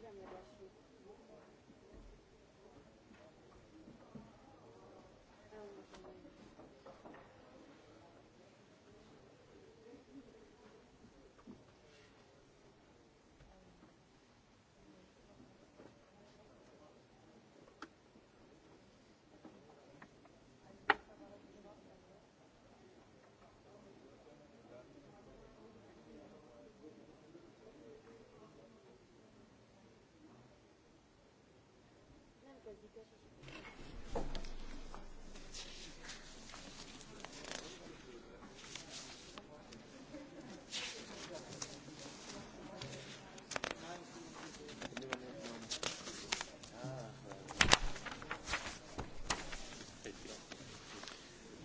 žemėlapių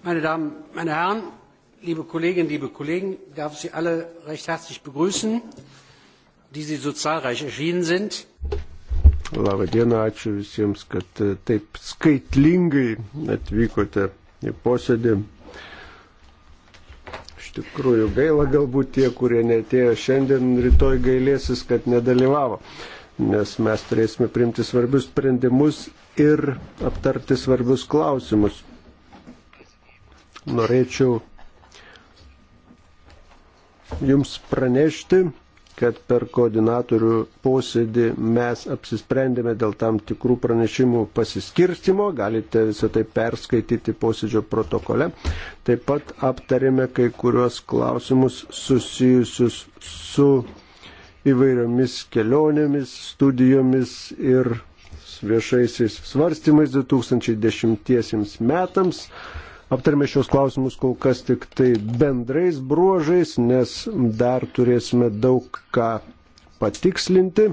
Meine Damen, meine Herren, liebe Kolleginnen, liebe Kollegen, ich darf Sie alle recht herzlich begrüßen, die Sie so zahlreich erschienen sind. Labą dieną, ačiū visiems, kad e, taip skaitlingai atvykote į posėdį. Iš tikrųjų gaila galbūt tie, kurie netėjo šiandien, rytoj gailėsis, kad nedalyvavo, nes mes turėsime priimti svarbius sprendimus ir aptarti svarbius klausimus. Norėčiau Jums pranešti, kad per koordinatorių posėdį mes apsisprendėme dėl tam tikrų pranešimų pasiskirstimo, galite visą tai perskaityti posėdžio protokole. Taip pat aptarėme kai kuriuos klausimus susijusius su įvairiomis kelionėmis, studijomis ir viešaisiais svarstymais 2010 metams. Aptarėme šios klausimus kol kas tik tai bendrais bruožais, nes dar turėsime daug ką patikslinti,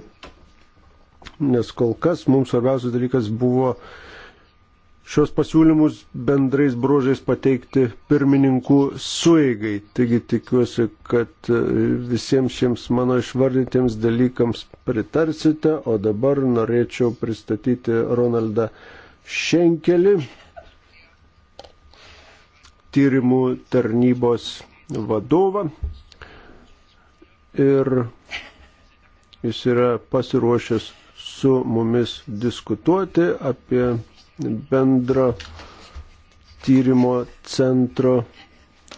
nes kol kas mums svarbiausias dalykas buvo šios pasiūlymus bendrais bruožais pateikti pirmininkų sueigai. Taigi tikiuosi, kad e, visiems šiems mano išvardintiems dalykams pritarsite, o dabar norėčiau pristatyti Ronaldą Šenkelį tyrimų tarnybos vadovą ir jis yra pasiruošęs su mumis diskutuoti apie bendro tyrimo centro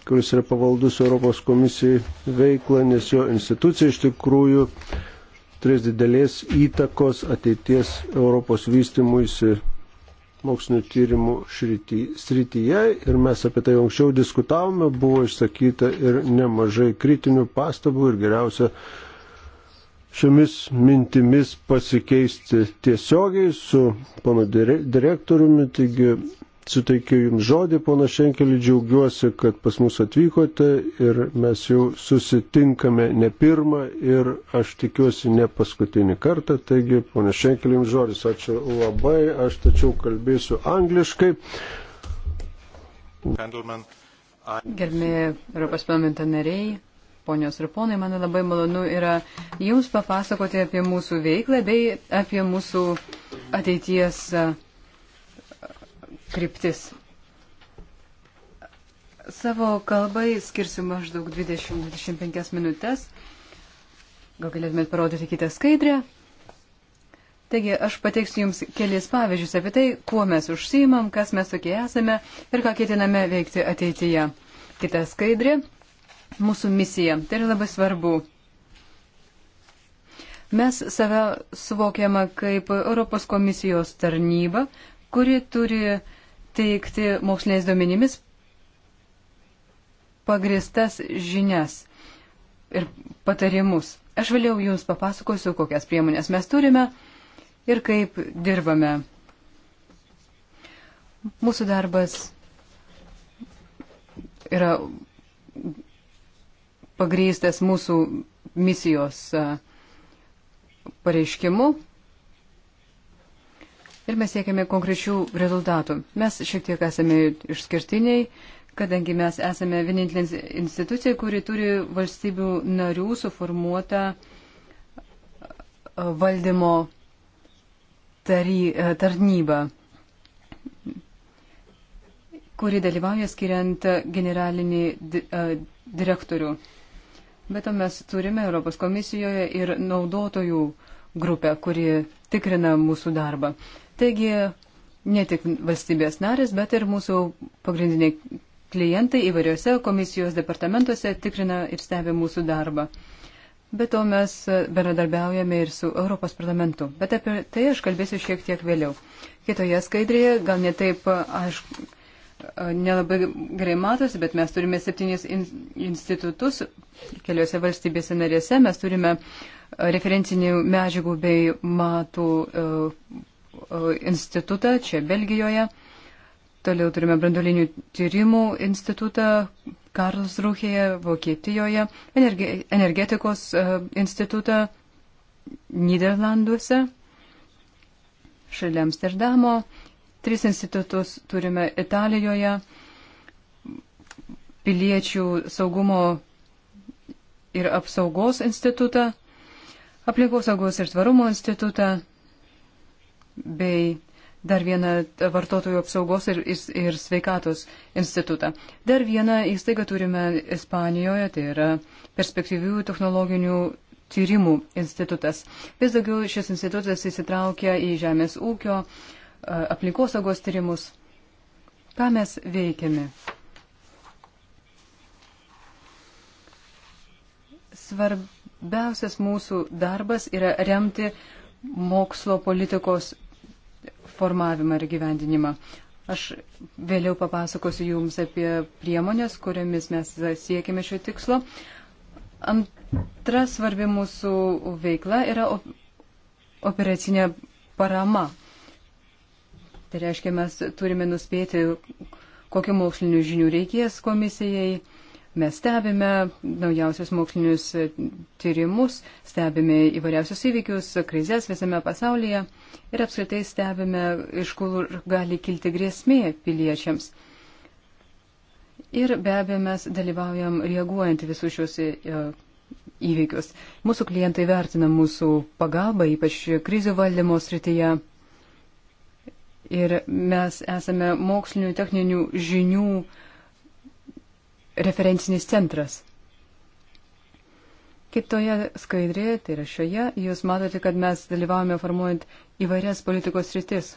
kuris yra pavaldus Europos komisijai veiklą, nes jo institucija iš tikrųjų turės didelės įtakos ateities Europos vystimuisi mokslinio tyrimų šrity, srityje ir mes apie tai anksčiau diskutavome, buvo išsakyta ir nemažai kritinių pastabų ir geriausia šiomis mintimis pasikeisti tiesiogiai su pano direktoriumi, taigi suteikiu Jums žodį, pana Šenkelį, džiaugiuosi, kad pas mus atvykote ir mes jau susitinkame ne pirmą ir aš tikiuosi ne paskutinį kartą. Taigi, pana Šenkelį, Jums žodis, ačiū labai, aš tačiau kalbėsiu angliškai. Gerbimi Europos parlamento nariai, ponios ir ponai, man labai malonu yra Jums papasakoti apie mūsų veiklą bei apie mūsų ateities kryptis. Savo kalbai skirsiu maždaug 20-25 minutės. Gal galėtumėt parodyti kitą skaidrę? Taigi, aš pateiksiu Jums kelis pavyzdžius apie tai, kuo mes užsiimam, kas mes tokie esame ir ką ketiname veikti ateityje. Kita skaidrė - mūsų misija. Tai yra labai svarbu. Mes save suvokiame kaip Europos komisijos tarnyba, kuri turi teikti moksliniais duomenimis pagristas žinias ir patarimus. Aš vėliau Jums papasakosiu, kokias priemonės mes turime ir kaip dirbame. Mūsų darbas yra pagrystas mūsų misijos pareiškimu, ir mes siekiame konkrečių rezultatų. Mes šiek tiek esame išskirtiniai, kadangi mes esame vienintelė institucija, kuri turi valstybių narių suformuotą valdymo tary, tarnybą, kuri dalyvauja skiriant generalinį direktorių. Bet to mes turime Europos komisijoje ir naudotojų grupę, kuri tikrina mūsų darbą. Taigi, ne tik valstybės narės, bet ir mūsų pagrindiniai klientai įvairiose komisijos departamentuose tikrina ir stebi mūsų darbą. Be to mes bendradarbiaujame ir su Europos parlamentu. Bet apie tai aš kalbėsiu šiek tiek vėliau. Kitoje skaidrėje gal netaip aš nelabai gerai matosi, bet mes turime septynis in institutus keliose valstybėse narėse. Mes turime referencinių medžiagų bei matų. Uh, institutą čia Belgijoje. Toliau turime brandolinių tyrimų institutą Karlsrūhėje, Vokietijoje, energetikos e, institutą Niderlanduose, šalia Amsterdamo. Tris institutus turime Italijoje, piliečių saugumo ir apsaugos institutą, aplinkosaugos ir tvarumo institutą, bei dar vieną vartotojų apsaugos ir, ir, ir sveikatos institutą. Dar vieną įstaigą turime Ispanijoje, tai yra perspektyvių technologinių tyrimų institutas. Vis daugiau šis institutas įsitraukia į žemės ūkio, aplinkosaugos tyrimus. Ką mes veikiame? Svarbiausias mūsų darbas yra remti mokslo politikos formavimą ir gyvendinimą. Aš vėliau papasakosiu Jums apie priemonės, kuriamis mes siekime šio tikslo. Antra svarbi mūsų veikla yra operacinė parama. Tai reiškia, mes turime nuspėti, kokiu moksliniu žiniu reikės komisijai Mes stebime naujausius mokslinius tyrimus, stebime įvairiausius įvykius, krizės visame pasaulyje ir apskritai stebime, iš kur gali kilti grėsmė piliečiams. Ir be abejo mes dalyvaujam reaguojant visus šios e, įvykius. Mūsų klientai vertina mūsų pagalbą, ypač krizių valdymo srityje. Ir mes esame mokslinių techninių žinių uh, referencinis centras. Kitoje skaidrėje, tai yra šioje, jūs matote, kad mes dalyvavome formuojant įvairias politikos rytis.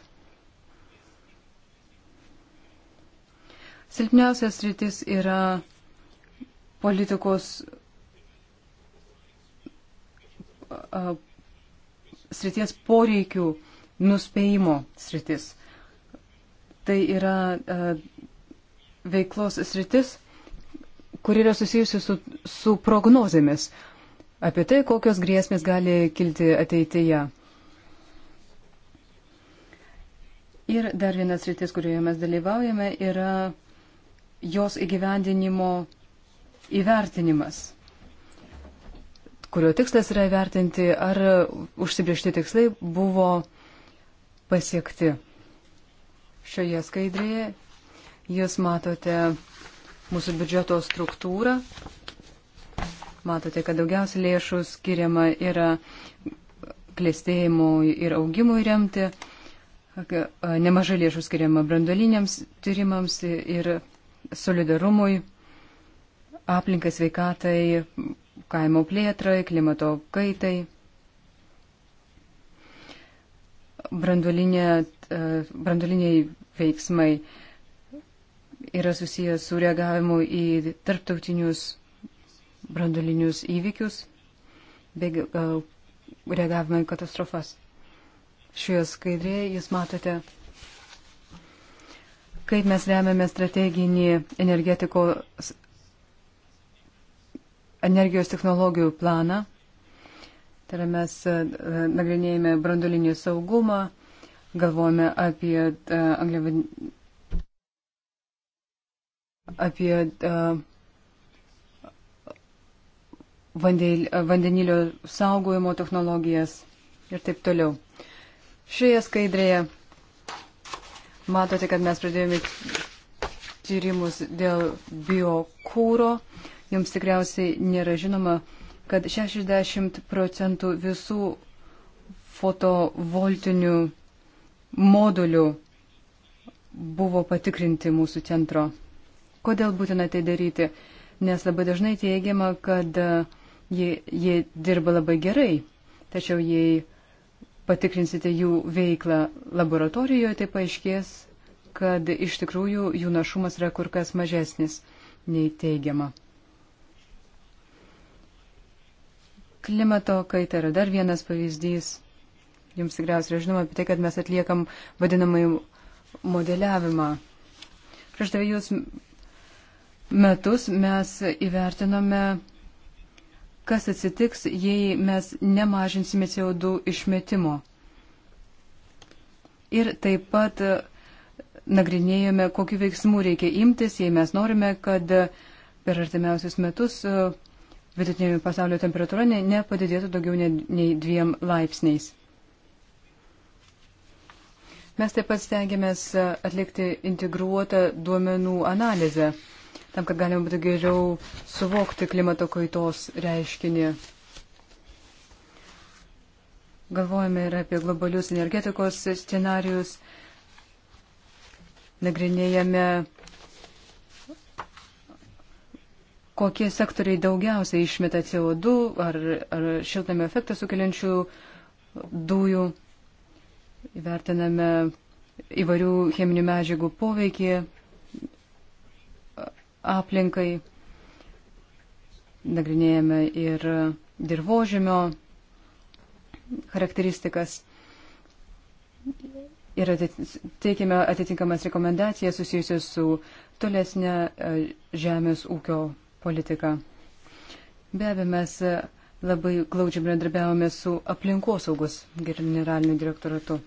Silpniausias rytis yra politikos srities poreikių nuspėjimo sritis. Tai yra veiklos sritis, kuri yra susijusi su, su prognozėmis apie tai, kokios grėsmės gali kilti ateityje. Ir dar vienas rytis, kurioje mes dalyvaujame, yra jos įgyvendinimo įvertinimas, kurio tikslas yra įvertinti, ar užsibriežti tikslai buvo pasiekti. Šioje skaidrėje jūs matote mūsų biudžeto struktūrą. Matote, kad daugiausia lėšų skiriama yra klėstėjimui ir augimui remti, nemažai lėšų skiriama brandoliniams tyrimams ir solidarumui, aplinkai sveikatai, kaimo plėtrai, klimato kaitai. Brandoliniai veiksmai yra susijęs su reagavimu į tarptautinius brandolinius įvykius bei e, reagavimą į katastrofas. Šioje skaidrėje jūs matote, kaip mes remiame strateginį energetikos energijos technologijų planą. Tai yra mes e, nagrinėjame brandolinį saugumą, galvojame apie e, angliavandenį apie vandenilio saugojimo technologijas ir taip toliau. Šioje skaidrėje matote, kad mes pradėjome tyrimus dėl biokūro. Jums tikriausiai nėra žinoma, kad 60 procentų visų fotovoltinių modulių buvo patikrinti mūsų centro Kodėl būtina tai daryti? Nes labai dažnai teigiama, kad jie, jie dirba labai gerai, tačiau jei patikrinsite jų veiklą laboratorijoje, tai paaiškės, kad iš tikrųjų jų našumas yra kur kas mažesnis nei teigiama. Klimato kaita yra dar vienas pavyzdys. Jums tikriausiai žinoma apie tai, kad mes atliekam vadinamąjį modeliavimą. Prieš dviejus metus mes įvertinome, kas atsitiks, jei mes nemažinsime CO2 išmetimo. Ir taip pat nagrinėjome, kokiu veiksmu reikia imtis, jei mes norime, kad per artimiausius metus e, vidutinė pasaulio temperatūra nepadidėtų daugiau nei dviem laipsniais. Mes taip pat stengiamės atlikti integruotą duomenų analizę tam, kad galima būtų geriau suvokti klimato kaitos reiškinį. Galvojame ir apie globalius energetikos scenarius, nagrinėjame, kokie sektoriai daugiausiai išmeta CO2 ar, ar šiltnamio efektą sukeliančių dujų, įvertiname įvairių cheminių medžiagų poveikį aplinkai. Nagrinėjame ir dirbožėmio charakteristikas ir teikiame atitinkamas rekomendacijas susijusias su tolesnė e, žemės ūkio politika. Be abejo, mes e, labai glaudžiai bendradarbiavome su aplinkosaugos generaliniu direktoratu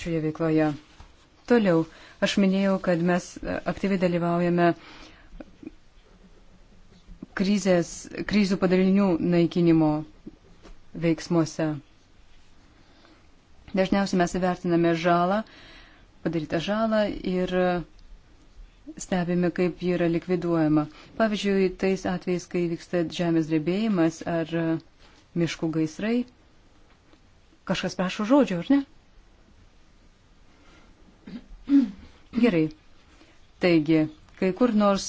šioje veikloje. Toliau, aš minėjau, kad mes e, aktyviai dalyvaujame krizės, krizių padarinių naikinimo veiksmuose. Dažniausiai mes įvertiname žalą, padarytą žalą ir stebime, kaip ji yra likviduojama. Pavyzdžiui, tais atvejais, kai vyksta žemės drebėjimas ar miškų gaisrai, kažkas prašo žodžio, ar ne? Gerai. Taigi, kai kur nors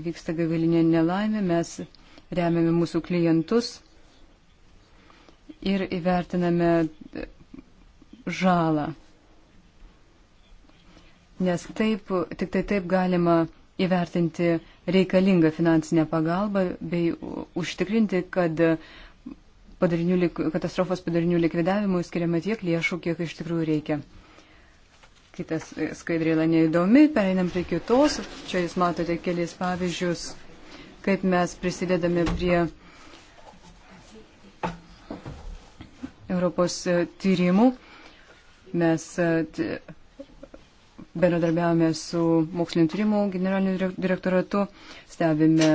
įvyksta gaivalinė nelaimė, mes remiame mūsų klientus ir įvertiname žalą. Nes taip, tik tai taip galima įvertinti reikalingą finansinę pagalbą bei užtikrinti, kad padarinių, katastrofos padarinių likvidavimui skiriama tiek lėšų, kiek iš tikrųjų reikia. Kitas e, skaidrėlė neįdomi, pereinam prie kitos. Čia jūs matote kelis pavyzdžius, kaip mes prisidedame prie Europos e, tyrimų. Mes e, bendradarbiavome su mokslinio tyrimų generaliniu direktoratu, stebime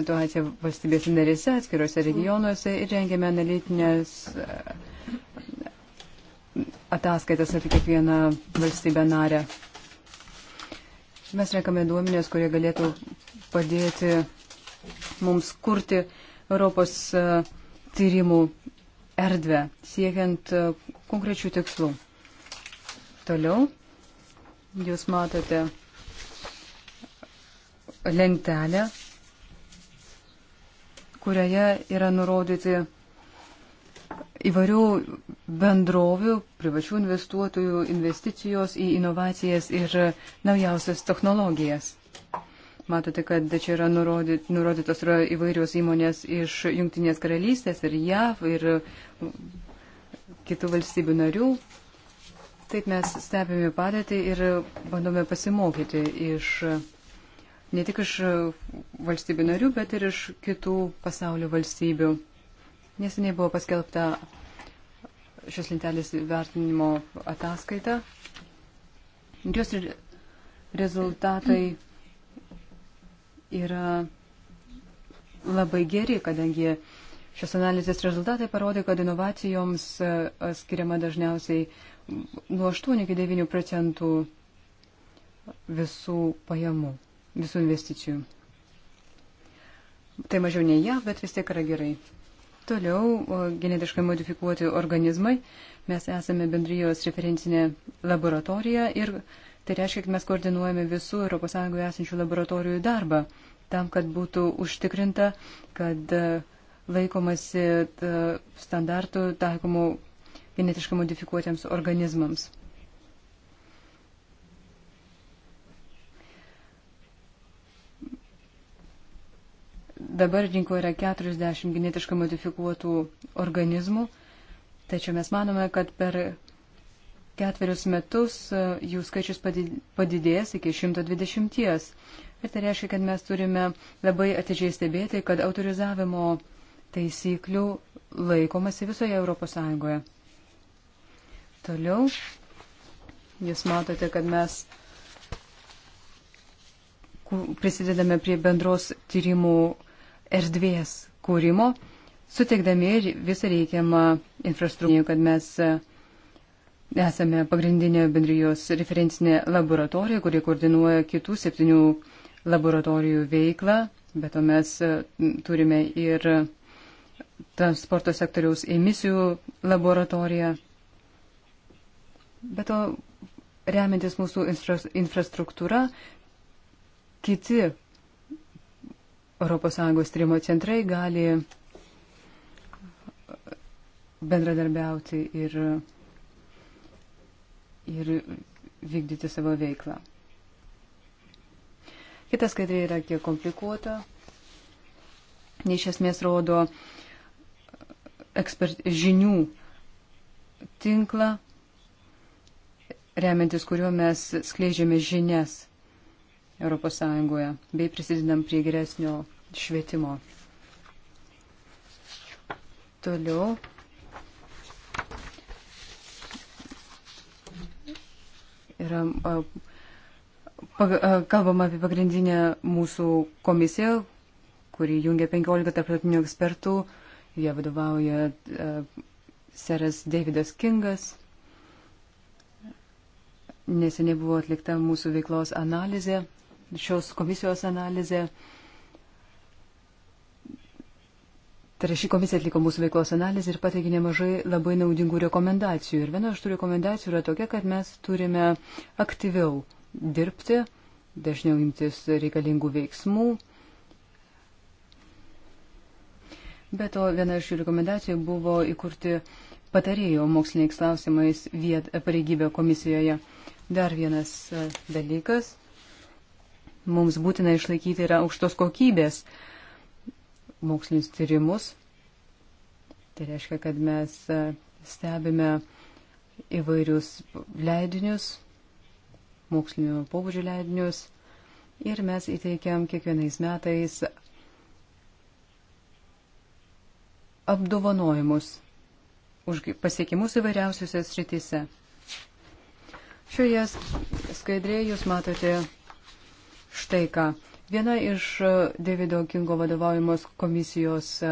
situaciją valstybės narėse, atskiruose regionuose ir rengėme analitinės ataskaitas apie kiekvieną valstybę narę. Mes renkame duomenės, kurie galėtų padėti mums kurti Europos e, tyrimų erdvę, siekiant e, konkrečių tikslų. Toliau jūs matote lentelę, kurioje yra nurodyti įvairių bendrovių, privačių investuotojų investicijos į inovacijas ir naujausias technologijas. Matote, kad čia yra nurodyt, nurodytos yra įvairios įmonės iš Junktinės karalystės ir JAV ir kitų valstybių narių. Taip mes stebime padėtį ir bandome pasimokyti iš ne tik iš valstybių narių, bet ir iš kitų pasaulio valstybių. Neseniai buvo paskelbta šios lentelės vertinimo ataskaita. Jos rezultatai yra labai geri, kadangi šios analizės rezultatai parodė, kad inovacijoms e, e, skiriama dažniausiai nuo 8 iki 9 procentų visų pajamų, visų investicijų. Tai mažiau nei jav, bet vis tiek yra gerai. Toliau genetiškai modifikuoti organizmai. Mes esame bendrijos referencinė laboratorija ir tai reiškia, kad mes koordinuojame visų ES esančių laboratorijų darbą tam, kad būtų užtikrinta, kad e, laikomasi standartų taikomų genetiškai modifikuotiems organizmams. Dabar rinkoje yra 40 genetiškai modifikuotų organizmų, tačiau mes manome, kad per ketverius metus e, jų skaičius padidės iki 120. Ir tai reiškia, kad mes turime labai atidžiai stebėti, kad autorizavimo taisyklių laikomasi visoje Europos Sąjungoje. Toliau, jūs matote, kad mes prisidedame prie bendros tyrimų erdvės kūrimo, suteikdami visą reikiamą infrastruktūrą, kad mes e, esame pagrindinė bendrijos referencinė laboratorija, kuri koordinuoja kitų septynių laboratorijų veiklą, bet o mes e, turime ir transporto sektoriaus emisijų laboratoriją. Bet o remiantis mūsų infrastruktūra, kiti ES tyrimo centrai gali bendradarbiauti ir, ir vykdyti savo veiklą. Kita skaidrė yra kiek komplikuota. Iš esmės rodo ekspert, žinių tinklą, remiantis kuriuo mes skleidžiame žinias ES bei prisidedam prie geresnio švietimo. Toliau. Yra kalbama apie pagrindinę mūsų komisiją, kuri jungia 15 tarptautinių ekspertų. Jie vadovauja seras Davidas Kingas. Neseniai buvo atlikta mūsų veiklos analizė šios komisijos analizę. Tai yra ši komisija atliko mūsų veiklos analizę ir pateikė nemažai labai naudingų rekomendacijų. Ir viena iš tų rekomendacijų yra tokia, kad mes turime aktyviau dirbti, dažniau imtis reikalingų veiksmų. Be to, viena iš jų rekomendacijų buvo įkurti patarėjo moksliniais klausimais viet, pareigybę komisijoje. Dar vienas e, dalykas Mums būtina išlaikyti yra aukštos kokybės mokslinius tyrimus. Tai reiškia, kad mes e, stebime įvairius leidinius, mokslinio pobūdžio leidinius ir mes įteikiam kiekvienais metais apdovanojimus už pasiekimus įvairiausiose sritise. Šioje skaidrėje jūs matote štai ką. Viena iš e, Davido Kingo vadovaujamos komisijos e,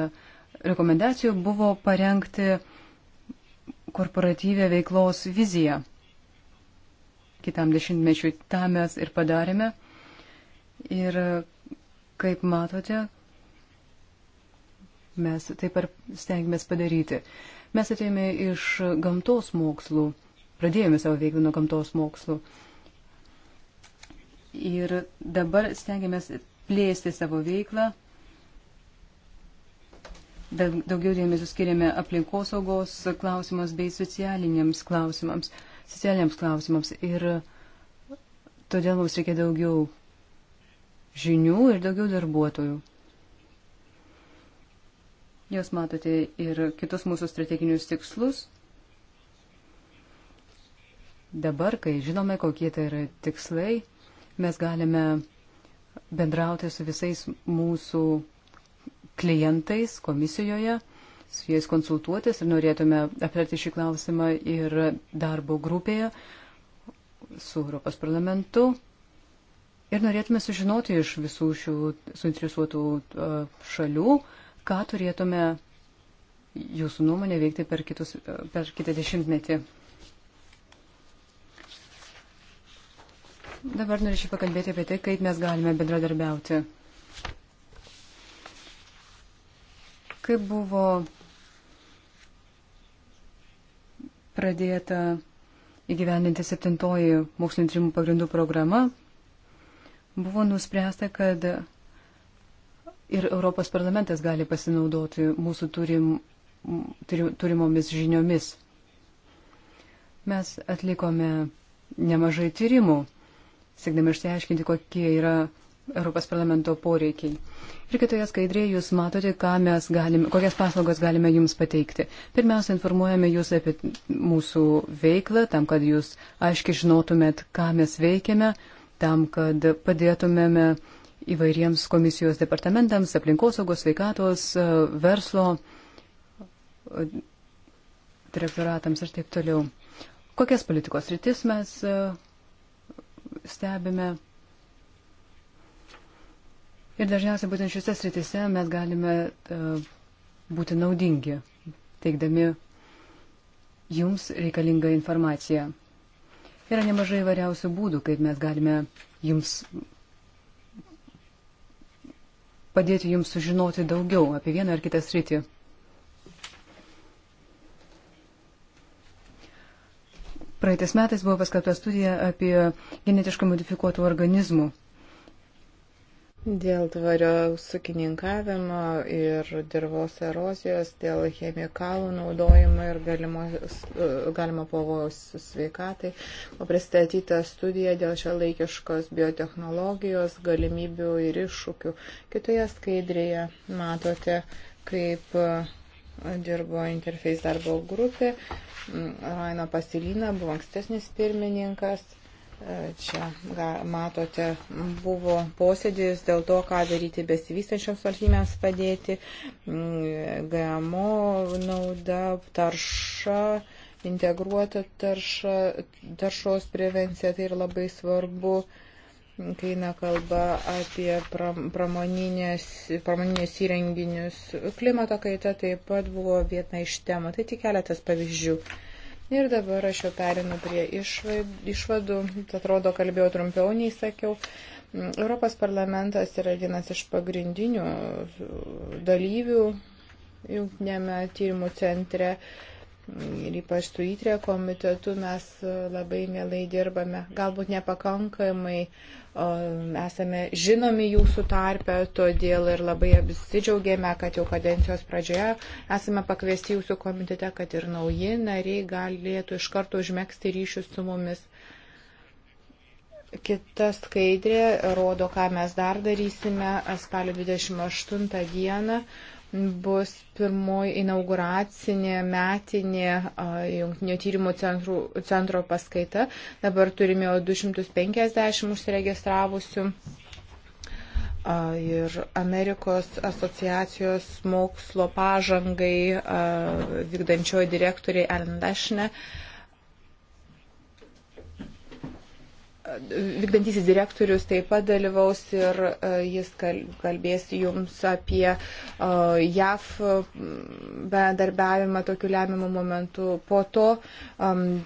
rekomendacijų buvo parengti korporatyvę veiklos viziją. Kitam dešimtmečiui tą mes ir padarėme. Ir e, kaip matote, mes taip ir stengiamės padaryti. Mes atėjome iš gamtos mokslų, pradėjome savo veiklą nuo gamtos mokslų. Ir dabar stengiamės plėsti savo veiklą. Daugiau dėmesio skiriame aplinkosaugos klausimams bei socialiniams klausimams, socialiniams klausimams. Ir todėl mums reikia daugiau žinių ir daugiau darbuotojų. Jūs matote ir kitus mūsų strateginius tikslus. Dabar, kai žinome, kokie tai yra tikslai, mes galime bendrauti su visais mūsų klientais komisijoje, su jais konsultuotis ir norėtume aptarti šį klausimą ir darbo grupėje su Europos parlamentu. Ir norėtume sužinoti iš visų šių suinteresuotų šalių, ką turėtume jūsų nuomonė veikti per, kitus, per kitą dešimtmetį. Dabar norėčiau pakalbėti apie tai, kaip mes galime bendradarbiauti. Kaip buvo pradėta įgyvendinti septintoji mokslinio tyrimų pagrindų programa, buvo nuspręsta, kad ir Europos parlamentas gali pasinaudoti mūsų turim, turimomis žiniomis. Mes atlikome nemažai tyrimų siekdami išsiaiškinti, kokie yra Europos parlamento poreikiai. Ir kitoje skaidrėje jūs matote, galime, kokias paslaugas galime jums pateikti. Pirmiausia, informuojame jūs apie mūsų veiklą, tam, kad jūs aiškiai žinotumėt, ką mes veikiame, tam, kad padėtumėme įvairiems komisijos departamentams, aplinkosaugos, sveikatos, verslo direktoratams ir taip toliau. Kokias politikos rytis mes stebime. Ir dažniausiai būtent šiuose sritise mes galime e, būti naudingi, teikdami jums reikalingą informaciją. Yra nemažai variausių būdų, kaip mes galime jums padėti jums sužinoti daugiau apie vieną ar kitą sritį. Praeitais metais buvo paskelbta studija apie genetiškai modifikuotų organizmų. Dėl tvariaus sukininkavimo ir dirvos erozijos, dėl chemikalų naudojimo ir galimo, galimo pavojaus sveikatai, o pristatyta studija dėl šio laikiškos biotehnologijos galimybių ir iššūkių. Kitoje skaidrėje matote, kaip dirbo interfejs darbo grupė. Mm, Raino Pasilina buvo ankstesnis pirmininkas. E, čia matote, buvo posėdis dėl to, ką daryti besivystančioms valstybėms padėti, mm, GMO nauda, tarša, integruota tarša, taršos prevencija, tai ir labai svarbu. Uh, kai eina kalba apie pramoninės įrenginius. Klimato kaita taip pat buvo viena iš temų. Tai tik keletas pavyzdžių. Ir dabar aš jau perinu prie išvadų. Atrodo, kalbėjau trumpiau nei sakiau. Europos parlamentas yra vienas iš pagrindinių dalyvių jungtinėme tyrimų centre. Uh, ir ypač su įtrė komitetu mes e, labai mielai dirbame. Galbūt nepakankamai esame žinomi jūsų tarpe, todėl ir labai apsidžiaugėme, kad jau kadencijos pradžioje esame pakviesti jūsų komitete, kad ir nauji nariai galėtų iš karto užmėgsti ryšius su mumis. Kita skaidrė rodo, ką mes dar darysime spalio 28 dieną bus pirmoji inauguracinė metinė jungtinio tyrimų centrų, centro paskaita. Dabar turime jau 250 užsiregistravusių. Ir Amerikos asociacijos mokslo pažangai vykdančioji direktoriai Ellen Dešne. Uh, vykdantysis direktorius taip pat dalyvaus ir e, jis kalbės jums apie e, JAF bendarbiavimą tokiu lemiamu momentu. Po to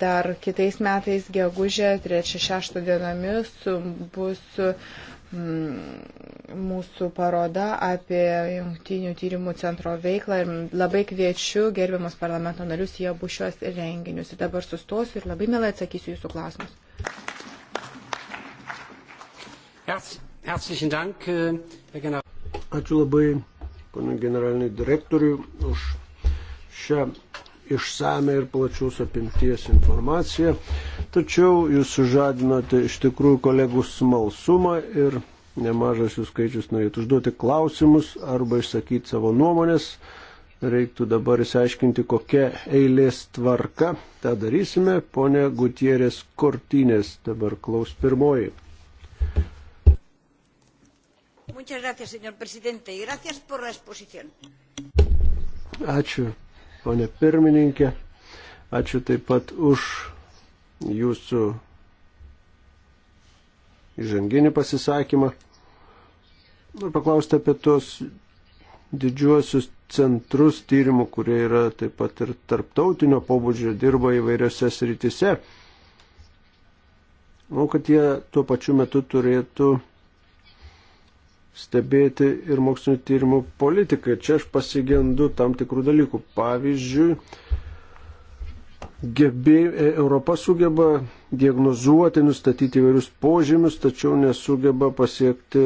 dar kitais metais, gegužė 3-6 dienomis, bus mūsų paroda apie jungtinių tyrimų centro veiklą ir labai kviečiu gerbiamus parlamento narius į abu šios renginius. Ir dabar sustosiu ir labai mielai atsakysiu jūsų klausimus. Äh, Ačiū labai, ponui generaliniai direktoriui, už šią išsame ir plačius apimties informaciją. Tačiau jūs sužadinote iš tikrųjų kolegų smalsumą ir nemažas jų skaičius norėtų užduoti klausimus arba išsakyti savo nuomonės. Reiktų dabar įsiaiškinti, kokia eilės tvarka. Ta darysime. Pone Gutierės Kortinės dabar klaus pirmoji. Muchas gracias, señor presidente, y gracias por la exposición. Ačiū, ponė pirmininkė. Ačiū taip pat už jūsų įžanginį pasisakymą. Noriu paklausti apie tos didžiuosius centrus tyrimų, kurie yra taip pat ir tarptautinio pobūdžio, dirba įvairiose srityse. Manau, kad jie tuo pačiu metu turėtų stebėti ir mokslinio tyrimų politiką. Čia aš pasigendu tam tikrų dalykų. Pavyzdžiui, gebė, e, Europa sugeba diagnozuoti, nustatyti įvairius požymius, tačiau nesugeba pasiekti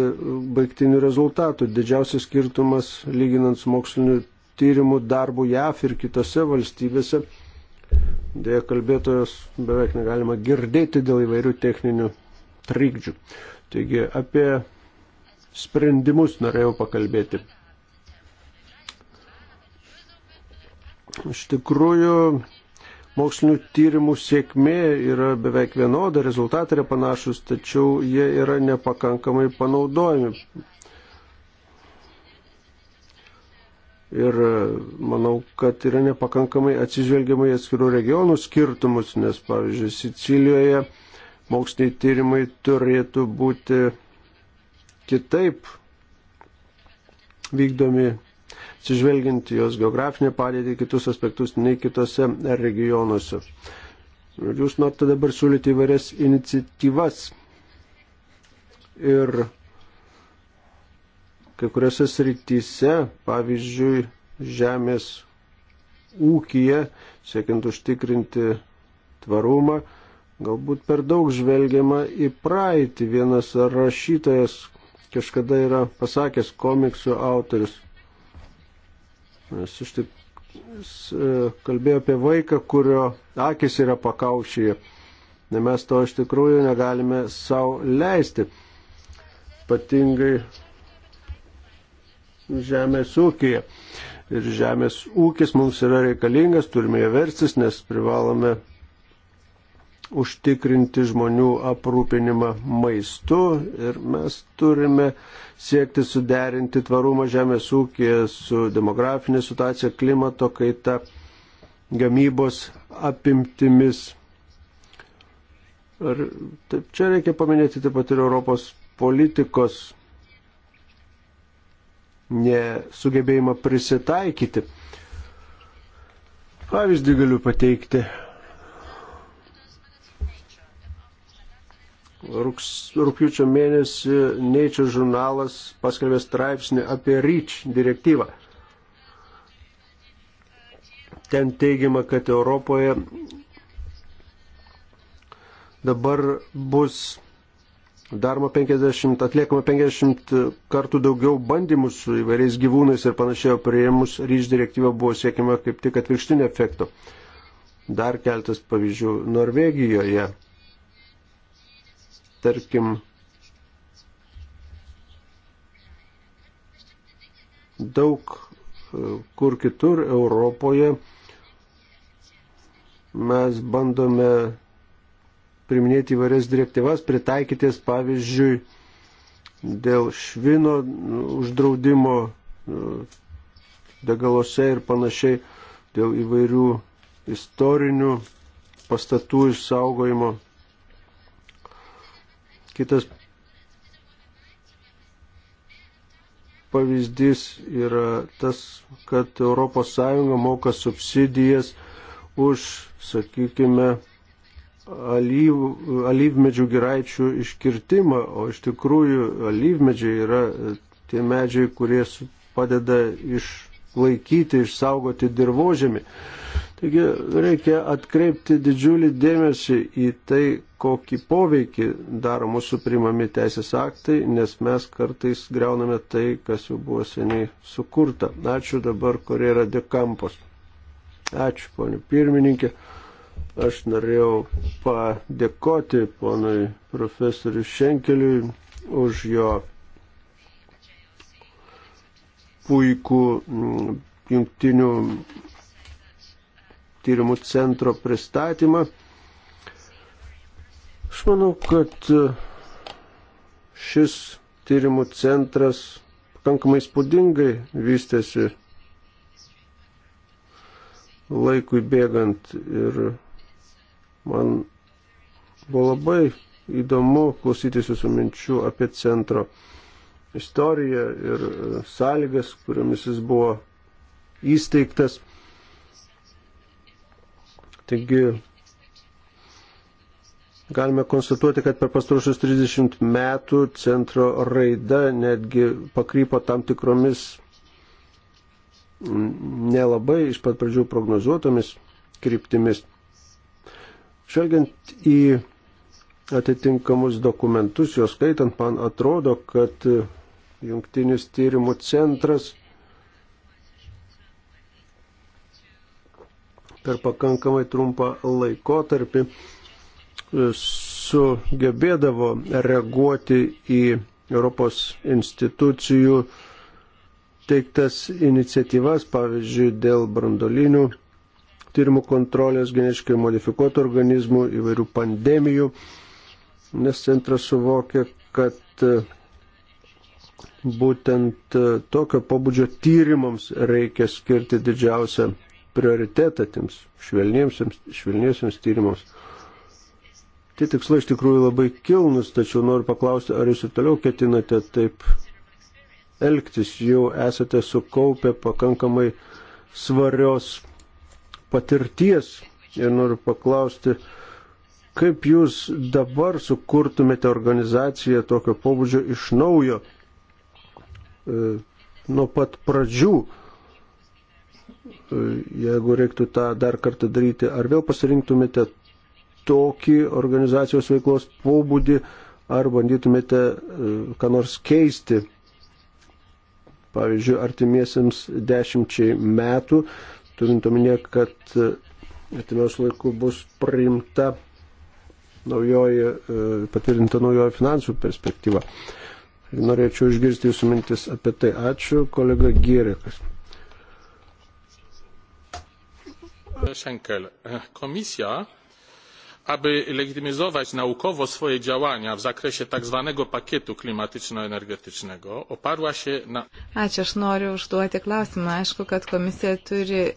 baigtinių rezultatų. Didžiausias skirtumas lyginant su mokslinio tyrimų darbu JAF ir kitose valstybėse. Dėja, kalbėtojos beveik negalima girdėti dėl įvairių techninių trikdžių. Taigi apie sprendimus norėjau pakalbėti. Iš tikrųjų, mokslinių tyrimų sėkmė yra beveik vienoda, rezultatai yra panašus, tačiau jie yra nepakankamai panaudojami. Ir e, manau, kad yra nepakankamai atsižvelgiamai atskirų regionų skirtumus, nes, pavyzdžiui, Sicilijoje moksliniai tyrimai turėtų būti kitaip vykdomi, atsižvelgiant jos geografinę padėtį, kitus aspektus nei kitose regionuose. Ir jūs norite dabar siūlyti įvairias iniciatyvas ir kai kuriuose srityse, pavyzdžiui, žemės ūkija, siekiant užtikrinti tvarumą, galbūt per daug žvelgiama į praeitį. Vienas rašytojas, kažkada yra pasakęs komiksų autorius. Jis iš tik e, kalbėjo apie vaiką, kurio akis yra pakaušyje. Ne mes to iš tikrųjų negalime savo leisti. Patingai žemės ūkija. Ir žemės ūkis mums yra reikalingas, turime ją verstis, nes privalome užtikrinti žmonių aprūpinimą maistu ir mes turime siekti suderinti tvarumą žemės ūkėje su demografinė situacija, klimato kaita, gamybos apimtimis. Ir taip, čia reikia paminėti taip pat ir Europos politikos nesugebėjimą prisitaikyti. Pavyzdį galiu pateikti Rūks, rūpiučio mėnesį Nature žurnalas paskelbė straipsnį apie REACH direktyvą. Ten teigiama, kad Europoje dabar bus daroma 50, atliekama 50 kartų daugiau bandymų su įvairiais gyvūnais ir panašiai, prieimus ryš direktyvą buvo siekiama kaip tik atvirkštinio efekto. Dar keltas pavyzdžių Norvegijoje tarkim, daug e, kur kitur Europoje mes bandome priminėti įvairias direktyvas, pritaikytis pavyzdžiui dėl švino uždraudimo e, degalose ir panašiai, dėl įvairių istorinių pastatų išsaugojimo Kitas pavyzdys yra tas, kad ES moka subsidijas už, sakykime, alyv, alyvmedžių giraičių iškirtimą, o iš tikrųjų alyvmedžiai yra tie medžiai, kurie padeda išlaikyti, išsaugoti dirbožėmį. Taigi reikia atkreipti didžiulį dėmesį į tai, kokį poveikį daro mūsų primami teisės aktai, nes mes kartais greuname tai, kas jau buvo seniai sukurta. Ačiū dabar, kurie yra dekampos. Ačiū, ponė pirmininkė. Aš norėjau padėkoti ponui profesoriui Šenkeliui už jo puikų jungtinių tyrimų centro pristatymą. Aš manau, kad e, šis tyrimų centras pakankamai spūdingai vystėsi laikui bėgant ir man buvo labai įdomu klausytis jūsų minčių apie centro istoriją ir e, sąlygas, kuriomis jis buvo įsteigtas. Taigi galime konstatuoti, kad per pastaruosius 30 metų centro raida netgi pakrypo tam tikromis nelabai iš pat pradžių prognozuotomis kryptimis. Žvelgiant į atitinkamus dokumentus, juos skaitant, man atrodo, kad jungtinis tyrimų centras per pakankamai trumpą laikotarpį e, sugebėdavo reaguoti į Europos institucijų teiktas iniciatyvas, pavyzdžiui, dėl brandolinių tyrimų kontrolės, geniškai modifikuotų organizmų, įvairių pandemijų, nes centras suvokė, kad e, būtent e, tokio pobūdžio tyrimams reikia skirti didžiausią prioritetą tiems švelniesiams tyrimams. Tie tikslai iš tikrųjų labai kilnus, tačiau noriu paklausti, ar jūs ir toliau ketinate taip elgtis, jau esate sukaupę pakankamai svarios patirties ir noriu paklausti, kaip jūs dabar sukurtumėte organizaciją tokio pobūdžio iš naujo e, nuo pat pradžių, E, jeigu reiktų tą dar kartą daryti, ar vėl pasirinktumėte tokį organizacijos veiklos pobūdį, ar bandytumėte e, ką nors keisti, pavyzdžiui, artimiesiams dešimčiai metų, turint omenyje, kad e, artimiausiu laiku bus priimta naujoji, patvirtinta naujoji finansų perspektyva. Norėčiau išgirsti jūsų mintis apie tai. Ačiū, kolega Gėrikas. Schenkel. Komisja, aby legitymizować naukowo swoje działania w zakresie tak zwanego pakietu klimatyczno-energetycznego, oparła się na. Ačiū, aš noriu užduoti klausimą. Aišku, kad komisija turi e,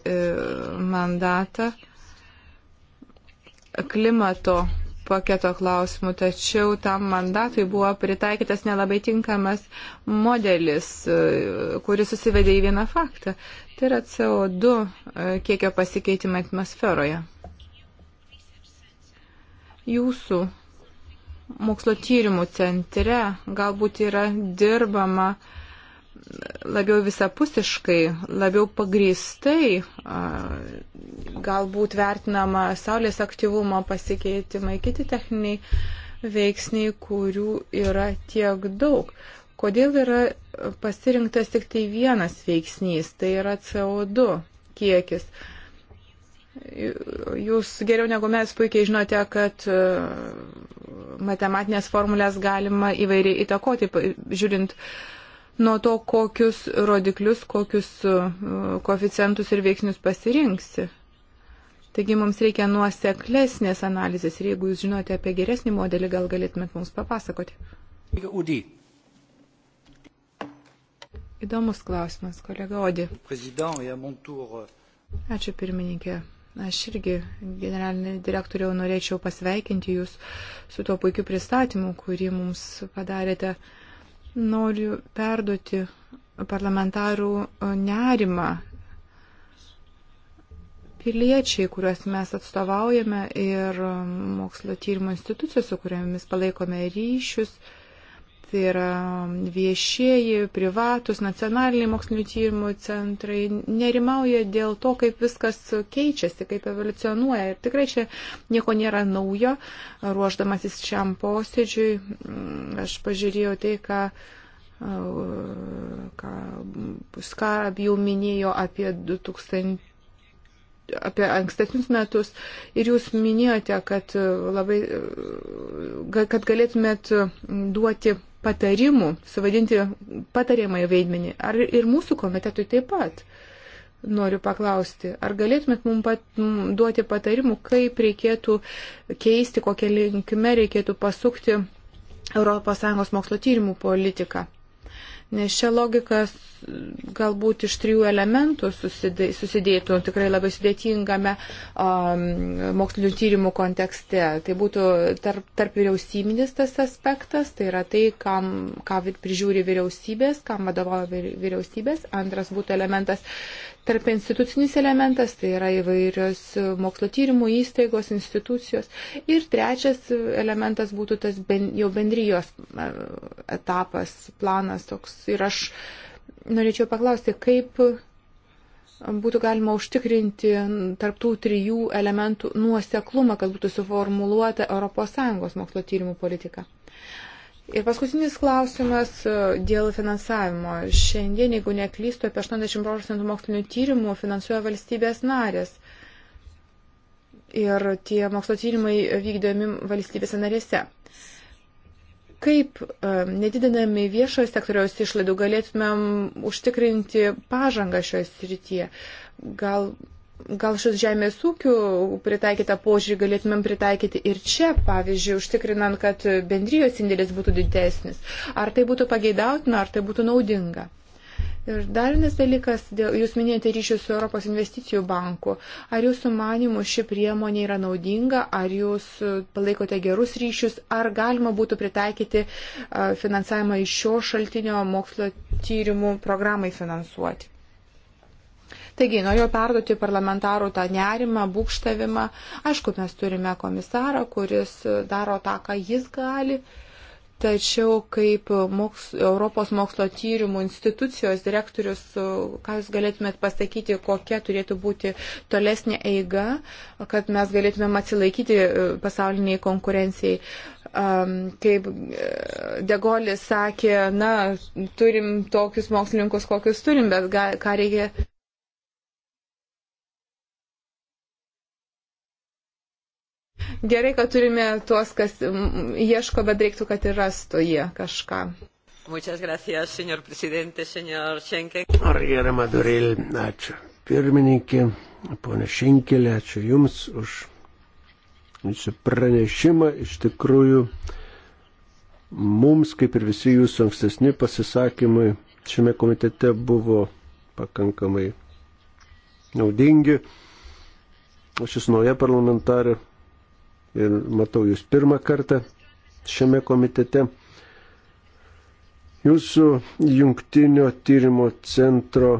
mandatą klimato paketo klausimų, tačiau tam mandatui buvo pritaikytas nelabai tinkamas modelis, e, kuris susivedė į vieną faktą. Tai yra CO2 e, kiekio pasikeitimai atmosferoje. Jūsų mokslo tyrimų centre galbūt yra dirbama labiau visapusiškai, labiau pagristai, galbūt vertinama saulės aktyvumo pasikeitimai, kiti techniniai veiksniai, kurių yra tiek daug. Kodėl yra pasirinktas tik tai vienas veiksnys, tai yra CO2 kiekis? Jūs geriau negu mes puikiai žinote, kad uh, matematinės formulės galima įvairiai įtakoti, žiūrint nuo to, kokius rodiklius, kokius uh, koficientus ir veiksnius pasirinksi. Taigi mums reikia nuoseklesnės analizės ir jeigu jūs žinote apie geresnį modelį, gal galėtumėt mums papasakoti. Udi. Įdomus klausimas, kolega Odi. Euh, Ačiū pirmininkė. Aš irgi, generalinė direktoriau, norėčiau pasveikinti Jūs su tuo puikiu pristatymu, kurį mums padarėte. Noriu perduoti parlamentarų nerimą. Piliečiai, kuriuos mes atstovaujame ir mokslo tyrimo institucijos, su kuriamis palaikome ryšius, uh, tai yra viešieji, privatus, nacionaliniai mokslinių tyrimų centrai, nerimauja dėl to, kaip viskas keičiasi, kaip evoliucionuoja. Ir tikrai čia nieko nėra naujo, ruoždamasis šiam posėdžiui. Mm, aš pažiūrėjau tai, ką e, ką Skarab jau minėjo apie 2000 apie ankstesnius metus ir jūs minėjote, kad labai, e, kad galėtumėt duoti patarimų, suvadinti patariamąjį vaidmenį. Ar ir mūsų komitetui taip pat? Noriu paklausti, ar galėtumėt mums pat, m, duoti patarimų, kaip reikėtų keisti, kokią linkme reikėtų pasukti ES mokslo tyrimų politiką? Nes čia logikas galbūt iš trijų elementų susidėtų tikrai labai sudėtingame um, mokslinio tyrimų kontekste. Tai būtų tarp, tarp vyriausybinis tas aspektas, tai yra tai, kam, ką prižiūri vyriausybės, kam vadovauja vyriausybės. Antras būtų elementas tarp institucinis elementas, tai yra įvairios mokslo tyrimų įstaigos, institucijos. Ir trečias elementas būtų tas ben, jau bendrijos etapas, planas toks. Ir aš norėčiau paklausti, kaip būtų galima užtikrinti tarptų trijų elementų nuoseklumą, kad būtų suformuluota ES mokslo tyrimų politika. Ir paskutinis klausimas e, dėl finansavimo. Šiandien, jeigu neklystu, apie 80 procentų mokslinių tyrimų finansuoja valstybės narės. Ir tie mokslo tyrimai vykdomi valstybėse narėse. Kaip e, nedidinami viešojo sektoriaus išlaidų galėtumėm užtikrinti pažangą šioje srityje? Gal gal šis žemės ūkių pritaikytą požiūrį galėtumėm pritaikyti ir čia, pavyzdžiui, užtikrinant, kad bendrijos indėlis būtų didesnis. Ar tai būtų pageidautina, ar tai būtų naudinga. Ir dar vienas dalykas, dėl, jūs minėjote ryšius su Europos investicijų banku. Ar jūsų manimų ši priemonė yra naudinga, ar jūs e, palaikote gerus ryšius, ar galima būtų pritaikyti e, finansavimą iš šio šaltinio mokslo tyrimų programai finansuoti? Taigi, norėjau perduoti parlamentarų tą nerimą, būkštavimą. Aišku, mes turime komisarą, kuris daro tą, ką jis gali. Tačiau kaip moks, Europos mokslo tyrimų institucijos direktorius, ką Jūs galėtumėt pasakyti, kokia turėtų būti tolesnė eiga, kad mes galėtumėm atsilaikyti e, pasauliniai konkurencijai. Kaip e, Degolis sakė, na, turim tokius mokslininkus, kokius turim, bet ką reikia Gerai, kad turime tuos, kas ieško, bet reiktų, kad ir rastų jie kažką. Muchas gracias, señor presidente, señor Schenken. Ar yra Madurėl, ačiū. Pirmininkė, ponė Šenkelė, ačiū Jums už Jūsų pranešimą. Iš tikrųjų, mums, kaip ir visi Jūsų ankstesni pasisakymai, šiame komitete buvo pakankamai naudingi. Aš esu nauja parlamentarė, ir matau jūs pirmą kartą šiame komitete. Jūsų jungtinio tyrimo centro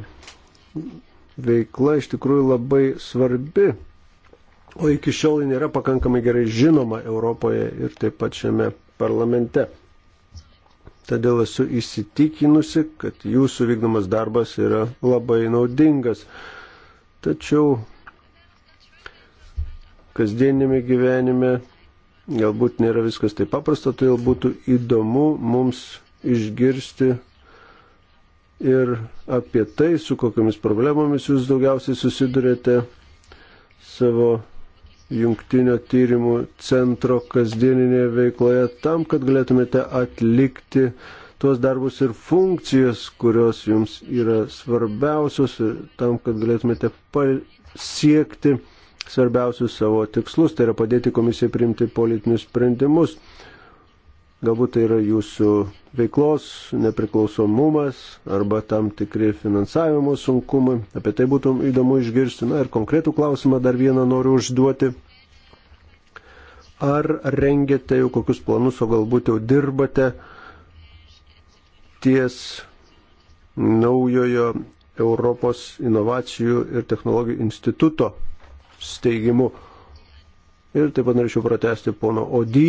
veikla iš tikrųjų labai svarbi, o iki šiol nėra pakankamai gerai žinoma Europoje ir taip pat šiame parlamente. Todėl esu įsitikinusi, kad jūsų vykdomas darbas yra labai naudingas. Tačiau kasdienėme gyvenime galbūt nėra viskas taip paprasta, todėl tai būtų įdomu mums išgirsti ir apie tai, su kokiamis problemomis jūs daugiausiai susidurėte savo jungtinio tyrimų centro kasdieninėje veikloje tam, kad galėtumėte atlikti tuos darbus ir funkcijas, kurios jums yra svarbiausios, tam, kad galėtumėte pasiekti svarbiausius savo tikslus, tai yra padėti komisijai priimti politinius sprendimus. Galbūt tai yra jūsų veiklos nepriklausomumas arba tam tikri finansavimo sunkumai. Apie tai būtų įdomu išgirsti. Na ir konkretų klausimą dar vieną noriu užduoti. Ar rengiate jau kokius planus, o galbūt jau dirbate ties naujojo Europos inovacijų ir technologijų instituto steigimu. Ir taip pat norėčiau pratesti pono Odį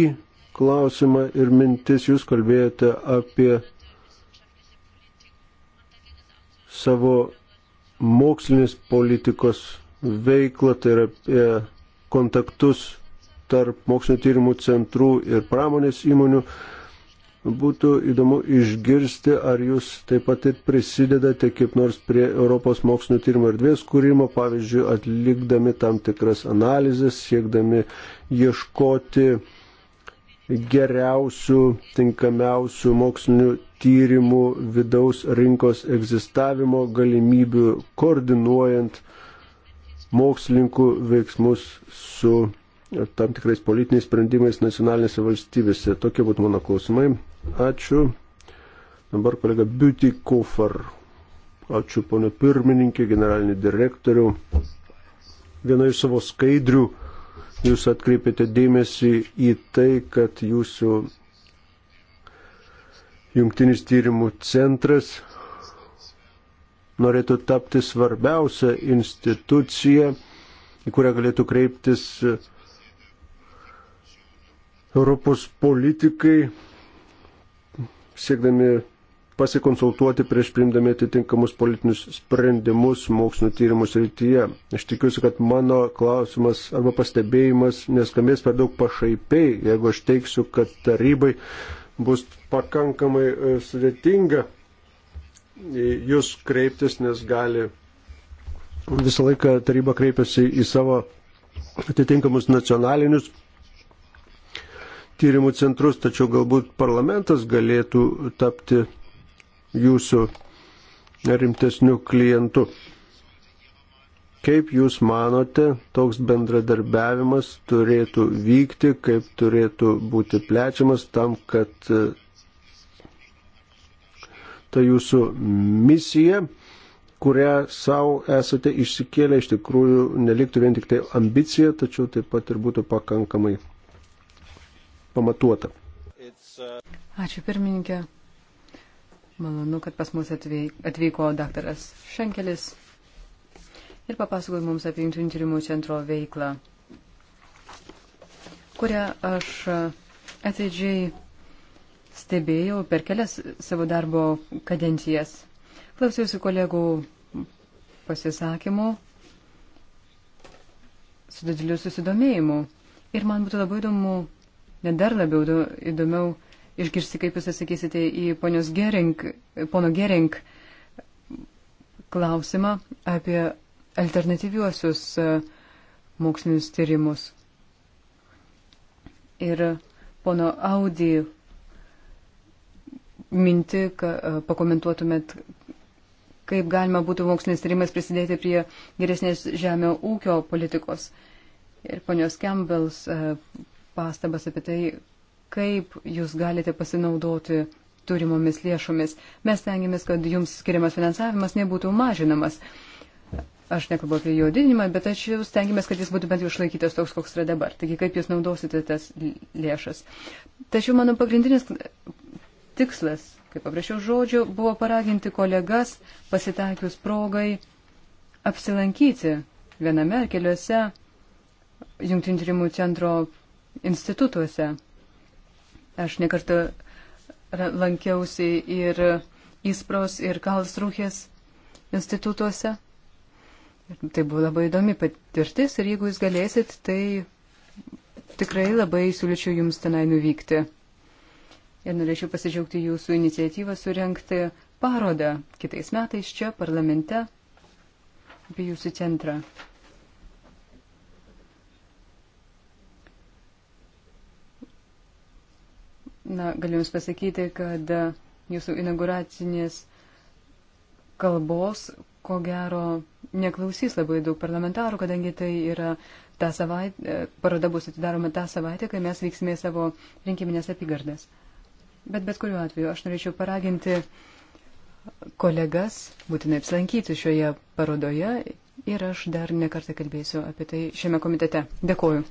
klausimą ir mintis. Jūs kalbėjote apie savo mokslinės politikos veiklą, tai yra apie kontaktus tarp mokslinio tyrimų centrų ir pramonės įmonių. Būtų įdomu išgirsti, ar jūs taip pat ir prisidedate kaip nors prie Europos mokslinio tyrimo erdvės kūrimo, pavyzdžiui, atlikdami tam tikras analizės, siekdami ieškoti geriausių, tinkamiausių mokslinių tyrimų vidaus rinkos egzistavimo galimybių, koordinuojant mokslininkų veiksmus su tam tikrais politiniais sprendimais nacionalinėse valstybėse. Tokie būtų mano klausimai. Ačiū. Dabar kolega Beauty Kofar. Ačiū, ponė pirmininkė, generalinį direktorių. Viena iš savo skaidrių jūs atkreipėte dėmesį į tai, kad jūsų jungtinis tyrimų centras norėtų tapti svarbiausią instituciją, į kurią galėtų kreiptis Europos politikai siekdami pasikonsultuoti prieš priimdami atitinkamus politinius sprendimus mokslinio tyrimų srityje. Aš tikiuosi, kad mano klausimas arba pastebėjimas neskambės per daug pašaipiai, jeigu aš teiksiu, kad tarybai bus pakankamai e, sudėtinga jūs kreiptis, nes gali visą laiką taryba kreipiasi į savo atitinkamus nacionalinius tyrimų centrus, tačiau galbūt parlamentas galėtų tapti jūsų rimtesnių klientų. Kaip Jūs manote, toks bendradarbiavimas turėtų vykti, kaip turėtų būti plečiamas tam, kad e, ta Jūsų misija, kurią savo esate išsikėlę, iš tikrųjų neliktų vien tik tai ambicija, tačiau taip pat ir būtų pakankamai pamatuota. Ačiū pirmininkė. Malonu, kad pas mus atvyko daktaras Šenkelis ir papasakojo mums apie jungtinių tyrimų centro veiklą, kurią aš atidžiai stebėjau per kelias savo darbo kadencijas. Klausiausi kolegų pasisakymų su dideliu susidomėjimu. Ir man būtų labai įdomu Net dar labiau įdomiau išgirsti, kaip jūs atsakysite į ponios Gering, pono Gering klausimą apie alternatyviuosius e, mokslinius tyrimus. Ir pono Audi minti, e, pakomentuotumėt, kaip galima būtų mokslinis tyrimas prisidėti prie geresnės žemio ūkio politikos. Ir ponios Campbells e, pastabas apie tai, kaip jūs galite pasinaudoti turimomis lėšomis. Mes tengiamės, kad jums skiriamas finansavimas nebūtų mažinamas. Aš nekalbu apie jo didinimą, bet aš jūs tengiamės, kad jis būtų bent jau išlaikytas toks, koks yra dabar. Taigi, kaip jūs naudosite tas lėšas. Tačiau mano pagrindinis tikslas, kaip paprašiau žodžių, buvo paraginti kolegas pasitaikius progai apsilankyti viename ar keliuose Junktinių tyrimų centro institutuose. Aš nekartą lankiausi ir Įspros ir Kalsrūhės institutuose. Tai buvo labai įdomi patirtis ir jeigu jūs galėsit, tai tikrai labai siūlyčiau jums tenai nuvykti. Ir norėčiau pasidžiaugti jūsų iniciatyvą surenkti parodą kitais metais čia parlamente apie jūsų centrą. Na, galiu Jums pasakyti, kad Jūsų inauguracinės kalbos, ko gero, neklausys labai daug parlamentarų, kadangi tai yra tą savaitę, e, paroda bus atidaroma tą savaitę, kai mes vyksime savo rinkiminės apygardas. Bet bet kuriuo atveju aš norėčiau paraginti kolegas būtinai apsilankyti šioje parodoje ir aš dar nekartą kalbėsiu apie tai šiame komitete. Dėkuoju.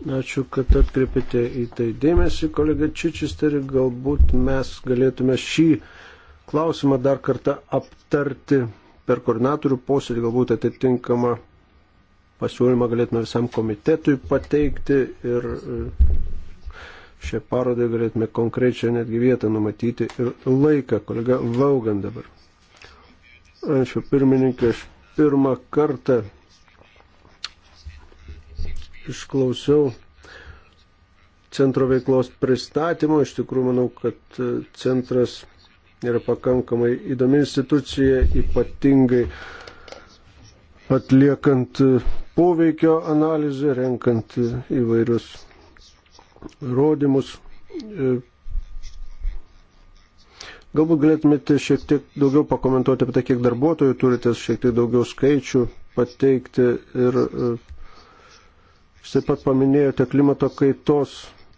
Ačiū, kad atkreipėte į tai dėmesį, kolega Čičisteri. Galbūt mes galėtume šį klausimą dar kartą aptarti per koordinatorių posėdį, galbūt atitinkamą pasiūlymą galėtume visam komitetui pateikti ir e, šią parodą galėtume konkrečią netgi vietą numatyti ir laiką. Kolega Vaugan dabar. Ačiū, pirmininkė, aš pirmą kartą išklausiau centro veiklos pristatymo. Iš tikrųjų, manau, kad e, centras yra pakankamai įdomi institucija, ypatingai atliekant e, poveikio analizę, renkant e, įvairius rodymus. Galbūt galėtumėte šiek tiek daugiau pakomentuoti apie tai, kiek darbuotojų turite, šiek tiek daugiau skaičių pateikti ir uh, Jūs taip pat paminėjote klimato kaitos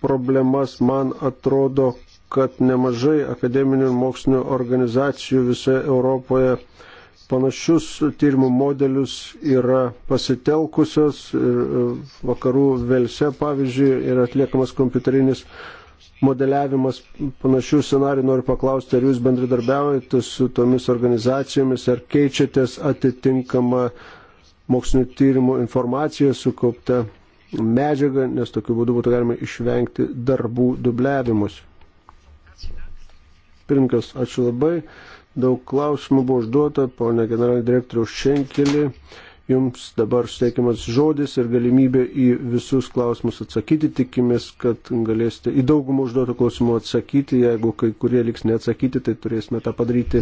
problemas. Man atrodo, kad nemažai akademinių ir mokslinių organizacijų visoje Europoje panašius tyrimų modelius yra pasitelkusios. Ir e, vakarų Velse, pavyzdžiui, yra atliekamas kompiuterinis modeliavimas panašių scenarių. Noriu paklausti, ar jūs bendradarbiaujate su tomis organizacijomis, ar keičiatės atitinkamą mokslinio tyrimų informaciją sukauptą medžiagą, nes tokiu būdu būtų galima išvengti darbų dubliavimus. Pirinkas, ačiū labai. Daug klausimų buvo užduota, ponė generalinė direktoriaus Šenkelį. Jums dabar suteikiamas žodis ir galimybė į visus klausimus atsakyti. Tikimės, kad galėsite į daugumą užduotų klausimų atsakyti. Jeigu kai kurie liks neatsakyti, tai turėsime tą padaryti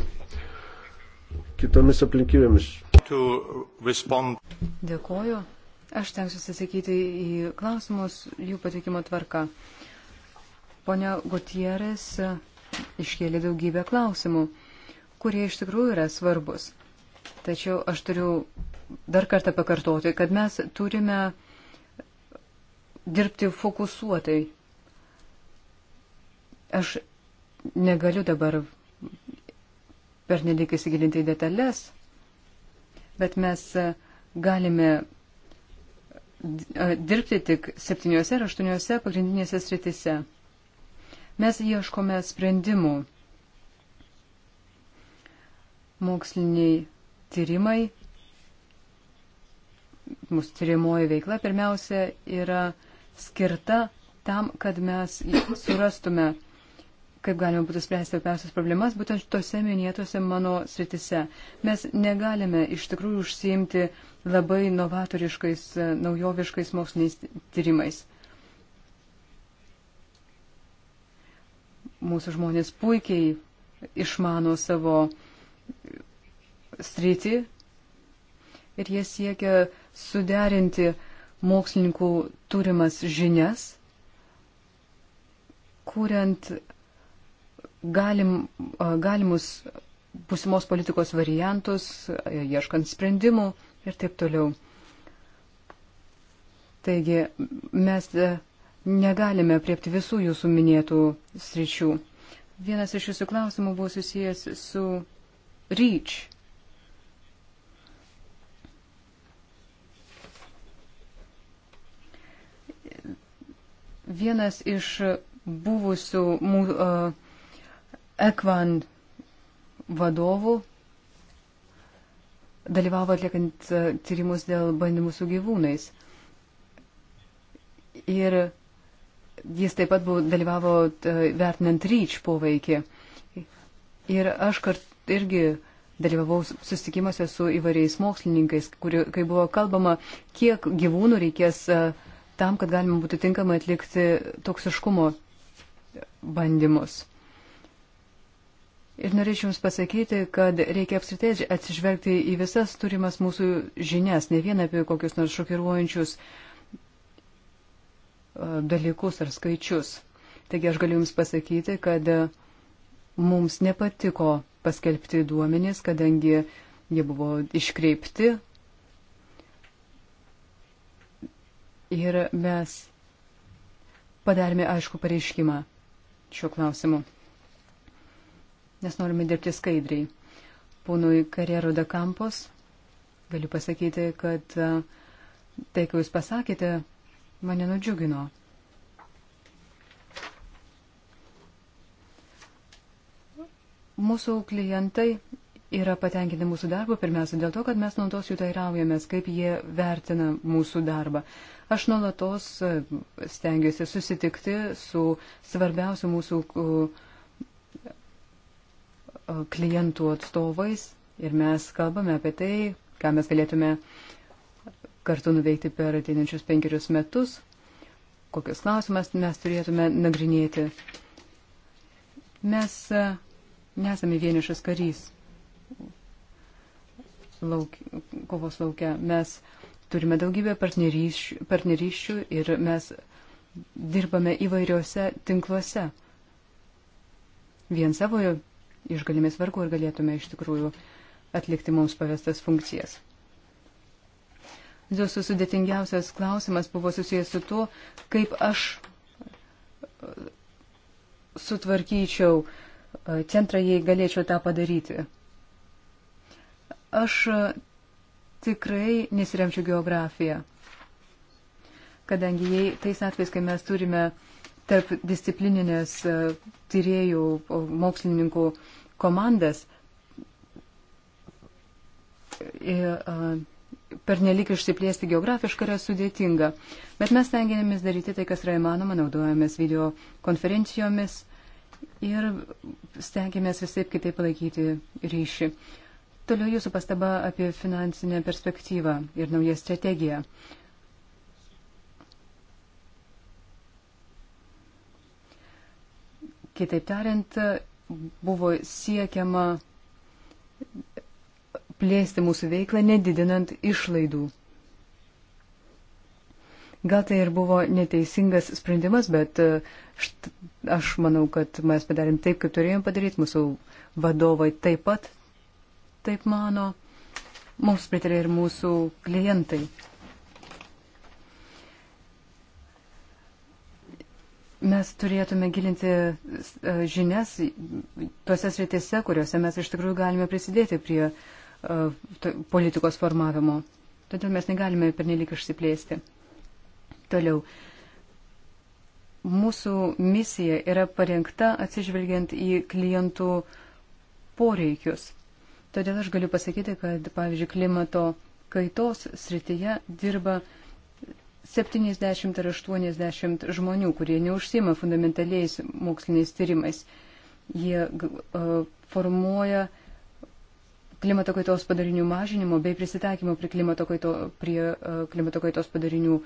kitomis aplinkybėmis. Dėkoju. Aš tenksiuosi atsakyti į klausimus jų patikimo tvarka. Pone Gutierrez iškėlė daugybę klausimų, kurie iš tikrųjų yra svarbus. Tačiau aš turiu dar kartą pakartoti, kad mes turime dirbti fokusuotai. Aš negaliu dabar per nelik įsigilinti į detalės, bet mes galime dirbti tik septyniose ar aštuoniose pagrindinėse sritise. Mes ieškome sprendimų. Moksliniai tyrimai, mūsų tyrimoji veikla pirmiausia yra skirta tam, kad mes surastume kaip galima būtų spręsti opiausias problemas, būtent tose minėtose mano sritise. Mes negalime iš tikrųjų užsiimti labai novatoriškais, e, naujoviškais moksliniais tyrimais. Mūsų žmonės puikiai išmano savo sritį ir jie siekia suderinti mokslininkų turimas žinias, kuriant galim, galimus pusimos politikos variantus, ieškant sprendimų ir taip toliau. Taigi mes negalime priepti visų jūsų minėtų sričių. Vienas iš jūsų klausimų buvo susijęs su REACH. Vienas iš buvusių mūsų. Uh, Ekvan vadovų dalyvavo atliekant e, tyrimus dėl bandymų su gyvūnais. Ir jis taip pat buvo, dalyvavo e, vertinant ryč poveikį. Ir aš kart irgi dalyvavau susitikimuose su įvairiais mokslininkais, kuri, kai buvo kalbama, kiek gyvūnų reikės e, tam, kad galima būtų tinkamai atlikti toksiškumo bandymus. Ir norėčiau Jums pasakyti, kad reikia apskritai atsižvelgti į visas turimas mūsų žinias, ne vien apie kokius nors šokiruojančius e, dalykus ar skaičius. Taigi aš galiu Jums pasakyti, kad e, mums nepatiko paskelbti duomenys, kadangi jie buvo iškreipti. Ir mes padarėme aišku pareiškimą šiuo klausimu nes norime dirbti skaidriai. Ponui Karjero da Campos galiu pasakyti, kad e, tai, ką jūs pasakėte, mane nudžiugino. Mūsų klientai yra patenkinti mūsų darbu, pirmiausia dėl to, kad mes nuolatos jų tairaujamės, kaip jie vertina mūsų darbą. Aš nuolatos e, stengiuosi susitikti su svarbiausiu mūsų uh, klientų atstovais ir mes kalbame apie tai, ką mes galėtume kartu nuveikti per ateinančius penkerius metus, kokius klausimas mes turėtume nagrinėti. Mes e, nesame vienišas karys lauk, kovos laukia. Mes turime daugybę partnerysčių, partnerysčių ir mes dirbame įvairiuose tinkluose. Vien savo iš galimės vargo ir galėtume iš tikrųjų atlikti mums pavestas funkcijas. Zosų sudėtingiausias klausimas buvo susijęs su tuo, kaip aš e, sutvarkyčiau e, centrą, jei galėčiau tą padaryti. Aš e, tikrai nesiremčiau geografiją, kadangi jei tais atvejais, kai mes turime uh, tarp disciplininės e, tyriejų mokslininkų komandas e, pernelik išsiplėsti geografiškai yra sudėtinga. Bet mes tengiamės daryti tai, kas yra įmanoma, naudojamės video konferencijomis ir stengiamės visai kitaip palaikyti ryšį. Toliau jūsų pastaba apie finansinę perspektyvą ir naują strategiją. Kitaip tariant, buvo siekiama plėsti mūsų veiklą, nedidinant išlaidų. Gal tai ir buvo neteisingas sprendimas, bet e, aš manau, kad mes padarėm taip, kaip turėjom padaryti, mūsų vadovai taip pat taip mano, mums pritarė ir mūsų klientai. mes turėtume gilinti e, žinias tose sritise, kuriuose mes iš tikrųjų galime prisidėti prie e, politikos formavimo. Todėl mes negalime pernelik išsiplėsti. Toliau. Mūsų misija yra parengta atsižvelgiant į klientų poreikius. Todėl aš galiu pasakyti, kad, pavyzdžiui, klimato kaitos srityje dirba uh, 70 ar 80 žmonių, kurie neužsima fundamentaliais moksliniais tyrimais. Jie formuoja klimato kaitos padarinių mažinimo bei prisitaikymo prie klimato, kaito, prie klimato kaitos padarinių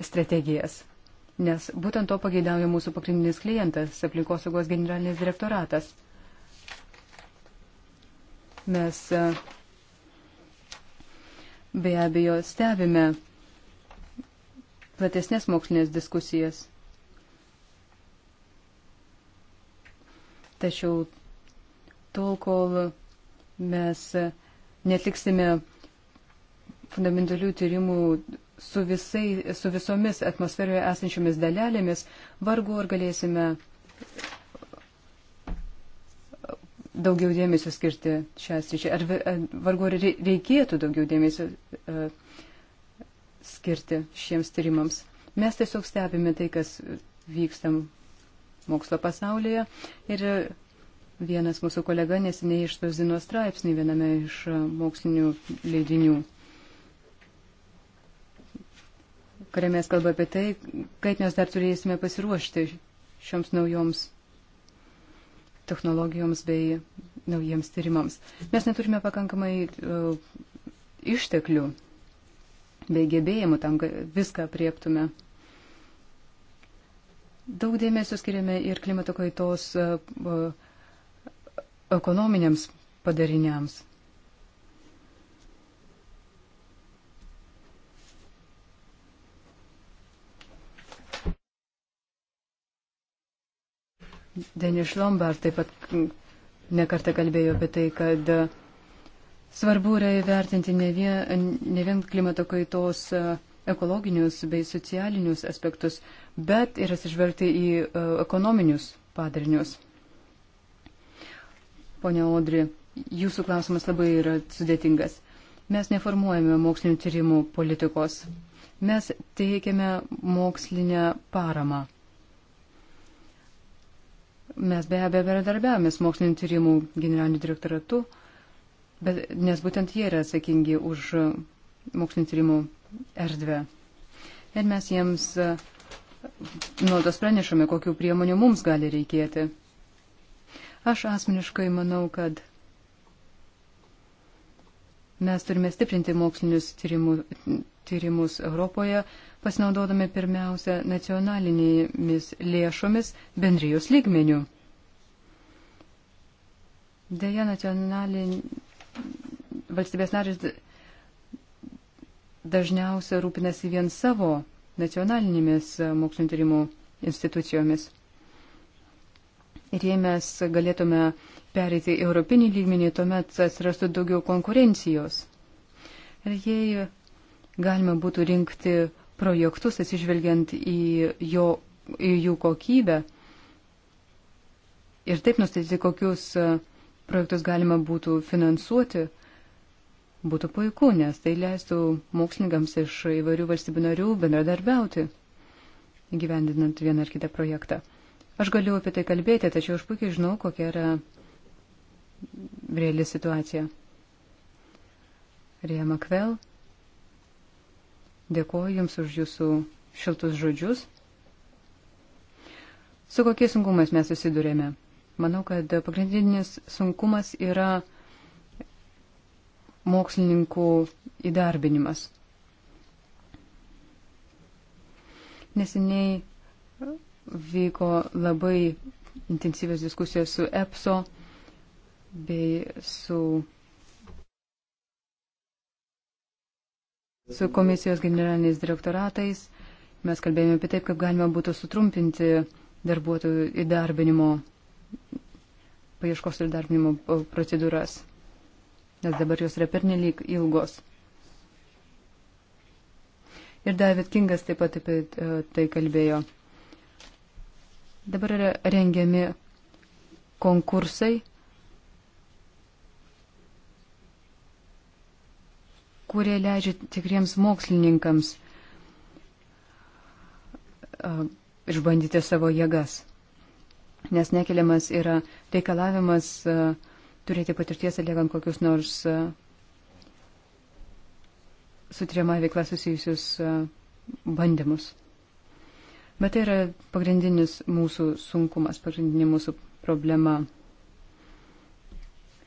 strategijas. Nes būtent to pageidauja mūsų pagrindinis klientas - aplinkosaugos generalinis direktoratas. Mes be abejo stebime platesnės mokslinės diskusijas. Tačiau tol, kol mes netliksime fundamentalių tyrimų su, visai, su visomis atmosferoje esančiomis dalelėmis, vargu ar galėsime daugiau dėmesio skirti šią sričią. Ar vargu ar reikėtų daugiau dėmesio e, skirti šiems tyrimams. Mes tiesiog stebime tai, kas vyksta mokslo pasaulyje. Ir vienas mūsų kolega nesiniai išspausdino straipsnį viename iš mokslinių leidinių, kuriame mes kalbame apie tai, kaip mes dar turėsime pasiruošti šioms naujoms technologijoms bei naujiems tyrimams. Mes neturime pakankamai uh, išteklių bei gebėjimų tam, kad viską prieptume. Daug dėmesio skiriame ir klimato kaitos e, e, ekonominiams padariniams. Denis Lombard taip pat nekartą kalbėjo apie tai, kad Svarbu yra įvertinti ne vien, ne vien klimato kaitos e, ekologinius bei socialinius aspektus, bet ir atsižvelgti į e, ekonominius padarinius. Pone Odri, jūsų klausimas labai yra sudėtingas. Mes neformuojame mokslinio tyrimų politikos. Mes teikiame mokslinę paramą. Mes be abejo bendradarbiavame mokslinio tyrimų generaliniu direktoratu bet, nes būtent jie yra atsakingi už mokslinio tyrimų erdvę. Ir mes jiems e, nuodos pranešame, kokiu priemonių mums gali reikėti. Aš asmeniškai manau, kad mes turime stiprinti mokslinius tyrimų, tyrimus Europoje, pasinaudodami pirmiausia nacionalinėmis lėšomis bendrijos lygmenių. Deja, nacionalin, valstybės narės dažniausiai rūpinasi vien savo nacionalinėmis e, mokslinio tyrimų institucijomis. Ir jei mes galėtume pereiti europinį lygmenį, tuomet atsirastų daugiau konkurencijos. Ir jei galima būtų rinkti projektus atsižvelgiant į, jo, į jų kokybę ir taip nustatyti, kokius uh, projektus galima būtų finansuoti, būtų puiku, nes tai leistų mokslininkams iš įvairių valstybių narių bendradarbiauti, gyvendinant vieną ar kitą projektą. Aš galiu apie tai kalbėti, tačiau aš puikiai žinau, kokia yra reali situacija. Rėja Makvel, dėkoju Jums už Jūsų šiltus žodžius. Su kokiais sunkumais mes susidurėme? Manau, kad pagrindinis sunkumas yra mokslininkų įdarbinimas. Neseniai vyko labai intensyvios diskusijos su EPSO bei su, su komisijos generaliniais direktoratais. Mes kalbėjome apie taip, kaip galima būtų sutrumpinti darbuotojų įdarbinimo paieškos ir darbinimo procedūras, nes dabar jos yra pernelyg ilgos. Ir David Kingas taip pat apie e, tai kalbėjo. Dabar yra rengiami konkursai, kurie leidžia tikriems mokslininkams e, išbandyti savo jėgas nes nekeliamas yra reikalavimas e, turėti patirties atliekant kokius nors e, su triama veikla susijusius e, bandymus. Bet tai yra pagrindinis mūsų sunkumas, pagrindinė mūsų problema.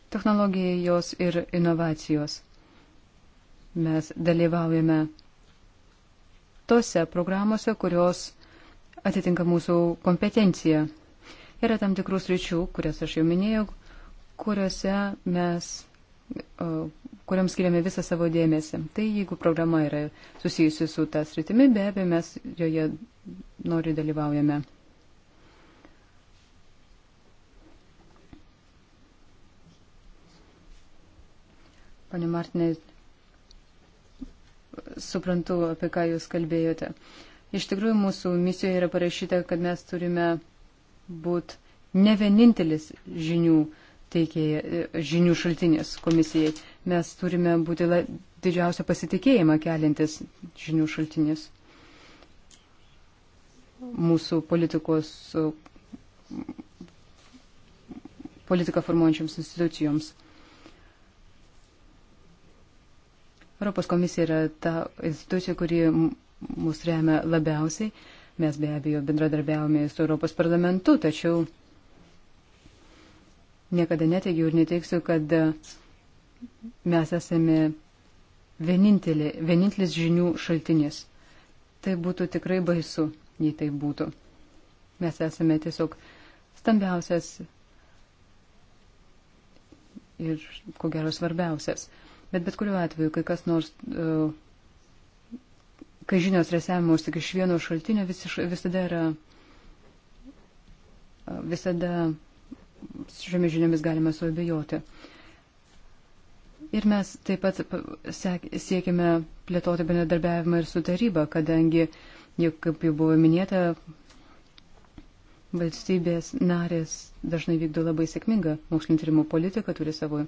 Technologija jos ir inovacijos. Mes dalyvaujame tose programuose, kurios atitinka mūsų kompetenciją. Yra tam tikrus ryčių, kurias aš jau minėjau, kuriuose mes kuriams skiriame visą savo dėmesį. Tai jeigu programa yra susijusi su tą sritimi, be abejo, mes joje nori dalyvaujame. Pane Martinė, suprantu, apie ką Jūs kalbėjote. Iš tikrųjų, mūsų misijoje yra parašyta, kad mes turime būti ne vienintelis žinių teikėja, e, žinių šaltinis komisijai. Mes turime būti la, didžiausią pasitikėjimą kelintis žinių šaltinis. Mūsų politikos, e, politiką formuojančiams institucijoms. Europos komisija yra ta institucija, kuri mus remia labiausiai Mes be abejo bendradarbiavome su Europos parlamentu, tačiau niekada neteigiu ir neteiksiu, kad mes esame vienintelė, vienintelis žinių šaltinis. Tai būtų tikrai baisu, jei tai būtų. Mes esame tiesiog stambiausias ir, ko gero, svarbiausias. Bet bet kuriuo atveju, kai kas nors uh, kai žinios resiamos tik iš vieno šaltinio, vis, visada yra, visada šiomis žiniomis galima suabejoti. Ir mes taip pat siekime plėtoti bendradarbiavimą ir su taryba, kadangi, jau kaip jau buvo minėta, valstybės narės dažnai vykdo labai sėkmingą mokslinio tyrimų politiką, turi savo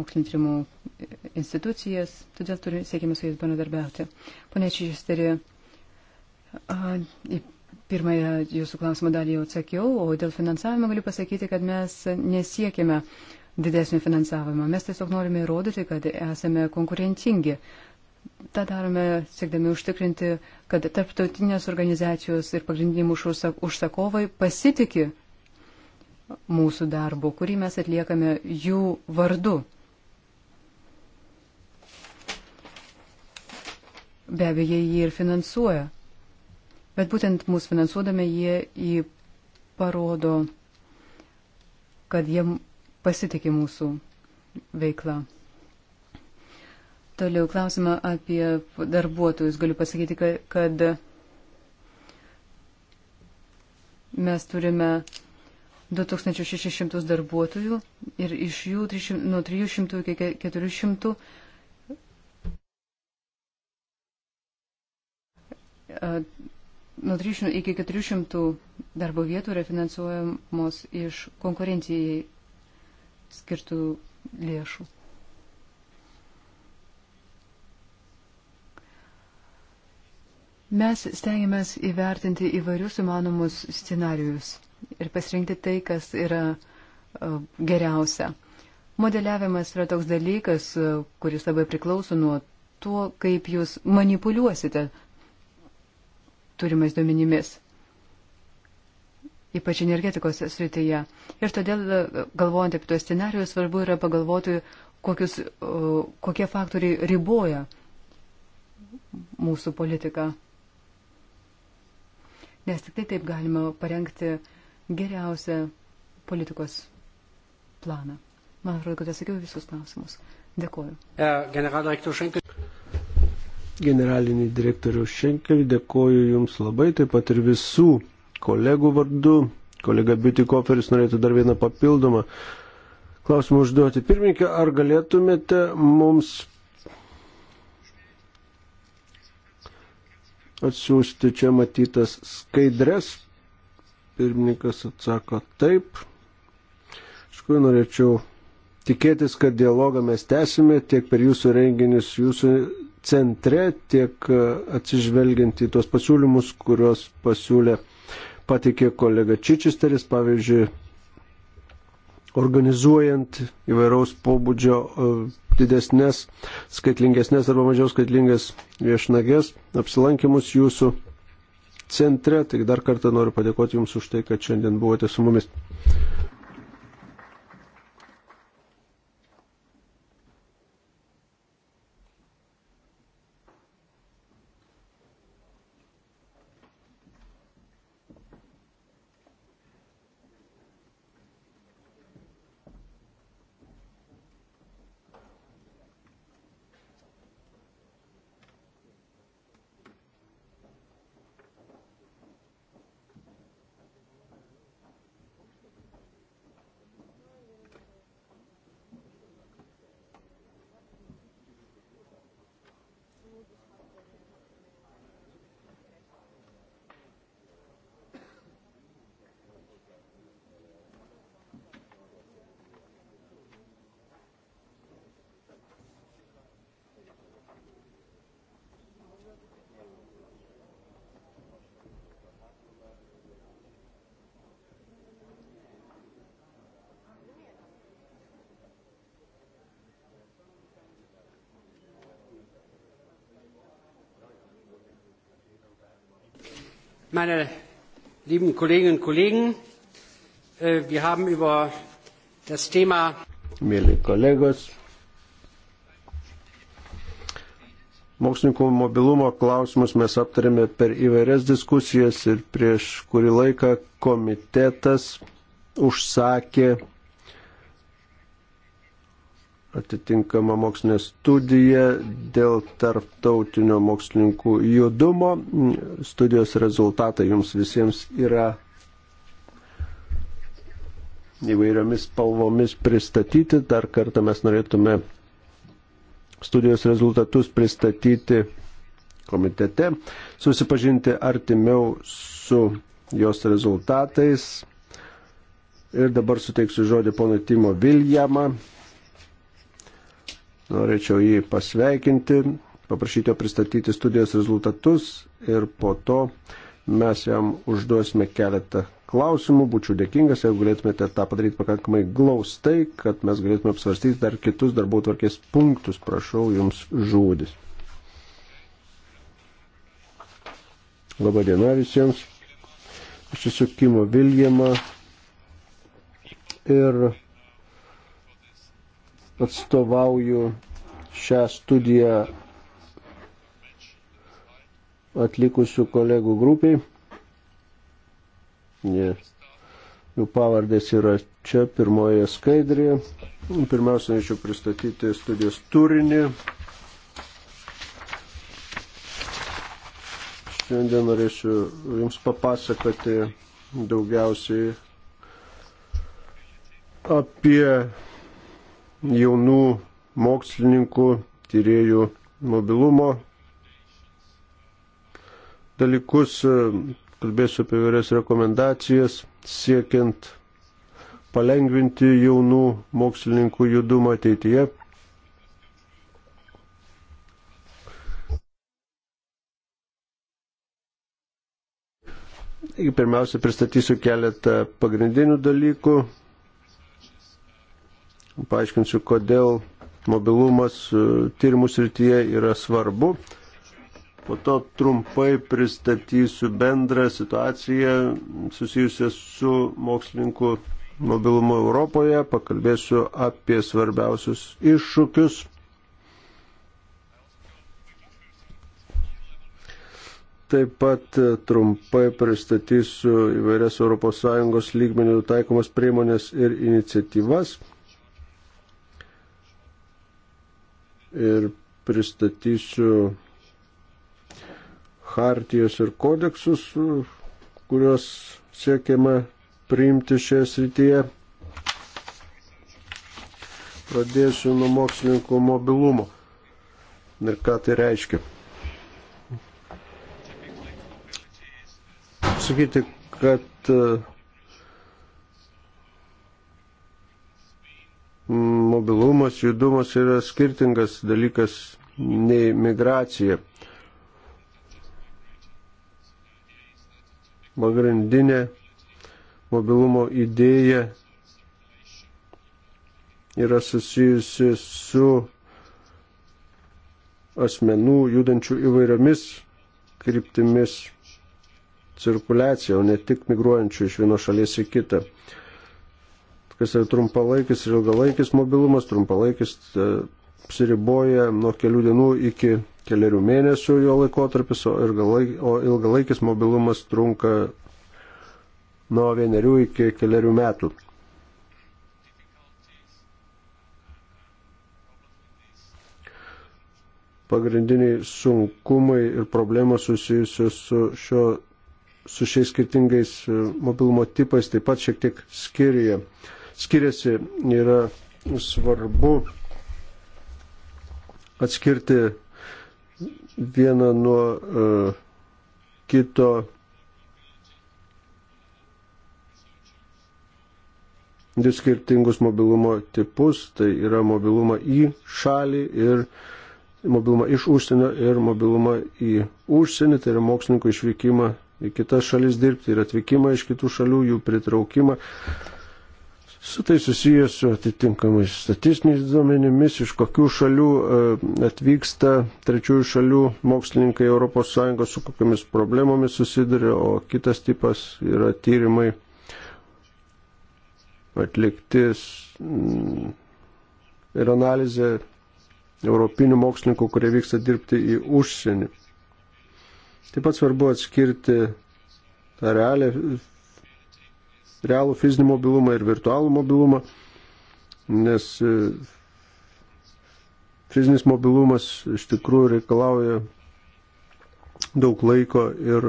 mokslinio tyrimų institucijas, todėl turi, siekime su jais bendradarbiauti. Pone Čižisteri, į pirmąją jūsų klausimą dalį jau atsakiau, o dėl finansavimo galiu pasakyti, kad mes nesiekime didesnio finansavimo. Mes tiesiog norime įrodyti, kad esame konkurencingi. Ta darome siekdami užtikrinti, kad tarptautinės organizacijos ir pagrindiniai mūsų užsakovai pasitikė mūsų darbu, kurį mes atliekame jų vardu. Be abejo, jie ir finansuoja. Bet būtent mūsų finansuodami jie į parodo, kad jie pasitikė mūsų veiklą. Toliau klausimą apie darbuotojus. Galiu pasakyti, kad mes turime 2600 darbuotojų ir iš jų 300, nuo 300 iki 400 e, Nuo 300 iki 400 darbo vietų yra finansuojamos iš konkurencijai skirtų lėšų. Mes stengiamės įvertinti įvairius įmanomus scenarius ir pasirinkti tai, kas yra e, geriausia. Modeliavimas yra toks dalykas, e, kuris labai priklauso nuo to, kaip jūs manipuliuosite turimais duomenimis, ypač energetikos srityje. Ir todėl, e, galvojant apie tos scenarius, svarbu yra pagalvoti, kokius, kokie faktoriai riboja mūsų politiką. Nes tik tai taip galima parengti uh, geriausią politikos planą? Man atrodo, kad atsakiau visus klausimus. Dėkuoju. E, Generalinį direktorių Šenkelį dėkuoju Jums labai, taip pat ir visų kolegų vardu. Kolega Biutikoferis norėtų dar vieną papildomą klausimą užduoti. Pirmininkė, ar galėtumėte mums atsiųsti čia matytas skaidres Pirmininkas atsako taip. Iš tikrųjų norėčiau tikėtis, kad dialogą mes tęsime tiek per jūsų renginius, jūsų centre, tiek e, atsižvelgiant į tuos pasiūlymus, kuriuos pasiūlė patikė kolega Čičisteris, pavyzdžiui, organizuojant įvairaus pobūdžio e, didesnės, skaitlingesnės arba mažiau skaitlingas viešnagės, apsilankimus jūsų centre. Taigi dar kartą noriu padėkoti Jums už tai, kad šiandien buvote su mumis. meine lieben Kolleginnen und Kollegen, äh, wir haben über das Thema. Mėly kolegos, mokslininkų mobilumo klausimus mes aptarėme per įvairias diskusijas ir prieš kurį laiką komitetas užsakė atitinkama mokslinė studija dėl tarptautinio mokslininkų judumo. Studijos rezultatai jums visiems yra įvairiomis spalvomis pristatyti. Dar kartą mes norėtume studijos rezultatus pristatyti komitete, susipažinti artimiau su jos rezultatais. Ir dabar suteiksiu žodį ponui Timo Viljamą, Norėčiau jį pasveikinti, paprašyti jo pristatyti studijos rezultatus ir po to mes jam užduosime keletą klausimų. Būčiau dėkingas, jeigu galėtumėte tą padaryti pakankamai glaustai, kad mes galėtume apsvarstyti dar kitus darbų tvarkės punktus. Prašau jums žodis. Labadiena visiems. Aš esu Kimo Viljama ir atstovauju šią studiją atlikusių kolegų grupiai. Jie, jų pavardės yra čia pirmoje skaidrėje. Pirmiausia, norėčiau pristatyti studijos turinį. Šiandien norėsiu Jums papasakoti daugiausiai apie jaunų mokslininkų, tyriejų mobilumo dalykus, e, kalbėsiu apie vairias rekomendacijas, siekiant palengvinti jaunų mokslininkų judumą ateityje. Pirmiausia, pristatysiu keletą pagrindinių dalykų, paaiškinsiu, kodėl mobilumas e, tyrimų srityje yra svarbu. Po to trumpai pristatysiu bendrą situaciją susijusią su mokslininkų mobilumu Europoje, pakalbėsiu apie svarbiausius iššūkius. Taip pat e, trumpai pristatysiu įvairias ES lygmenių taikomas priemonės ir iniciatyvas. ir pristatysiu hartijos ir kodeksus, kuriuos siekiama priimti šioje srityje. Pradėsiu nuo mokslininkų mobilumo. Ir ką tai reiškia? Sakyti, kad mm, mobilumas, judumas yra skirtingas dalykas nei migracija. Pagrindinė mobilumo idėja yra susijusi su asmenų judančių įvairiomis kryptimis cirkuliacija, o ne tik migruojančių iš vienos šalies į kitą kas yra trumpalaikis ir ilgalaikis mobilumas. Trumpalaikis e, apsiriboja nuo kelių dienų iki keliarių mėnesių jo laikotarpis, o, ilgalaik, o ilgalaikis mobilumas trunka nuo vienerių iki keliarių metų. Pagrindiniai sunkumai ir problemos susijusios su, šio, su šiais skirtingais e, mobilumo tipais taip pat šiek tiek skiria skiriasi. Yra svarbu atskirti vieną nuo uh, kito. Du skirtingus mobilumo tipus, tai yra mobilumą į šalį ir mobilumą iš užsienio ir mobilumą į užsienį, tai yra mokslininkų išvykimą į kitas šalis dirbti ir atvykimą iš kitų šalių, jų pritraukimą. Uh, su tai susijęs su atitinkamais statistiniais duomenimis, iš kokių šalių e, atvyksta trečiųjų šalių mokslininkai ES, su kokiamis problemomis susiduria, o kitas tipas yra tyrimai atliktis mm, ir analizė europinių mokslininkų, kurie vyksta dirbti į užsienį. Taip pat svarbu atskirti tą realią realų fizinį mobilumą ir virtualų mobilumą, nes e, fizinis mobilumas iš tikrųjų reikalauja daug laiko ir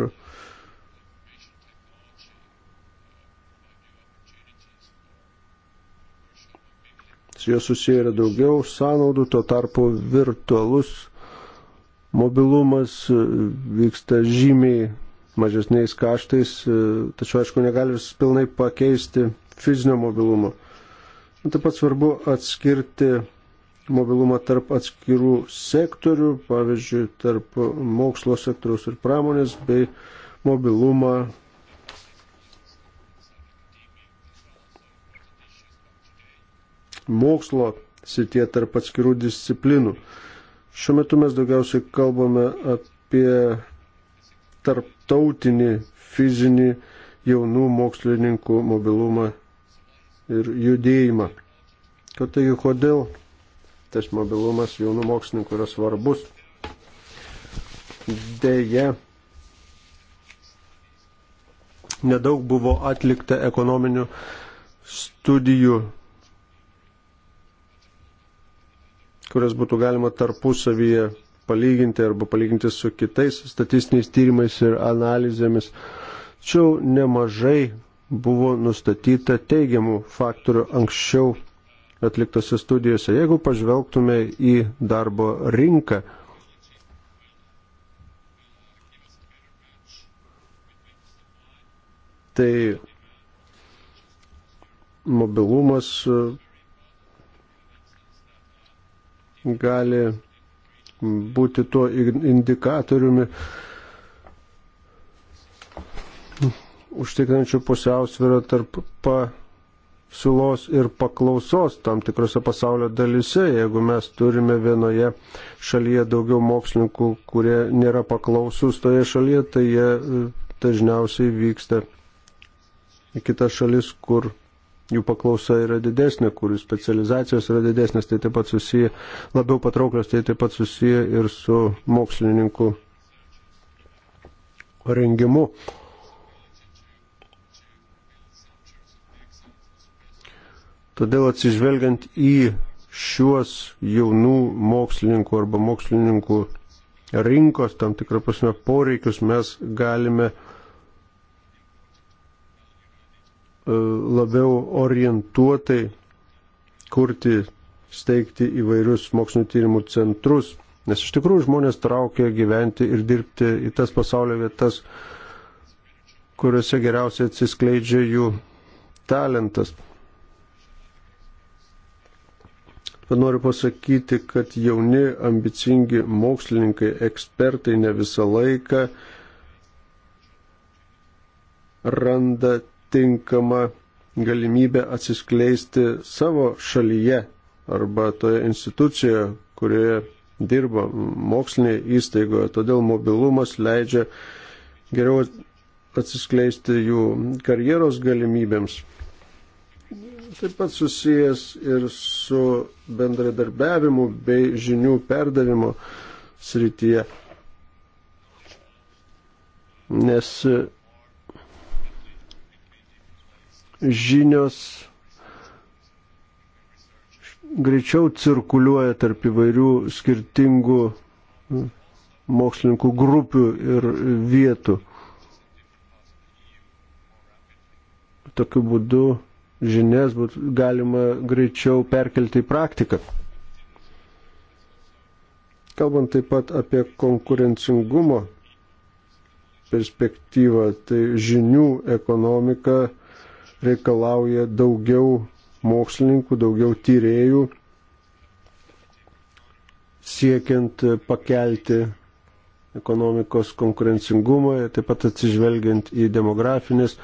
su juo susiję yra daugiau sąnaudų, tuo tarpu virtualus mobilumas e, vyksta žymiai mažesniais kaštais, e, tačiau aišku negali pilnai pakeisti fizinio mobilumo. Taip pat svarbu atskirti mobilumą tarp atskirų sektorių, pavyzdžiui, tarp mokslo sektoriaus ir pramonės, bei mobilumą mokslo sitie tarp atskirų disciplinų. Šiuo metu mes daugiausiai kalbame apie tarp tarptautinį fizinį jaunų mokslininkų mobilumą ir judėjimą. Kad taigi kodėl tas mobilumas jaunų mokslininkų yra svarbus. Deja, nedaug buvo atlikta ekonominių studijų, kurias būtų galima tarpusavyje palyginti arba palyginti su kitais statistiniais tyrimais ir analizėmis. Tačiau nemažai buvo nustatyta teigiamų faktorių anksčiau atliktose studijose. Jeigu pažvelgtume į darbo rinką, tai mobilumas gali būti tuo indikatoriumi užtikrinančių pusiausvyrą tarp pasiūlos ir paklausos tam tikrose pasaulio dalise. Jeigu mes turime vienoje šalyje daugiau mokslininkų, kurie nėra paklausus toje šalyje, tai jie e, dažniausiai vyksta į kitas šalis, kur jų paklausa yra didesnė, kurių specializacijos yra didesnės, tai taip pat susiję, labiau patrauklios, tai taip pat susiję ir su mokslininkų rengimu. Todėl atsižvelgiant į šiuos jaunų mokslininkų arba mokslininkų rinkos, tam tikrą prasme, poreikius mes galime uh, E, labiau orientuotai kurti, steigti įvairius mokslinio tyrimų centrus, nes iš tikrųjų žmonės traukia gyventi ir dirbti į tas pasaulio vietas, kuriuose geriausiai atsiskleidžia jų talentas. Bet noriu pasakyti, kad jauni, ambicingi mokslininkai, ekspertai ne visą laiką randa tinkamą galimybę atsiskleisti savo šalyje arba toje institucijoje, kurioje dirba mokslinėje įstaigoje. Todėl mobilumas leidžia geriau atsiskleisti jų karjeros galimybėms. Taip pat susijęs ir su bendradarbiavimu bei žinių perdavimo srityje. Nes žinios greičiau cirkuliuoja tarp įvairių skirtingų mokslininkų grupių ir vietų. Tokiu būdu žinias būtų galima greičiau perkelti į praktiką. Kalbant taip pat apie konkurencingumo perspektyvą, tai žinių ekonomika reikalauja daugiau mokslininkų, daugiau tyriejų, siekiant pakelti ekonomikos konkurencingumą, taip pat atsižvelgiant į demografinės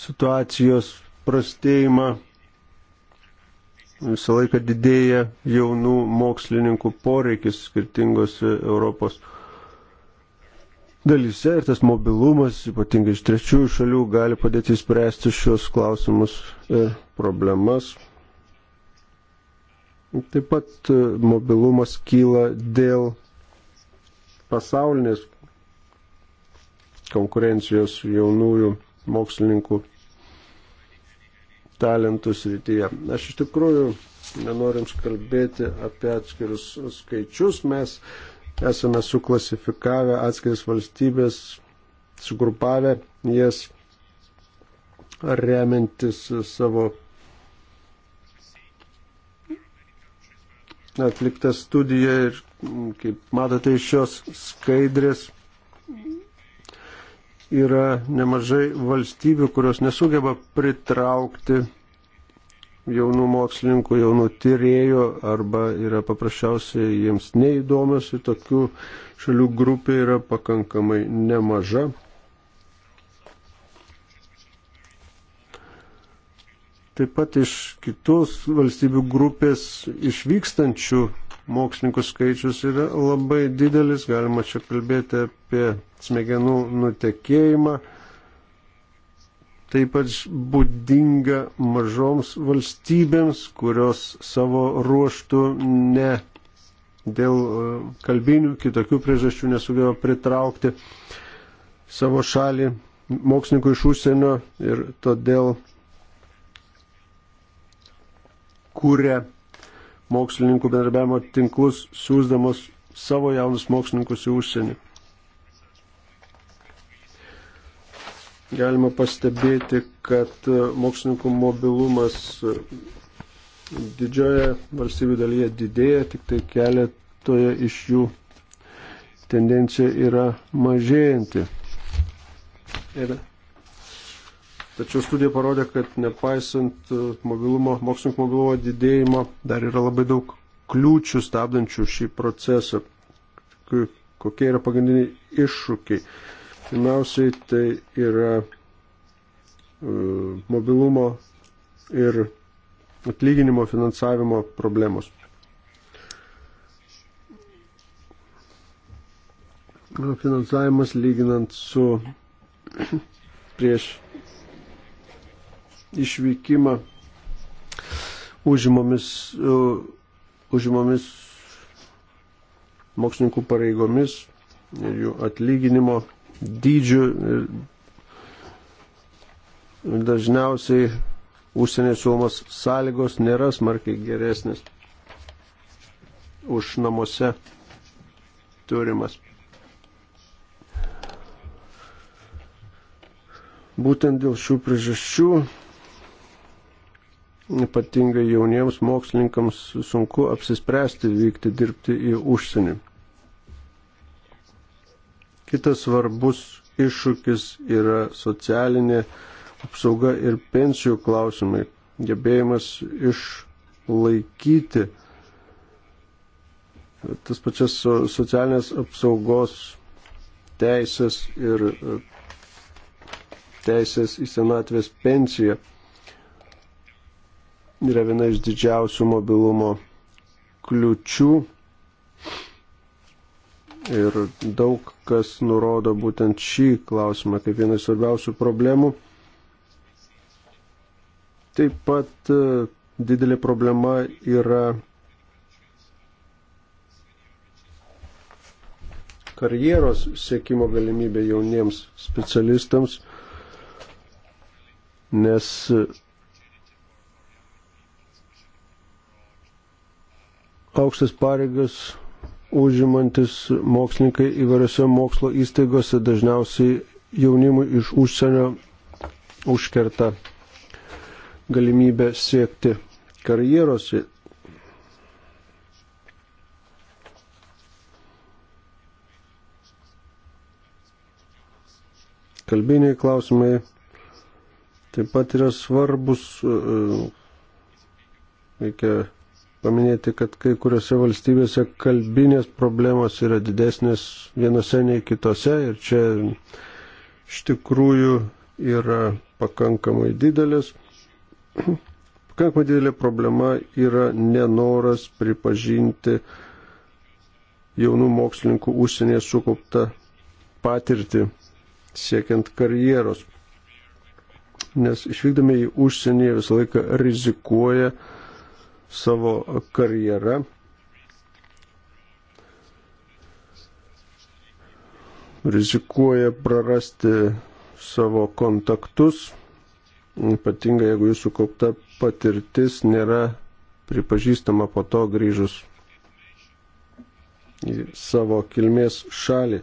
situacijos prastėjimą. Visą laiką didėja jaunų mokslininkų poreikis skirtingose Europos dalyse ir tas mobilumas, ypatingai iš trečiųjų šalių, gali padėti įspręsti šios klausimus ir e, problemas. Taip pat e, mobilumas kyla dėl pasaulinės konkurencijos jaunųjų mokslininkų talentų srityje. Aš iš tikrųjų nenorim kalbėti apie atskirus skaičius, mes esame suklasifikavę atskiris valstybės, sugrupavę jas remiantis savo atliktą studiją ir, kaip matote, iš šios skaidrės yra nemažai valstybių, kurios nesugeba pritraukti jaunų mokslininkų, jaunų tyriejų arba yra paprasčiausiai jiems neįdomios ir tokių šalių grupė yra pakankamai nemaža. Taip pat iš kitos valstybių grupės išvykstančių mokslininkų skaičius yra labai didelis, galima čia kalbėti apie smegenų nutekėjimą taip pat būdinga mažoms valstybėms, kurios savo ruoštų ne dėl e, kalbinių kitokių priežasčių nesugeba pritraukti savo šalį mokslininkų iš užsienio ir todėl kūrė mokslininkų bendarbiavimo tinklus, siūsdamos savo jaunus mokslininkus į užsienį. galima pastebėti, kad mokslininkų mobilumas didžioje valstybių dalyje didėja, tik tai keletoje iš jų tendencija yra mažėjanti. Ir Tačiau studija parodė, kad nepaisant mobilumo, mokslininkų mobilumo didėjimo, dar yra labai daug kliūčių stabdančių šį procesą. Kokie yra pagrindiniai iššūkiai? Pirmiausiai tai yra e, mobilumo ir atlyginimo finansavimo problemos. Finansavimas lyginant su prieš išvykimą užimomis, e, užimomis mokslininkų pareigomis ir jų atlyginimo dydžių ir dažniausiai užsienės siūlomos sąlygos nėra smarkiai geresnės už namuose turimas. Būtent dėl šių priežasčių ypatingai jauniems mokslininkams sunku apsispręsti vykti dirbti į užsienį. Kitas svarbus iššūkis yra socialinė apsauga ir pensijų klausimai. Gebėjimas išlaikyti tas pačias socialinės apsaugos teisės ir teisės į senatvės pensiją yra viena iš didžiausių mobilumo kliučių Ir daug kas nurodo būtent šį klausimą kaip vieną svarbiausių problemų. Taip pat e, didelė problema yra karjeros siekimo galimybė jauniems specialistams, nes e, aukštas pareigas užimantis mokslininkai įvairiose mokslo įstaigose dažniausiai jaunimui iš užsienio užkerta galimybę siekti karjeros. Kalbiniai klausimai taip pat yra svarbus, e, e, reikia paminėti, kad kai kuriuose valstybėse kalbinės problemos yra didesnės vienose nei kitose ir čia iš tikrųjų yra pakankamai didelis. Pakankamai didelė problema yra nenoras pripažinti jaunų mokslininkų užsienyje sukauptą patirtį siekiant karjeros. Nes išvykdami į užsienį visą laiką rizikuoja uh, savo karjerą. Rizikuoja prarasti savo kontaktus, ypatingai jeigu jūsų kaupta patirtis nėra pripažįstama po to grįžus į savo kilmės šalį.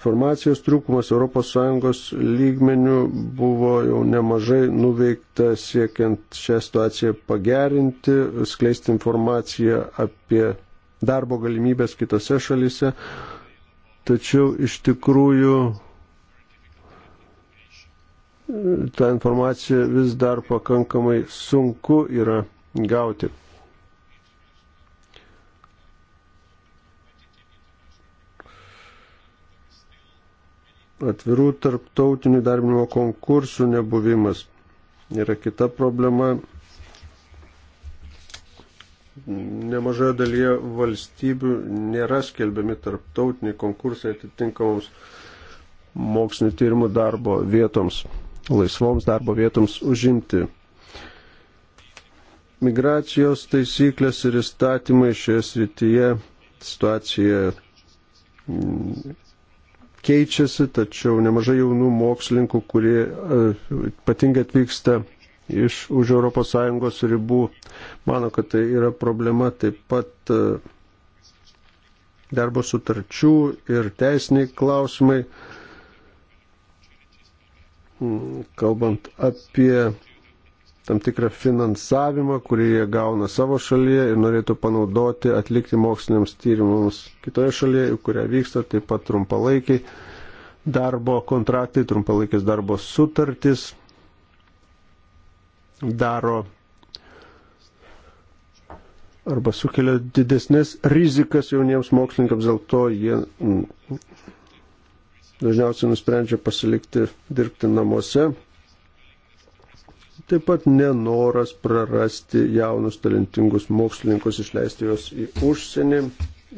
Informacijos trūkumas ES lygmenių buvo jau nemažai nuveikta siekiant šią situaciją pagerinti, skleisti informaciją apie darbo galimybės kitose šalise. Tačiau iš tikrųjų e, tą informaciją vis dar pakankamai sunku yra gauti. atvirų tarptautinių darbinimo konkursų nebuvimas yra kita problema. Nemažoje dalyje valstybių nėra skelbiami tarptautiniai konkursai atitinkamoms mokslinio tyrimų darbo vietoms, laisvoms darbo vietoms užimti. Migracijos taisyklės ir įstatymai šioje srityje situacija keičiasi, tačiau nemažai jaunų mokslininkų, kurie e, ypatingai atvyksta iš už ES ribų, mano, kad tai yra problema taip pat e, darbo sutarčių ir teisiniai klausimai, mm, kalbant apie tam tikrą finansavimą, kurį jie gauna savo šalyje ir norėtų panaudoti atlikti moksliniams tyrimams kitoje šalyje, į kurią vyksta taip pat trumpalaikiai darbo kontraktai, trumpalaikės darbo sutartys daro arba sukelia didesnės rizikas jauniems mokslininkams, dėl to jie dažniausiai nusprendžia pasilikti dirbti namuose taip pat nenoras prarasti jaunus talentingus mokslininkus, išleisti juos į užsienį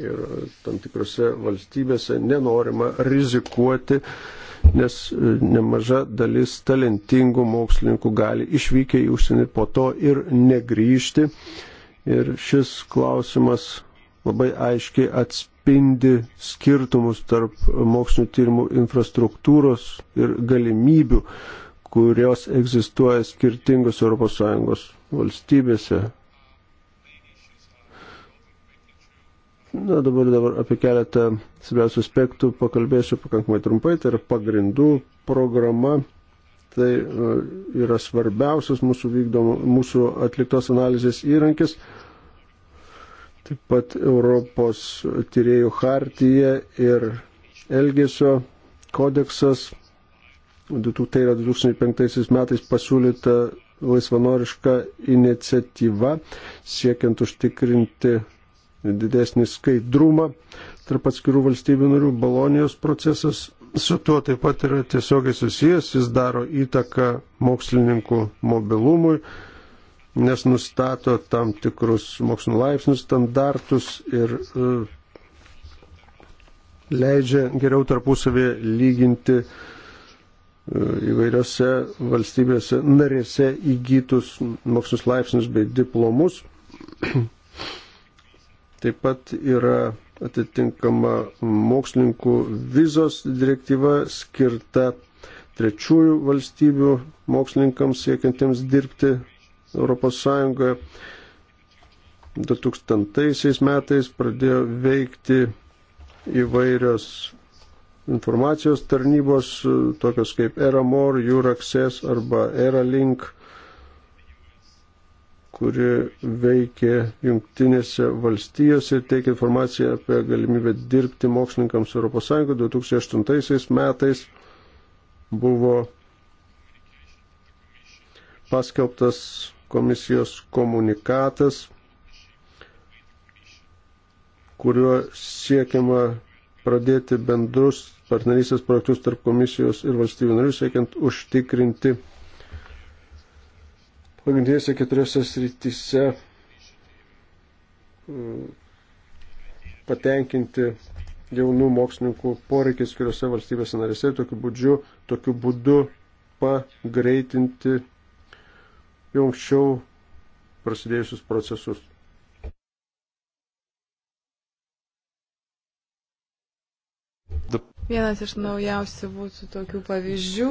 ir tam tikrose valstybėse nenorima rizikuoti, nes e, nemaža dalis talentingų mokslininkų gali išvykę į užsienį po to ir negrįžti. Ir šis klausimas labai aiškiai atspindi skirtumus tarp mokslinio tyrimų infrastruktūros ir galimybių kurios egzistuoja skirtingus ES valstybėse. Na dabar, dabar apie keletą svarbiausių aspektų pakalbėsiu pakankamai trumpai, tai yra pagrindų programa, tai e, yra svarbiausias mūsų, vykdomo, mūsų atliktos analizės įrankis, taip pat Europos tyriejų hartyje ir Elgesio kodeksas tai yra 2005 metais pasiūlyta laisvanoriška iniciatyva siekiant užtikrinti didesnį skaidrumą tarp atskirų valstybių narių. Balonijos procesas su tuo taip pat yra tiesiogiai susijęs, jis daro įtaką mokslininkų mobilumui, nes nustato tam tikrus mokslinų laipsnių standartus ir e, leidžia geriau tarpusavėje lyginti uh, įvairiose valstybėse narėse įgytus mokslus laipsnius bei diplomus. Taip pat yra atitinkama mokslininkų vizos direktyva skirta trečiųjų valstybių mokslininkams siekiantiems dirbti ES. 2000 metais pradėjo veikti įvairios informacijos tarnybos, tokios kaip Eramor, Juraxes arba Eralink, kuri veikia jungtinėse valstijose ir teikia informaciją apie galimybę dirbti mokslininkams ES 2008 metais buvo paskelbtas komisijos komunikatas, kuriuo siekiama pradėti bendrus partnerystės projektus tarp komisijos ir valstybių narių, siekiant užtikrinti pagrindinėse keturiose srityse e, patenkinti jaunų mokslininkų poreikis skiriuose valstybėse narėse ir tokiu būdžiu, tokiu būdu pagreitinti jau anksčiau prasidėjusius procesus. Vienas iš naujausių būtų tokių pavyzdžių,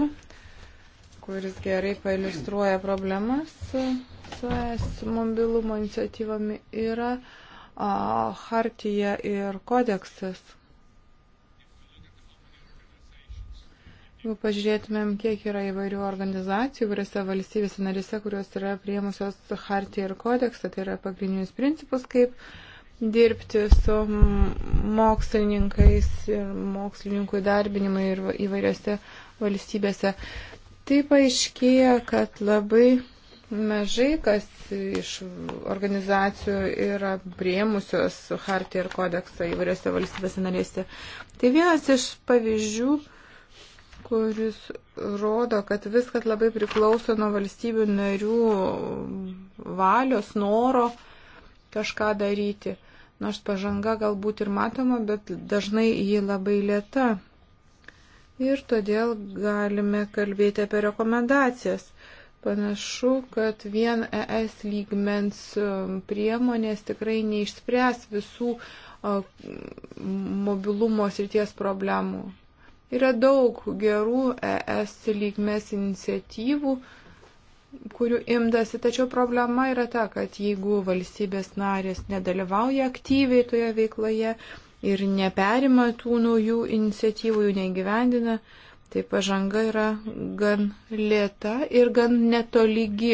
kuris gerai pailustruoja problemas su, su es mobilumo iniciatyvami, yra a, Hartija ir kodeksas. Jeigu pažiūrėtumėm, kiek yra įvairių organizacijų, kuriuose valstybėse narise, kurios yra priemusios Hartiją ir kodeksą, tai yra pagrindinius principus, kaip uh, dirbti su mokslininkais, mokslininkų darbinimai ir įvairiose valstybėse. Tai paaiškėja, kad labai mažai kas iš organizacijų yra priemusios hartį ir kodeksą įvairiose valstybėse narėse. Tai vienas iš pavyzdžių, kuris rodo, kad viskas labai priklauso nuo valstybių narių valios, noro kažką daryti. Nors pažanga galbūt ir matoma, bet dažnai ji labai lėta. Ir todėl galime kalbėti apie rekomendacijas. Panašu, kad vien ES lygmens um, priemonės tikrai neišspręs visų mobilumo srities problemų. Yra daug gerų ES lygmens iniciatyvų, kurių imdasi. Tačiau problema yra ta, kad jeigu valstybės narės nedalyvauja aktyviai toje veikloje ir neperima tų naujų iniciatyvų, jų negyvendina, tai pažanga yra gan lėta ir gan netolygi.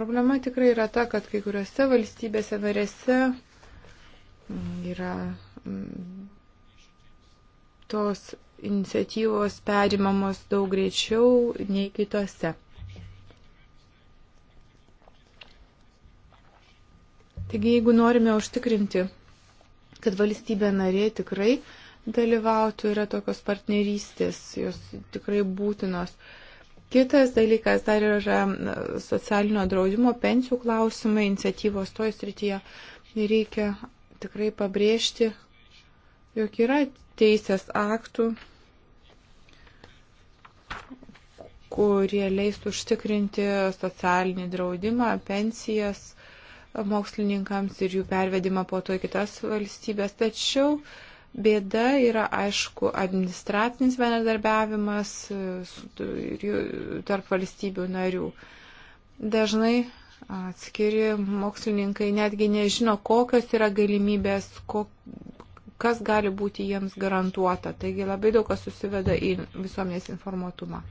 Problema tikrai yra ta, kad kai kuriuose valstybėse narėse mm, yra mm, tos iniciatyvos perimamos daug greičiau nei kitose. Taigi, jeigu norime užtikrinti, kad valstybė narė tikrai dalyvautų, yra tokios partnerystės, jos tikrai būtinos. Kitas dalykas dar yra socialinio draudimo pensijų klausimai, iniciatyvos toj srityje. Reikia tikrai pabrėžti, jog yra teisės aktų, kurie leis užtikrinti socialinį draudimą, pensijas mokslininkams ir jų pervedimą po to į kitas valstybės. Tačiau bėda yra, aišku, administracinis bendradarbiavimas e, tarp valstybių narių. Dažnai atskiri mokslininkai netgi nežino, kokios yra galimybės, kok, kas gali būti jiems garantuota. Taigi labai daug kas susiveda į visuomenės informuotumą.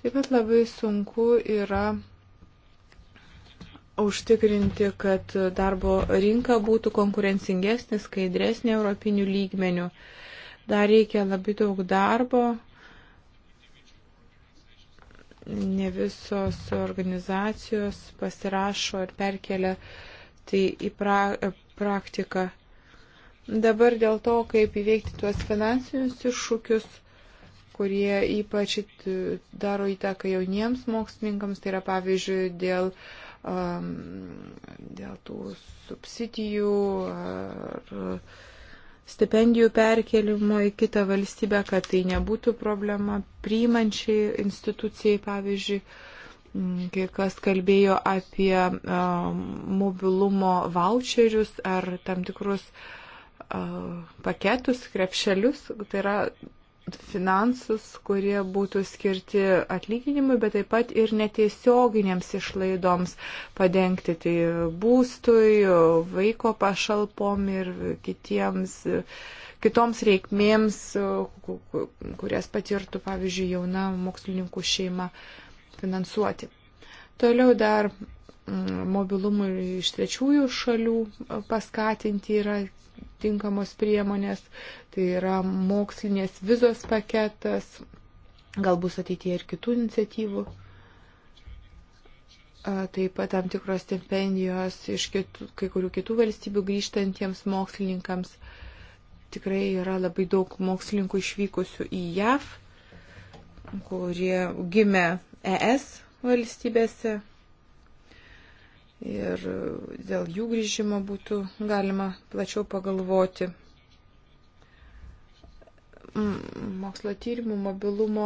Taip pat labai sunku yra užtikrinti, kad darbo rinka būtų konkurencingesnė, skaidresnė europinių lygmenių. Dar reikia labai daug darbo. Ne visos organizacijos pasirašo ir perkelia tai į pra praktiką. Dabar dėl to, kaip įveikti tuos finansinius iššūkius kurie ypač daro įtaką jauniems mokslininkams, tai yra pavyzdžiui dėl uh, dėl tų subsidijų ar stipendijų perkelimo į kitą valstybę, kad tai nebūtų problema priimančiai institucijai, pavyzdžiui, mm, kai kas kalbėjo apie mobilumo voucherius ar tam tikrus paketus, krepšelius, tai yra finansus, kurie būtų skirti atlyginimui, bet taip pat ir netiesioginėms išlaidoms padengti, tai būstui, vaiko pašalpom ir kitiems, kitoms reikmėms, kurias patirtų, pavyzdžiui, jauna mokslininkų šeima finansuoti. Toliau dar mm, mobilumui iš trečiųjų šalių paskatinti yra tinkamos priemonės, tai yra mokslinės vizos paketas, galbūt ateityje ir kitų iniciatyvų. Taip pat tam tikros stipendijos iš kitų, kai kurių kitų valstybių grįžtantiems mokslininkams. Tikrai yra labai daug mokslininkų išvykusių į JAV, kurie gimė ES valstybėse ir dėl jų grįžimo būtų galima plačiau pagalvoti. Mokslo tyrimų mobilumo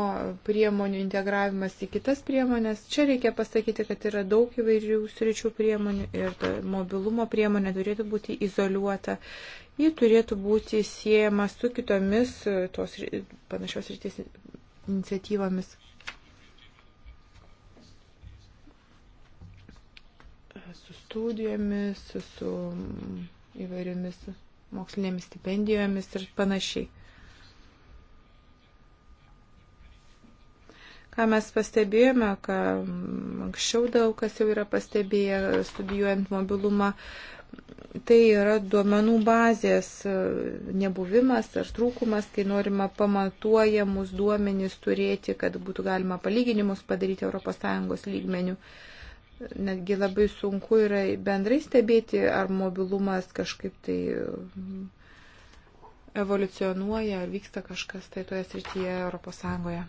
priemonių integravimas į kitas priemonės. Čia reikia pasakyti, kad yra daug įvairių sričių priemonių ir mobilumo priemonė turėtų būti izoliuota. Ji turėtų būti siejama su kitomis tos panašios rytis iniciatyvomis. studijomis, su įvairiomis mokslinėmis stipendijomis ir panašiai. Ką mes pastebėjome, ką anksčiau daug kas jau yra pastebėję studijuojant mobilumą, tai yra duomenų bazės e, nebuvimas ar trūkumas, kai norima pamatuojamus duomenys turėti, kad būtų galima palyginimus padaryti ES lygmenių. Uh, netgi labai sunku yra bendrai stebėti, ar mobilumas kažkaip tai mm, evoliucionuoja, ar vyksta kažkas tai toje srityje Europos Sąjungoje.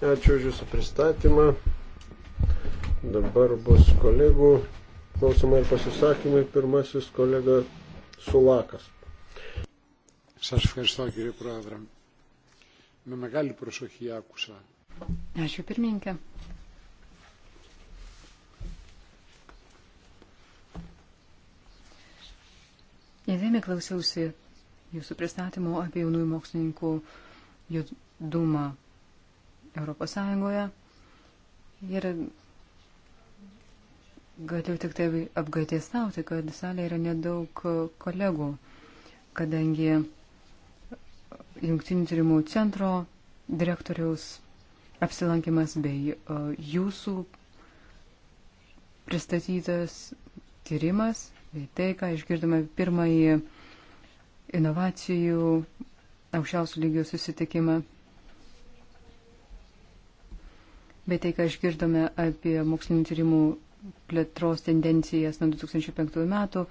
Ačiū už Jūsų pristatymą. Dabar bus kolegų klausimai ir pasisakymai. Pirmasis kolega Sulakas. Σας ευχαριστώ κύριε Πρόεδρε. Με μεγάλη προσοχή άκουσα. Ačiū pirmininkė. Įdėmiai klausiausi jūsų pristatymo apie jaunųjų mokslininkų judumą Europos Sąjungoje. Ir galiu tik tai apgaitėstauti, kad salėje yra nedaug kolegų, kadangi Junktinių tyrimų centro direktoriaus apsilankimas bei e, jūsų pristatytas tyrimas Tai, ką išgirdome pirmąjį inovacijų aukščiausių lygių susitikimą. Bet tai, ką išgirdome apie mokslinį tyrimų plėtros tendencijas nuo 2005 metų,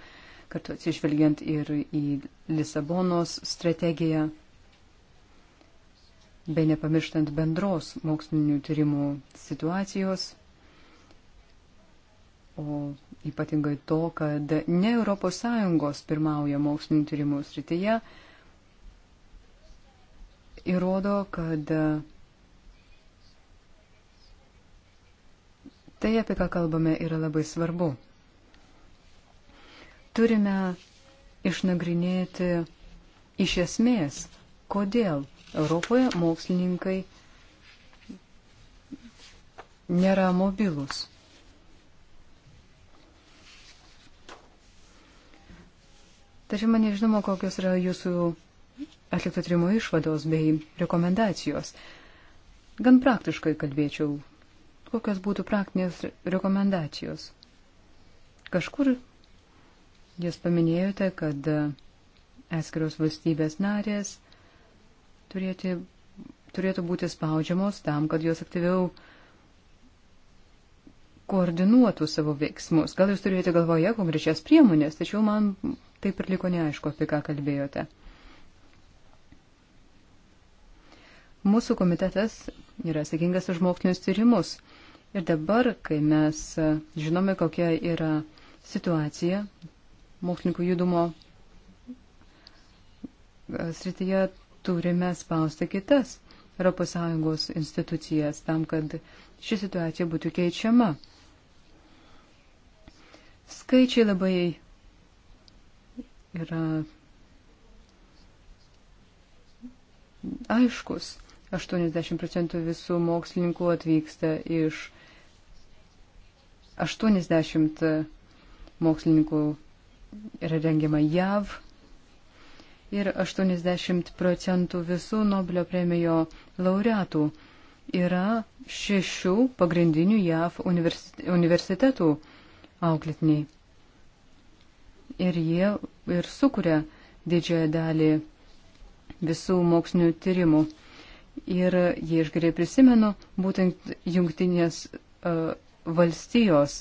kartu atsižvelgiant ir į Lisabonos strategiją, be nepamirštant bendros mokslinių tyrimų situacijos o ypatingai to, kad ne ES pirmauja mokslinio tyrimų srityje, įrodo, kad tai, apie ką kalbame, yra labai svarbu. Turime išnagrinėti iš esmės, kodėl Europoje mokslininkai nėra mobilus. Tačiau man nežinoma, kokios yra jūsų atlikto trimo išvados bei rekomendacijos. Gan praktiškai kalbėčiau, kokios būtų praktinės rekomendacijos. Kažkur jūs paminėjote, kad atskiros valstybės narės turėti, turėtų būti spaudžiamos tam, kad jos aktyviau koordinuotų savo veiksmus. Gal jūs turėjote galvoje konkrečias priemonės, tačiau man taip ir liko neaišku, apie ką kalbėjote. Mūsų komitetas yra atsakingas už mokslinius tyrimus. Ir dabar, kai mes žinome, kokia yra situacija mokslininkų judumo e, srityje, turime spausti kitas ES institucijas tam, kad ši situacija būtų keičiama. Skaičiai labai yra aiškus. 80 procentų visų mokslininkų atvyksta iš 80 mokslininkų yra rengiama JAV ir 80 procentų visų Nobelio premijo laureatų yra šešių pagrindinių JAV universitetų auklitiniai ir jie ir sukuria didžiąją dalį visų mokslinių tyrimų. Ir jie aš gerai prisimenu, būtent jungtinės uh, valstijos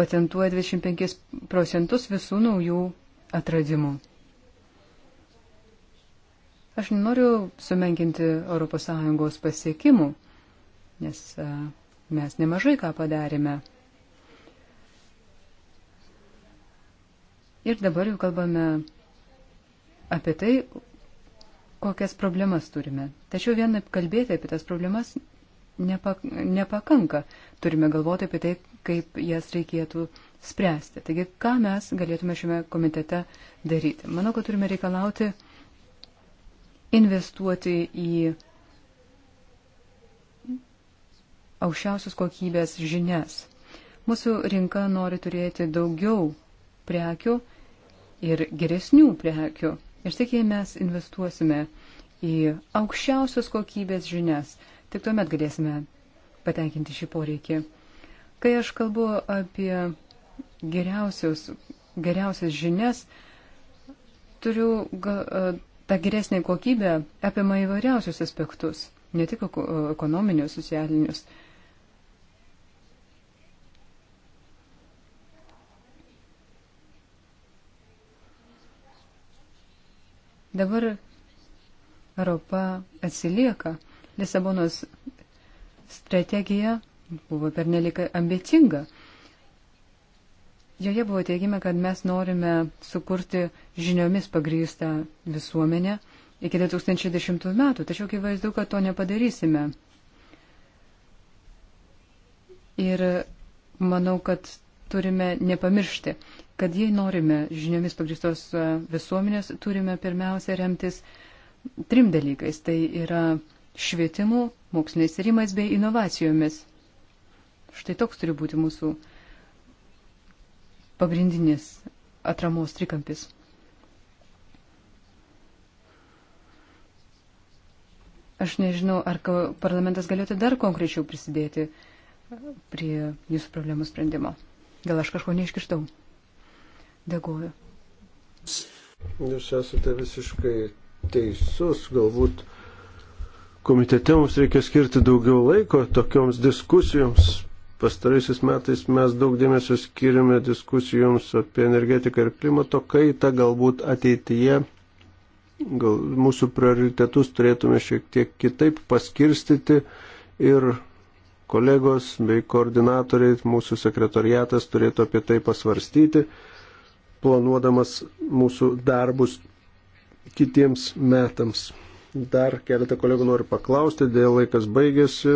patentuoja 25 procentus visų naujų atradimų. Aš nenoriu sumenkinti ES pasiekimų, nes uh, mes nemažai ką padarėme. Ir dabar jau kalbame apie tai, kokias problemas turime. Tačiau vien kalbėti apie tas problemas nepak nepakanka. Turime galvoti apie tai, kaip jas reikėtų spręsti. Taigi, ką mes galėtume šiame komitete daryti? Manau, kad turime reikalauti investuoti į aukščiausios kokybės žinias. Mūsų rinka nori turėti daugiau prekių ir geresnių prekių. Ir tik jei mes investuosime į aukščiausios kokybės žinias, tik tuomet galėsime patenkinti šį poreikį. Kai aš kalbu apie geriausios, geriausias žinias, turiu ga, e, tą geresnę kokybę apima įvairiausius aspektus, ne tik e, ekonominius, socialinius. Uh, Dabar Europa atsilieka. Lisabonos strategija buvo pernelik ambicinga. Joje buvo teigiama, kad mes norime sukurti žiniomis pagrįstą visuomenę iki 2010 metų, tačiau akivaizdu, kad to nepadarysime. Ir manau, kad turime nepamiršti, kad jei norime žiniomis pagristos e, visuomenės, turime pirmiausia remtis trim dalykais. Tai yra švietimu, moksliniais tyrimais bei inovacijomis. Štai toks turi būti mūsų pagrindinis atramos trikampis. Aš nežinau, ar parlamentas galėtų dar konkrečiau prisidėti prie jūsų problemų sprendimo. Gal aš kažko neiškirtau. Dėkuoju. Jūs esate visiškai teisus, galbūt komitete mums reikia skirti daugiau laiko tokioms diskusijoms. Pastaraisiais metais mes daug dėmesio skiriame diskusijoms apie energetiką ir klimato kaitą, galbūt ateityje gal mūsų prioritetus turėtume šiek tiek kitaip paskirstyti ir kolegos bei koordinatoriai, mūsų sekretoriatas turėtų apie tai pasvarstyti planuodamas mūsų darbus kitiems metams. Dar keletą kolegų noriu paklausti, dėl laikas baigėsi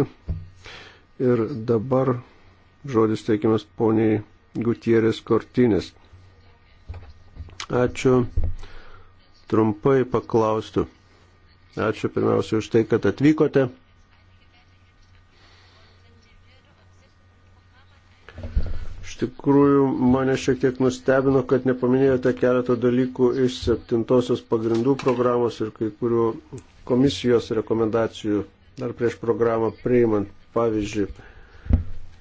ir dabar žodis teikiamas poniai Gutierės Kortinės. Ačiū. Trumpai paklaustu. Ačiū pirmiausia už tai, kad atvykote. tikrųjų mane šiek tiek nustebino, kad nepaminėjote keletą dalykų iš septintosios pagrindų programos ir kai kurių komisijos rekomendacijų dar prieš programą priimant. Pavyzdžiui,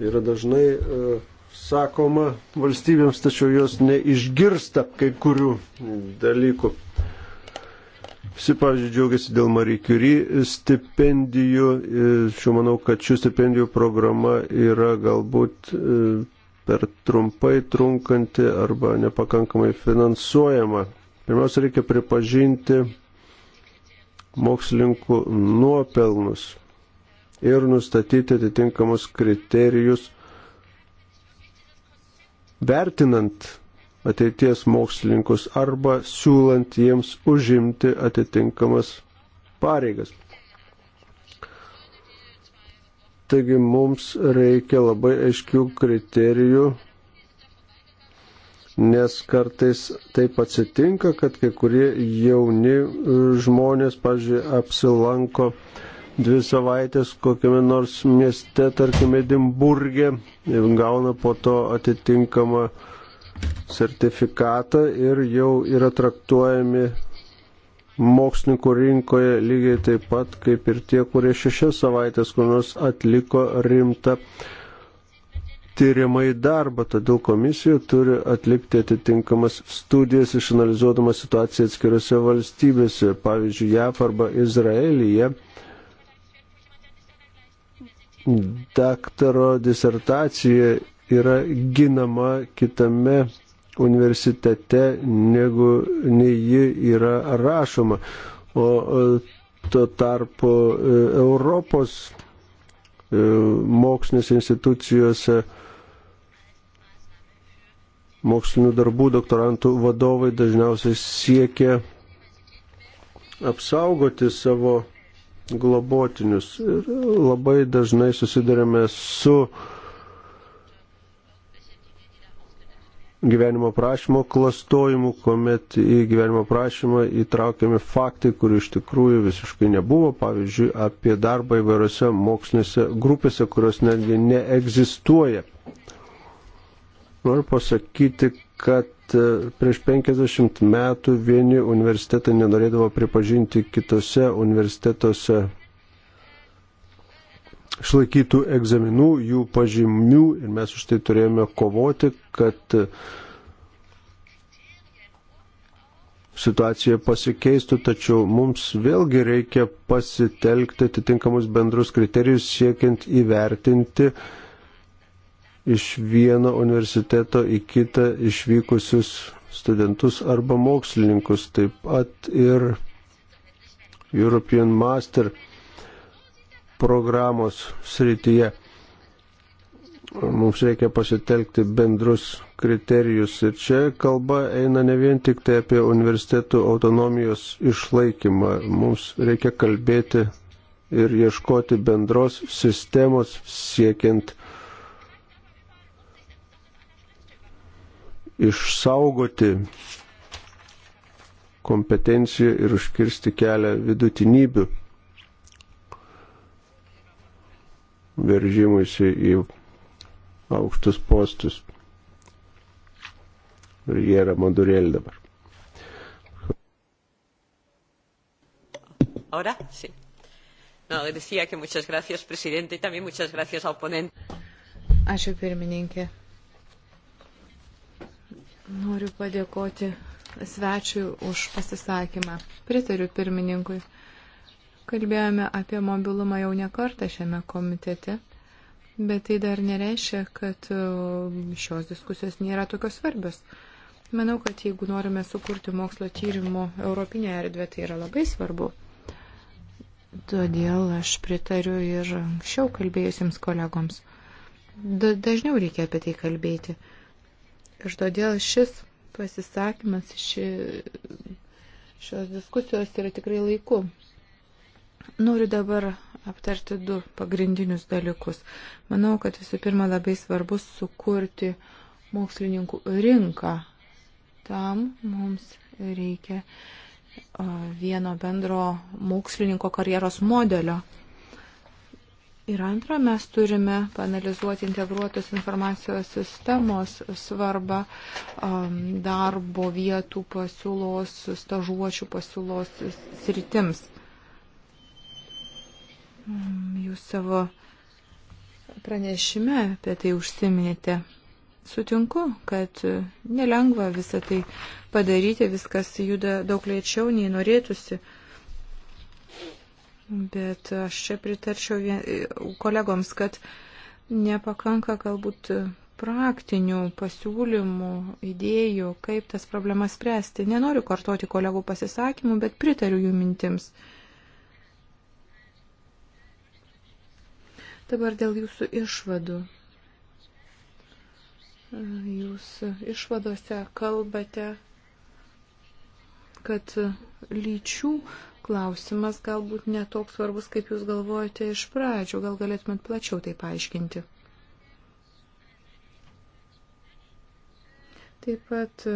yra dažnai e, sakoma valstybėms, tačiau jos neišgirsta kai kurių dalykų. Visi, pavyzdžiui, džiaugiasi dėl Marie Curie stipendijų. Šiuo e, manau, kad šių stipendijų programa yra galbūt e, per trumpai trunkanti arba nepakankamai finansuojama. Pirmiausia, reikia pripažinti mokslininkų nuopelnus ir nustatyti atitinkamus kriterijus, vertinant ateities mokslininkus arba siūlant jiems užimti atitinkamas pareigas. Taigi mums reikia labai aiškių kriterijų, nes kartais taip atsitinka, kad kai kurie jauni žmonės, pažiūrėjau, apsilanko dvi savaitės kokiame nors mieste, tarkime, Edimburgė, gauna po to atitinkamą sertifikatą ir jau yra traktuojami mokslininkų rinkoje lygiai taip pat kaip ir tie, kurie šešias savaitės kur nors atliko rimtą tyrimai darbą, todėl komisija turi atlikti atitinkamas studijas, išanalizuodama situaciją atskirose valstybėse, pavyzdžiui, JAF arba Izraelyje. Daktaro disertacija yra ginama kitame universitete, negu nei ji yra rašoma. O e, tuo tarpu e, Europos e, mokslinėse institucijose mokslinių darbų doktorantų vadovai dažniausiai siekia apsaugoti savo globotinius. Ir labai dažnai susidurėme su uh, gyvenimo prašymo klastojimu, kuomet į gyvenimo prašymą įtraukiami faktai, kurių iš tikrųjų visiškai nebuvo, pavyzdžiui, apie darbą įvairiose mokslinėse grupėse, kurios netgi neegzistuoja. Noriu pasakyti, kad e, prieš 50 metų vieni universitetai nenorėdavo pripažinti kitose universitetuose išlaikytų egzaminų, jų pažymių ir mes už tai turėjome kovoti, kad situacija pasikeistų, tačiau mums vėlgi reikia pasitelkti atitinkamus bendrus kriterijus siekiant įvertinti iš vieno universiteto į kitą išvykusius studentus arba mokslininkus, taip pat ir European Master programos srityje. Mums reikia pasitelkti bendrus kriterijus ir čia kalba eina ne vien tik tai apie universitetų autonomijos išlaikymą. Mums reikia kalbėti ir ieškoti bendros sistemos siekiant išsaugoti kompetenciją ir užkirsti kelią vidutinybių veržimuisi į aukštus postus. Ir jie yra madurėlė dabar. Ahora sí. No, decía que muchas gracias, presidente, y también muchas gracias al ponente. Ačiū pirmininkė. Noriu padėkoti svečiui už pasisakymą. Pritariu pirmininkui. Kalbėjome apie mobilumą jau ne kartą šiame komitete, bet tai dar nereiškia, kad uh, šios diskusijos nėra tokios svarbios. Manau, kad jeigu norime sukurti mokslo tyrimų europinę erdvę, tai yra labai svarbu. Todėl aš pritariu ir anksčiau kalbėjusiems kolegoms. Da, dažniau reikia apie tai kalbėti. Ir todėl šis pasisakymas, ši, šios diskusijos yra tikrai laiku. Noriu dabar aptarti du pagrindinius dalykus. Manau, kad visų pirma labai svarbu sukurti mokslininkų rinką. Tam mums reikia vieno bendro mokslininko karjeros modelio. Ir antra, mes turime panalizuoti integruotos informacijos sistemos svarbą darbo vietų pasiūlos, stažuočių pasiūlos sritims. Mm, jūs savo pranešime apie tai užsiminėte. Sutinku, kad e, nelengva visą tai padaryti, viskas juda daug lėčiau nei norėtųsi. Bet aš čia pritarčiau vien, e, kolegoms, kad nepakanka galbūt praktinių pasiūlymų, idėjų, kaip tas problemas spręsti. Nenoriu kartoti kolegų pasisakymų, bet pritariu jų mintims. Uh, Dabar dėl jūsų išvadų. Jūs išvadose kalbate, kad lyčių klausimas galbūt netoks svarbus, kaip jūs galvojate iš pradžių. Gal galėtumėt plačiau tai paaiškinti? Taip pat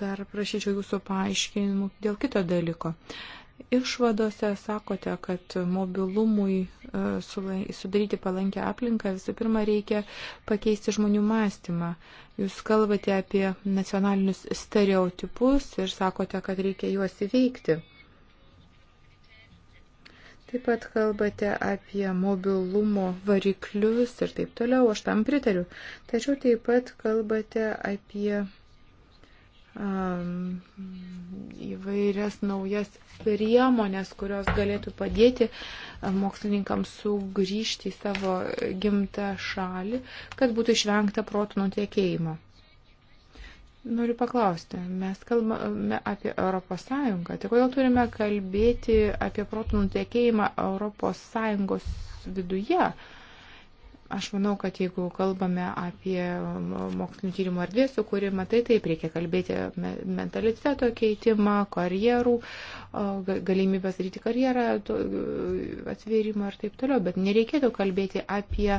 dar prašyčiau jūsų paaiškinimų dėl kito dalyko. Uh, išvadose sakote, kad mobilumui e, sudaryti palankę aplinką visų pirma reikia pakeisti žmonių mąstymą. Jūs kalbate apie nacionalinius stereotipus ir sakote, kad reikia juos įveikti. Taip pat kalbate apie mobilumo variklius ir taip toliau, aš tam pritariu. Tačiau taip pat kalbate apie Um, įvairias naujas priemonės, kurios galėtų padėti uh, mokslininkams sugrįžti į savo gimtą šalį, kad būtų išvengta protų nutiekėjimo. Noriu paklausti, mes kalbame apie Europos Sąjungą, tai kodėl turime kalbėti apie protų nutiekėjimą Europos Sąjungos viduje? Uh, Aš manau, kad jeigu kalbame apie um, mokslinio tyrimo erdvės sukūrimą, tai taip reikia kalbėti mentaliteto keitimą, karjerų, galimybės daryti karjerą, atvėrimą ir taip toliau, bet nereikėtų kalbėti apie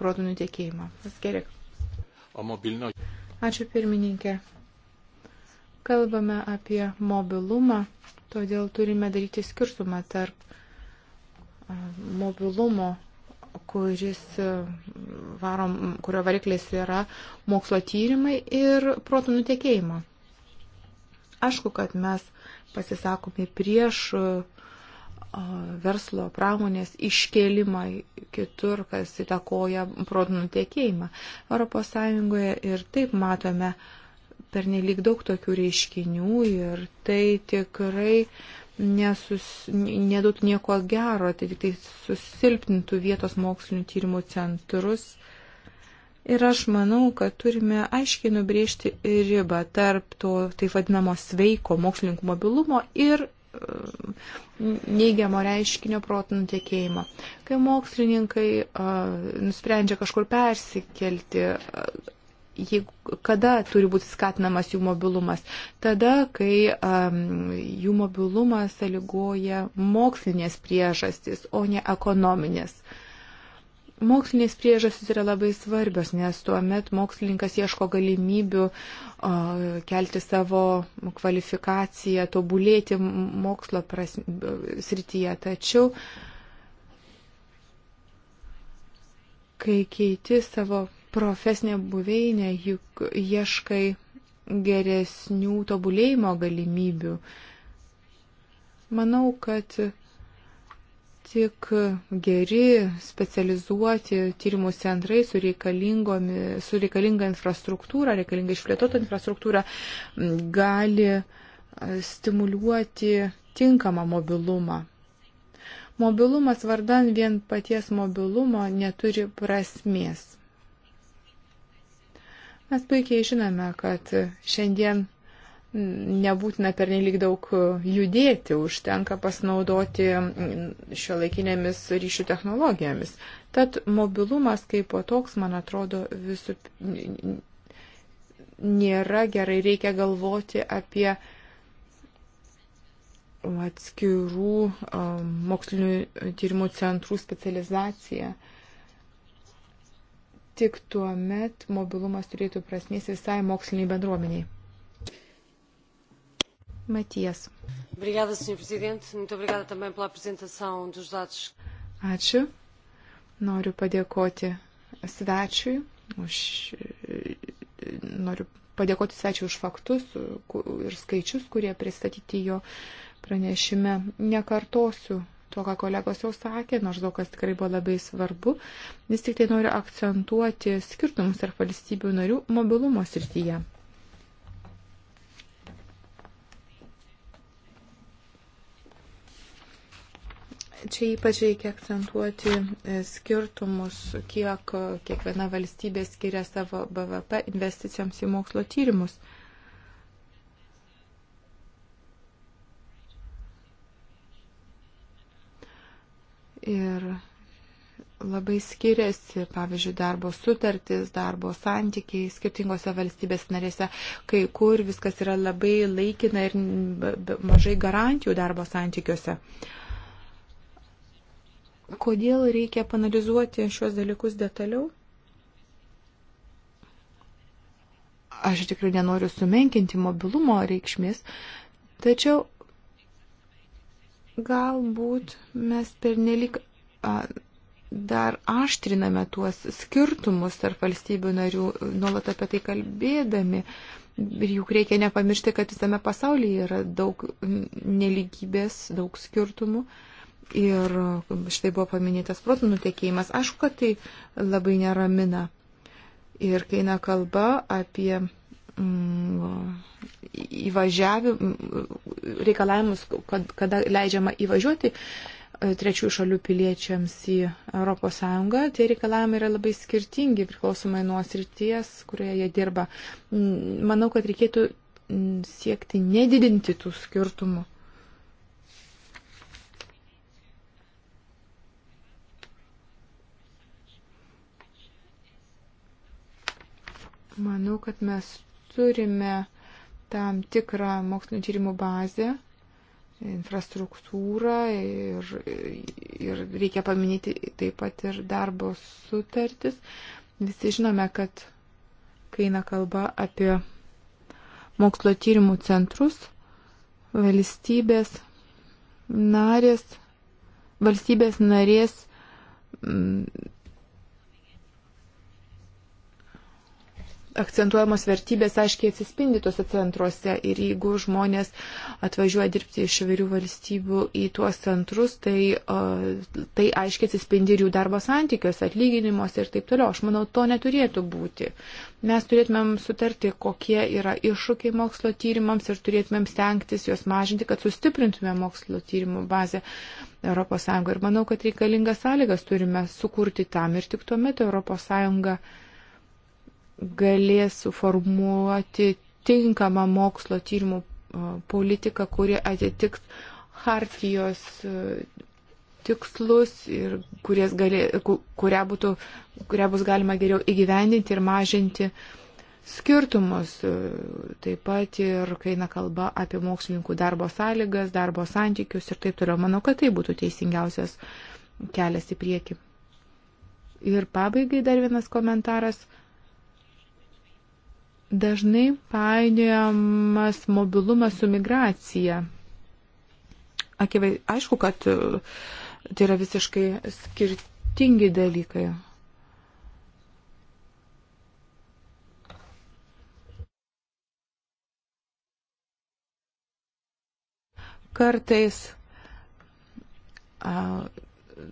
protų nutekėjimą. Gerai. Ačiū pirmininkė. Kalbame apie mobilumą, todėl turime daryti skirtumą tarp mobilumo kuris e, varom, kurio variklis yra mokslo tyrimai ir protų nutekėjimo. Aišku, kad mes pasisakome prieš e, verslo pramonės iškėlimą kitur, kas įtakoja protų nutekėjimą. ES ir taip matome pernelik daug tokių reiškinių ir tai tikrai uh, nesus, neduotų nieko gero, tai tik tai susilpnintų vietos mokslinių tyrimų centrus. Ir aš manau, kad turime aiškiai nubriežti ribą tarp to taip vadinamo sveiko mokslininkų mobilumo ir e, neigiamo reiškinio protų nutekėjimo. Kai mokslininkai uh, nusprendžia kažkur persikelti, uh, jeigu, kada turi būti skatinamas jų mobilumas? Tada, kai um, jų mobilumas sąlygoja mokslinės priežastys, o ne ekonominės. Mokslinės priežastys yra labai svarbios, nes tuomet mokslininkas ieško galimybių o, uh, kelti savo kvalifikaciją, tobulėti mokslo pras, srityje. Tačiau kai keiti savo profesinė buveinė, juk ieškai geresnių tobulėjimo galimybių. Manau, kad tik geri specializuoti tyrimų centrai su, su reikalinga infrastruktūra, reikalinga išplėtota infrastruktūra gali stimuliuoti tinkamą mobilumą. Mobilumas vardan vien paties mobilumo neturi prasmės. Mes puikiai žinome, kad šiandien nebūtina pernelyg daug judėti, užtenka pasinaudoti šio laikinėmis ryšių technologijomis. Tad mobilumas kaip po toks, man atrodo, visų nėra gerai, reikia galvoti apie atskirų mokslinių tyrimų centrų specializaciją tik tuo met mobilumas turėtų prasmės visai moksliniai bendruomeniai. Matijas. Obrigada, senhor presidente. Muito obrigada também pela apresentação dos dados. Ačiū. Noriu padėkoti svečiui už. Noriu padėkoti svečiui už faktus ir skaičius, kurie pristatyti jo pranešime. Nekartosiu tuo, ką kolegos jau sakė, nors daug kas tikrai buvo labai svarbu, vis tik tai noriu akcentuoti skirtumus tarp valstybių narių mobilumo srityje. čia ypač reikia akcentuoti e, skirtumus, kiek e, kiekviena valstybė skiria savo BVP investicijoms į mokslo tyrimus. Ir labai skiriasi, pavyzdžiui, darbo sutartys, darbo santykiai skirtingose valstybės narėse, kai kur viskas yra labai laikina ir mažai garantijų darbo santykiuose. Kodėl reikia panalizuoti šios dalykus detaliau? Aš tikrai nenoriu sumenkinti mobilumo reikšmės, tačiau Galbūt mes pernelik dar aštriname tuos skirtumus tarp valstybių narių, nuolat apie tai kalbėdami. Ir juk reikia nepamiršti, kad visame pasaulyje yra daug neligybės, daug skirtumų. Ir štai buvo paminėtas protų nutekėjimas. Aišku, kad tai labai neramina. Ir kai eina kalba apie Mm, mm, reikalavimus, kad, kada leidžiama įvažiuoti e, trečiųjų šalių piliečiams į ES, tie reikalavimai yra labai skirtingi priklausomai nuo srities, kurioje jie dirba. Mm, manau, kad reikėtų siekti nedidinti tų skirtumų. Manau, kad mes turime tam tikrą mokslinio tyrimų bazę, infrastruktūrą ir, ir reikia paminėti taip pat ir darbo sutartis. Visi žinome, kad kai eina kalba apie mokslo tyrimų centrus, valstybės narės, valstybės narės m, akcentuojamos vertybės aiškiai atsispindi tuose centruose ir jeigu žmonės atvažiuoja dirbti iš įvairių valstybių į tuos centrus, tai tai aiškiai atsispindi ir jų darbo santykiuose, atlyginimuose ir taip toliau. Aš manau, to neturėtų būti. Mes turėtumėm sutarti, kokie yra iššūkiai mokslo tyrimams ir turėtumėm stengtis juos mažinti, kad sustiprintume mokslo tyrimų bazę. ES ir manau, kad reikalingas sąlygas turime sukurti tam ir tik tuomet ES galės suformuoti tinkamą mokslo tyrimų politiką, kuri atitiks hartijos tikslus ir galė, kurią, būtų, kurią bus galima geriau įgyvendinti ir mažinti skirtumus. Taip pat ir kai eina kalba apie mokslininkų darbo sąlygas, darbo santykius ir taip toliau. Manau, kad tai būtų teisingiausias kelias į priekį. Ir pabaigai dar vienas komentaras. Dažnai painiojamas mobilumas su migracija. Akivai, aišku, kad e, tai yra visiškai skirtingi dalykai. Kartais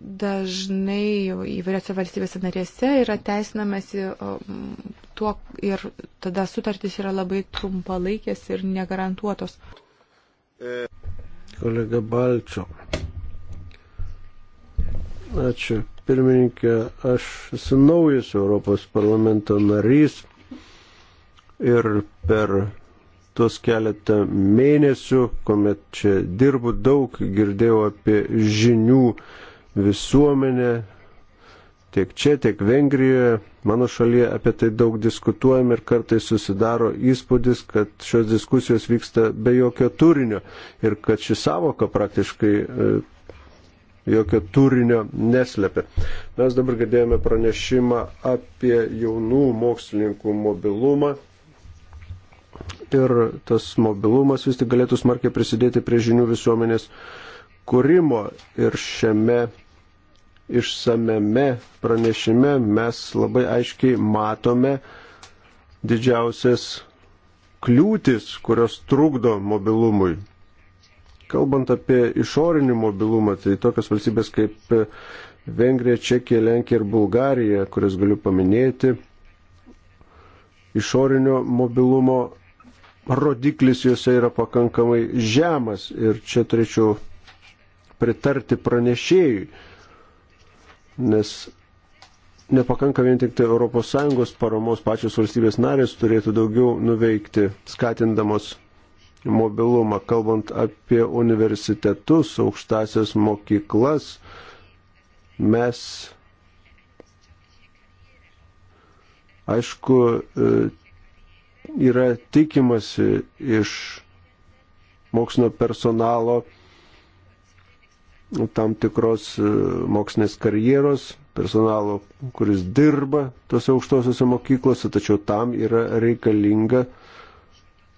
dažnai įvairiose valstybėse narėse yra teisinamasi mm, tuo ir tada sutartys yra labai trumpalaikės ir negarantuotos. Kolega Balčio. Ačiū. Pirmininkė, aš esu naujas Europos parlamento narys ir per tuos keletą mėnesių, kuomet čia dirbu daug, girdėjau apie žinių visuomenė tiek čia, tiek Vengrijoje, mano šalyje apie tai daug diskutuojam ir kartais susidaro įspūdis, kad šios diskusijos vyksta be jokio turinio ir kad ši savoka praktiškai e, jokio turinio neslepia. Mes dabar girdėjome pranešimą apie jaunų mokslininkų mobilumą. Ir tas mobilumas vis tik galėtų smarkiai prisidėti prie žinių visuomenės kūrimo ir šiame išsameme pranešime mes labai aiškiai matome didžiausias kliūtis, kurios trukdo mobilumui. Kalbant apie išorinį mobilumą, tai tokios valstybės kaip Vengrija, Čekija, Lenkija ir Bulgarija, kurias galiu paminėti, išorinio mobilumo rodiklis juose yra pakankamai žemas ir čia turėčiau pritarti pranešėjui nes nepakanka vien tik tai ES paramos pačios valstybės narės turėtų daugiau nuveikti, skatindamos mobilumą, kalbant apie universitetus, aukštasias mokyklas, mes aišku e, yra tikimasi iš mokslo personalo tam tikros e, mokslinės karjeros, personalo, kuris dirba tose aukštosiuose mokyklose, tačiau tam yra reikalinga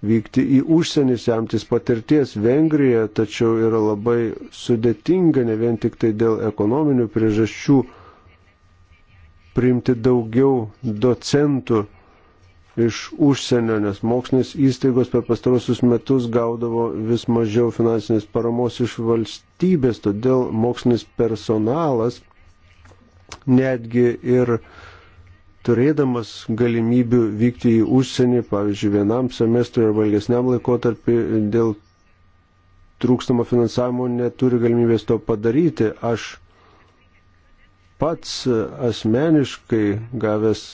vykti į užsienį, semtis patirties Vengrijoje, tačiau yra labai sudėtinga ne vien tik tai dėl ekonominių priežasčių priimti daugiau docentų iš užsienio, nes mokslinės įstaigos per pastarosius metus gaudavo vis mažiau finansinės paramos iš valstybės, todėl mokslinis personalas netgi ir turėdamas galimybių vykti į užsienį, pavyzdžiui, vienam semestrui arba ilgesniam laikotarpį dėl trūkstamo finansavimo neturi galimybės to padaryti. Aš pats asmeniškai gavęs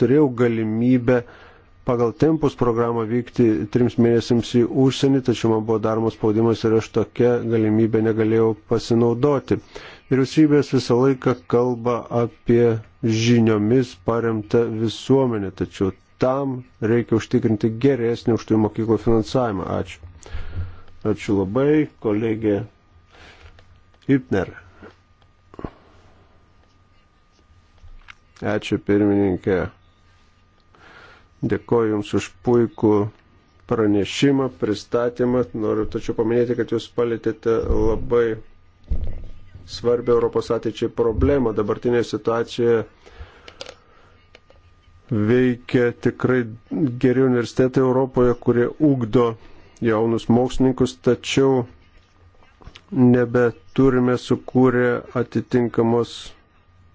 turėjau galimybę pagal tempus programą vykti trims mėnesiams į užsienį, tačiau man buvo daromas spaudimas ir aš tokią galimybę negalėjau pasinaudoti. Vyriausybės visą laiką kalba apie žiniomis paremtą visuomenę, tačiau tam reikia užtikrinti geresnį už tai mokyklų finansavimą. Ačiū. Ačiū labai, kolegė Hipner. Ačiū pirmininkė. Dėkoju Jums už puikų pranešimą, pristatymą. Noriu tačiau paminėti, kad Jūs palėtėte labai svarbią Europos ateičiai problemą. Dabartinėje situacijoje veikia tikrai geri universitetai Europoje, kurie ugdo jaunus mokslininkus, tačiau nebeturime sukūrę atitinkamos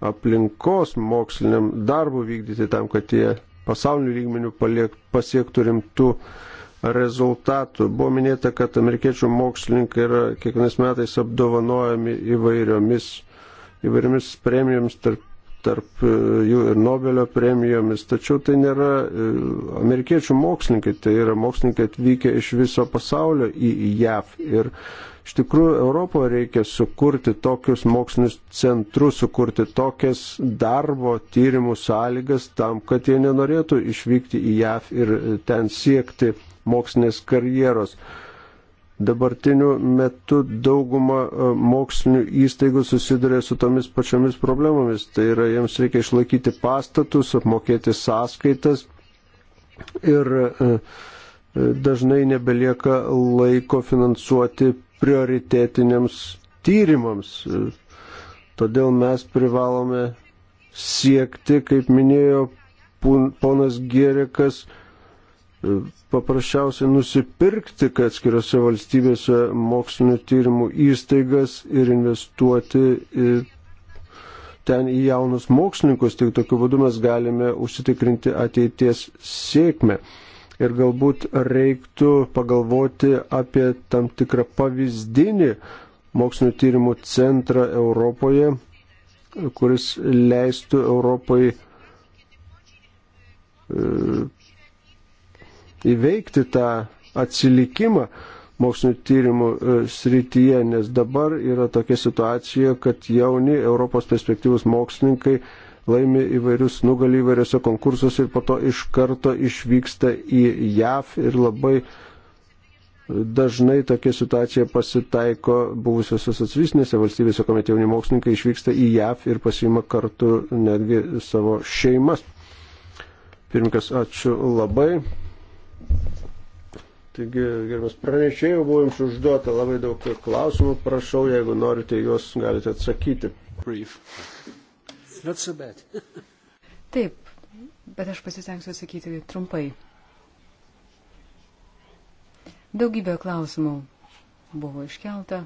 aplinkos moksliniam darbų vykdyti tam, kad jie pasaulinių lygmenių paliek, pasiektų rimtų rezultatų. Buvo minėta, kad amerikiečių mokslininkai yra kiekvienais metais apdovanojami įvairiomis, įvairiomis premijomis, tarp, tarp e, jų ir Nobelio premijomis, tačiau tai nėra e, amerikiečių mokslininkai, tai yra mokslininkai atvykę iš viso pasaulio į JAV. Ir Iš tikrųjų, Europoje reikia sukurti tokius mokslinius centrus, sukurti tokias darbo tyrimų sąlygas tam, kad jie nenorėtų išvykti į JAV ir ten siekti mokslinės karjeros. Dabartiniu metu dauguma e, mokslinių įstaigų susiduria su tomis pačiomis problemomis. Tai yra, jiems reikia išlaikyti pastatus, apmokėti sąskaitas ir e, e, dažnai nebelieka laiko finansuoti prioritetiniams tyrimams. Todėl mes privalome siekti, kaip minėjo ponas Gerikas, paprasčiausiai nusipirkti, kad atskirose valstybėse mokslinio tyrimų įstaigas ir investuoti į ten į jaunus mokslininkus, tik tokiu būdu mes galime užsitikrinti ateities sėkmę ir galbūt reiktų pagalvoti apie tam tikrą pavyzdinį mokslinio tyrimų centrą Europoje, kuris leistų Europai e, įveikti tą atsilikimą mokslinio tyrimų e, srityje, nes dabar yra tokia situacija, kad jauni Europos perspektyvus mokslininkai laimi įvairius nugalį įvairiose konkursuose ir po to iš karto išvyksta į JAV ir labai dažnai tokia situacija pasitaiko buvusiose socialistinėse valstybėse, kuomet jauni mokslininkai išvyksta į JAV ir pasiima kartu netgi savo šeimas. Pirmikas, ačiū labai. Taigi, gerbiamas pranešėjų, buvo jums užduota labai daug klausimų, prašau, jeigu norite juos, galite atsakyti. Brief. Not so bad. Taip, bet aš pasistengsiu atsakyti trumpai. Daugybė klausimų buvo iškelta.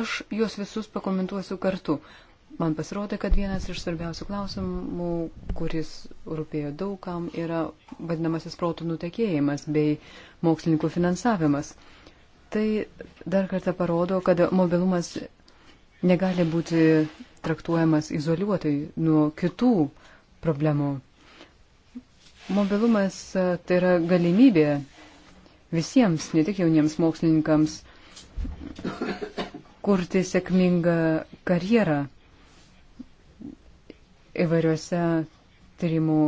Aš juos visus pakomentuosiu kartu. Man pasirodė, kad vienas iš svarbiausių klausimų, kuris rūpėjo daugam, yra vadinamasis protų nutekėjimas bei mokslininkų finansavimas. Tai dar kartą parodo, kad mobilumas negali būti traktuojamas izoliuotai nuo kitų problemų. Mobilumas e, tai yra galimybė visiems, ne tik jauniems mokslininkams, kurti sėkmingą karjerą įvairiuose tyrimų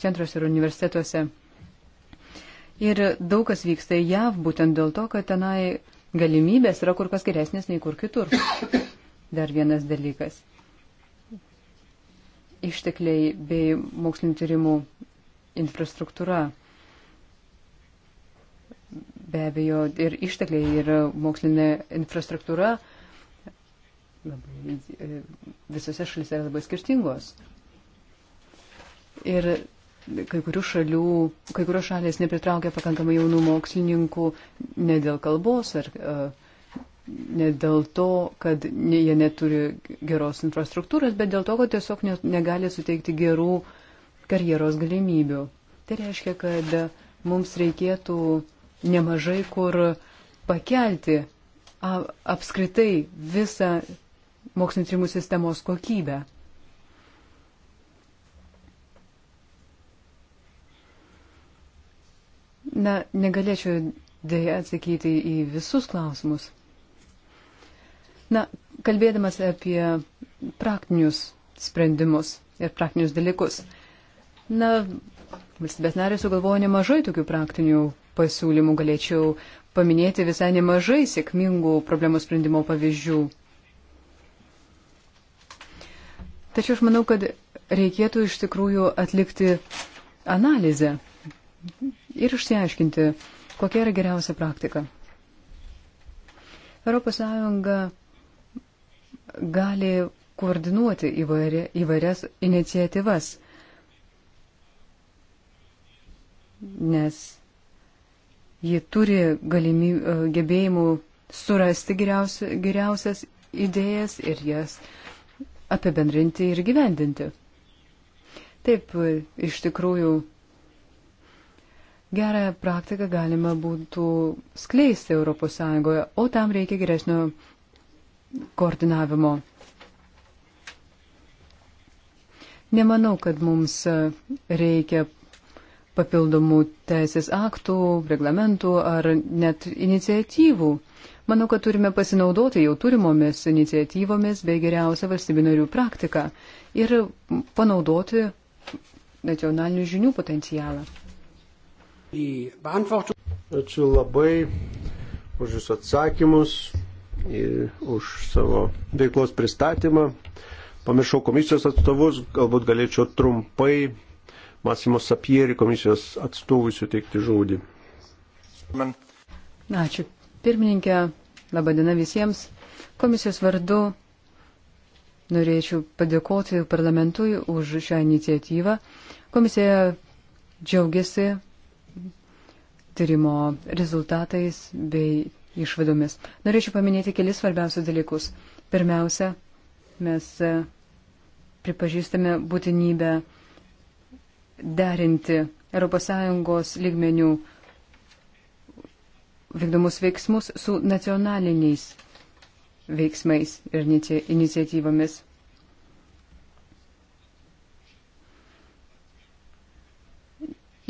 centruose ir universitetuose. Ir daug kas vyksta į JAV būtent dėl to, kad tenai galimybės yra kur kas geresnės nei kur kitur dar vienas dalykas. Ištekliai bei mokslinio tyrimų infrastruktūra. Be abejo, ir ištekliai, ir mokslinė infrastruktūra labai, e, visose šalise yra labai skirtingos. Ir kai kurių šalių, kai kurios šalės nepritraukia pakankamai jaunų mokslininkų ne dėl kalbos ar uh, dėl to, kad jie neturi geros infrastruktūros, bet dėl to, kad tiesiog negali suteikti gerų karjeros galimybių. Tai reiškia, kad mums reikėtų nemažai kur pakelti apskritai visą mokslinio tyrimų sistemos kokybę. Na, negalėčiau dėja atsakyti į visus klausimus. Na, kalbėdamas apie praktinius sprendimus ir praktinius dalykus, na, valstybės narės sugalvojo nemažai tokių praktinių pasiūlymų, galėčiau paminėti visai nemažai sėkmingų problemų sprendimo pavyzdžių. Tačiau aš manau, kad reikėtų iš tikrųjų atlikti analizę ir išsiaiškinti, kokia yra geriausia praktika. ES gali koordinuoti įvairia, įvairias iniciatyvas, nes ji turi galimybių, e, gebėjimų surasti geriausias, geriausias idėjas ir jas apibendrinti ir gyvendinti. Taip, e, iš tikrųjų, gerą praktiką galima būtų skleisti ES, o tam reikia geresnio koordinavimo. Nemanau, kad mums reikia papildomų teisės aktų, reglamentų ar net iniciatyvų. Manau, kad turime pasinaudoti jau turimomis iniciatyvomis bei geriausią valstybių narių praktiką ir panaudoti nacionalinių žinių potencialą. Ačiū labai už Jūsų atsakymus už savo veiklos pristatymą. Pamiršau komisijos atstovus, galbūt galėčiau trumpai Masimo Sapieri komisijos atstovui suteikti žodį. Man. Ačiū. Pirmininkė, laba diena visiems. Komisijos vardu norėčiau padėkoti parlamentui už šią iniciatyvą. Komisija džiaugiasi tyrimo rezultatais bei išvadomis. Norėčiau paminėti kelis svarbiausius dalykus. Pirmiausia, mes e, pripažįstame būtinybę derinti ES lygmenių vykdomus veiksmus su nacionaliniais veiksmais ir iniciatyvomis.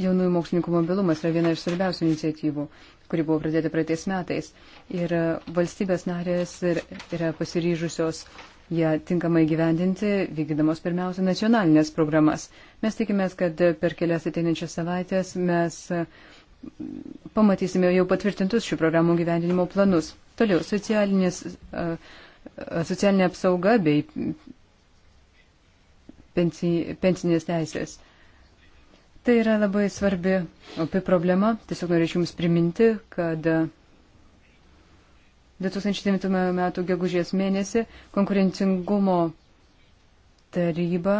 jaunųjų mokslininkų mobilumas yra viena iš svarbiausių iniciatyvų, kuri buvo pradėta praeitais metais. Ir e, valstybės narės yra pasiryžusios ją tinkamai gyvendinti, vykdydamos pirmiausia nacionalinės programas. Mes tikimės, kad per kelias ateinančias savaitės mes e, pamatysime jau patvirtintus šių programų gyvendinimo planus. Toliau, e, socialinė apsauga bei pensinės teisės. Tai yra labai svarbi opi problema. Tiesiog norėčiau Jums priminti, kad 2009 m. gegužės mėnesį konkurencingumo taryba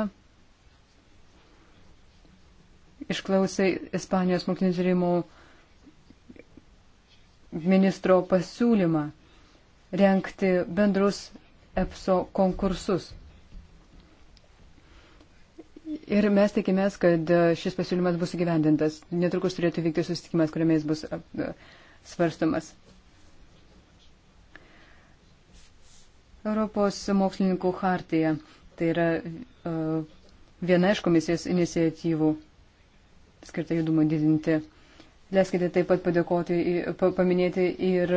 išklausė Ispanijos mokslinio tyrimų ministro pasiūlymą renkti bendrus EPSO konkursus. Ir mes tikimės, kad šis pasiūlymas bus įgyvendintas. Netrukus turėtų vykti susitikimas, kuriame jis bus svarstomas. Europos mokslininkų hartija. Tai yra viena iš komisijos iniciatyvų skirta judumą didinti. Leiskite taip pat padėkoti, paminėti ir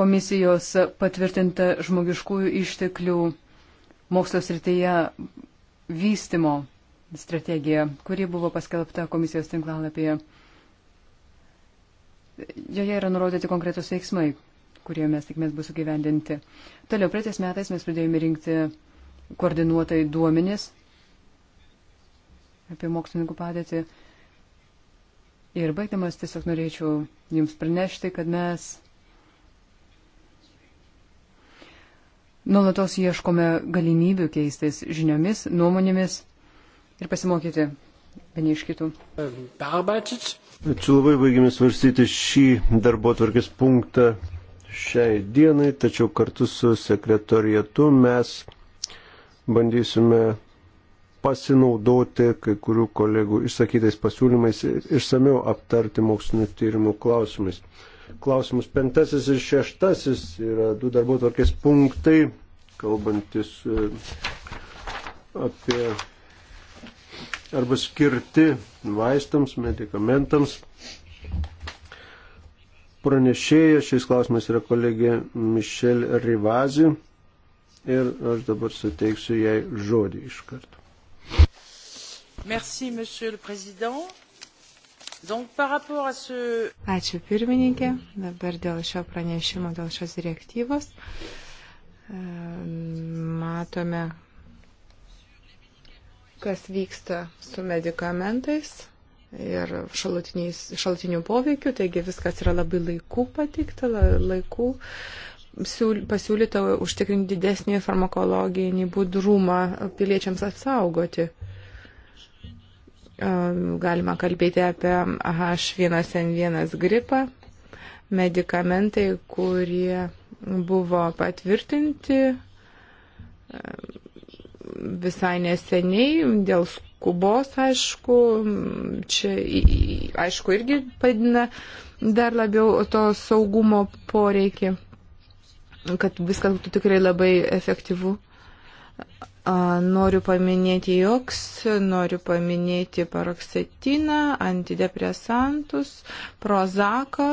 komisijos patvirtintą žmogiškųjų išteklių mokslo srityje vystimo strategija, kuri buvo paskelbta komisijos tinklalapyje. Joje yra nurodyti konkretus veiksmai, kurie mes tikimės bus sugyvendinti. Toliau, praeitais metais mes pradėjome rinkti koordinuotai duomenis apie mokslininkų padėtį. Ir baigdamas tiesiog norėčiau Jums pranešti, kad mes Nuolatos ieškome galimybių keistis žiniomis, nuomonėmis ir pasimokyti vieni iš kitų. Ačiū labai, baigėme svarstyti šį darbo tvarkės punktą šiai dienai, tačiau kartu su sekretorijatu mes bandysime pasinaudoti kai kurių kolegų išsakytais pasiūlymais ir išsameu aptarti mokslinio tyrimų klausimais klausimus. Pentasis ir šeštasis yra du darbo tvarkės punktai, kalbantis e, apie arba skirti vaistams, medikamentams. Pranešėja šiais klausimais yra kolegė Mišel Rivazi ir aš dabar suteiksiu jai žodį iš karto. Merci, monsieur le président. Ačiū pirmininkė. Dabar dėl šio pranešimo, dėl šios direktyvos e, matome, kas vyksta su medikamentais ir šalutinių poveikių, taigi viskas yra labai laiku patikta, laiku pasiūlyta užtikrinti didesnį farmakologinį budrumą piliečiams apsaugoti galima kalbėti apie H1N1 gripą, medikamentai, kurie buvo patvirtinti visai neseniai dėl skubos, aišku, čia, aišku, irgi padina dar labiau to saugumo poreikį, kad viskas būtų tikrai labai efektyvu. Noriu paminėti joks, noriu paminėti paroksetiną, antidepresantus, prozaką,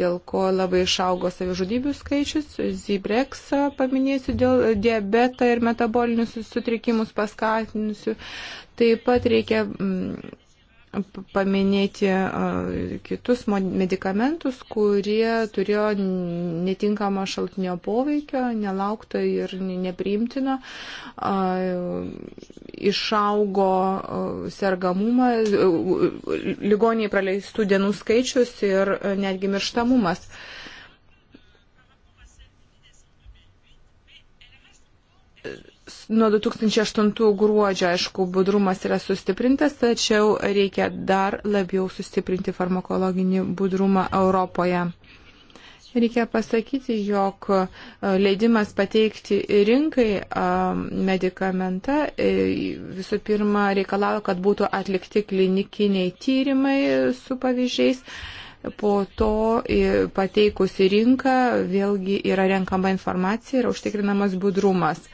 dėl ko labai išaugo savižudybių skaičius, zibreksą paminėsiu dėl diabetą ir metabolinius sutrikimus paskatinusių. Taip pat reikia. Mm, paminėti kitus medikamentus, kurie turėjo netinkamą šaltinio poveikio, nelaukto ir nepriimtino, išaugo sergamumą, ligoniai praleistų dienų skaičius ir netgi mirštamumas. Nuo 2008 gruodžio, aišku, budrumas yra sustiprintas, tačiau reikia dar labiau sustiprinti farmakologinį budrumą Europoje. Reikia pasakyti, jog e, leidimas pateikti rinkai e, medikamentą e, visų pirma reikalauja, kad būtų atlikti klinikiniai tyrimai su pavyzdžiais po to pateikus į rinką vėlgi yra renkama informacija ir užtikrinamas budrumas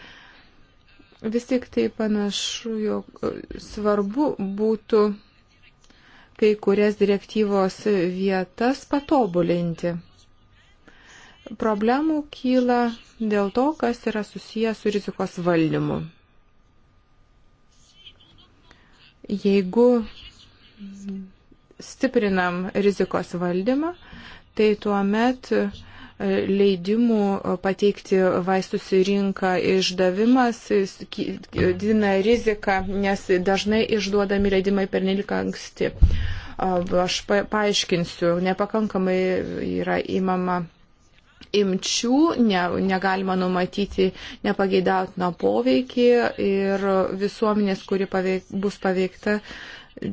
vis tik tai panašu, jog e, svarbu būtų kai kurias direktyvos vietas patobulinti. Problemų kyla dėl to, kas yra susijęs su rizikos valdymu. Jeigu stiprinam rizikos valdymą, tai tuo metu leidimų pateikti vaistus į rinką išdavimas didina riziką, nes dažnai išduodami leidimai pernelik anksti. Aš paaiškinsiu, nepakankamai yra įmama imčių, ne, negalima numatyti nepageidautiną poveikį ir visuomenės, kuri paveik, bus paveikta, uh, E,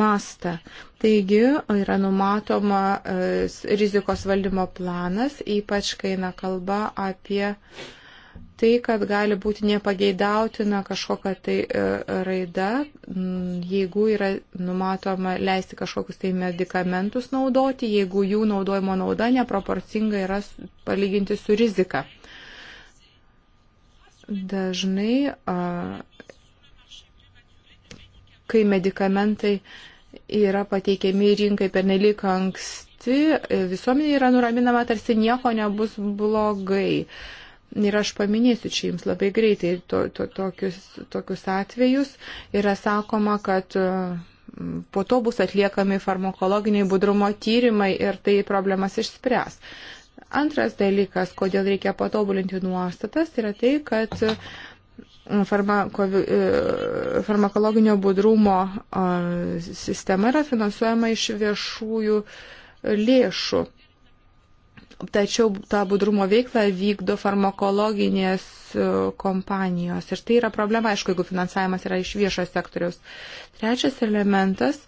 mastą. Taigi yra numatoma e, rizikos valdymo planas, ypač kai eina kalba apie tai, kad gali būti nepageidautina kažkokia tai e, raida, jeigu yra numatoma leisti kažkokius tai medikamentus naudoti, jeigu jų naudojimo nauda neproporcinga yra palyginti su rizika. Dažnai a, kai medikamentai yra pateikiami rinkai pernelyg anksti, visuomenė yra nuraminama, tarsi nieko nebus blogai. Ir aš paminėsiu čia jums labai greitai to, to, tokius, tokius atvejus. Yra sakoma, kad mm, po to bus atliekami farmakologiniai budrumo tyrimai ir tai problemas išspręs. Antras dalykas, kodėl reikia patobulinti nuostatas, yra tai, kad uh, farmako, e, farmakologinio budrumo sistema yra finansuojama iš viešųjų lėšų. Tačiau tą budrumo veiklą vykdo farmakologinės e, kompanijos. Ir tai yra problema, aišku, jeigu finansavimas yra iš viešo sektoriaus. Trečias elementas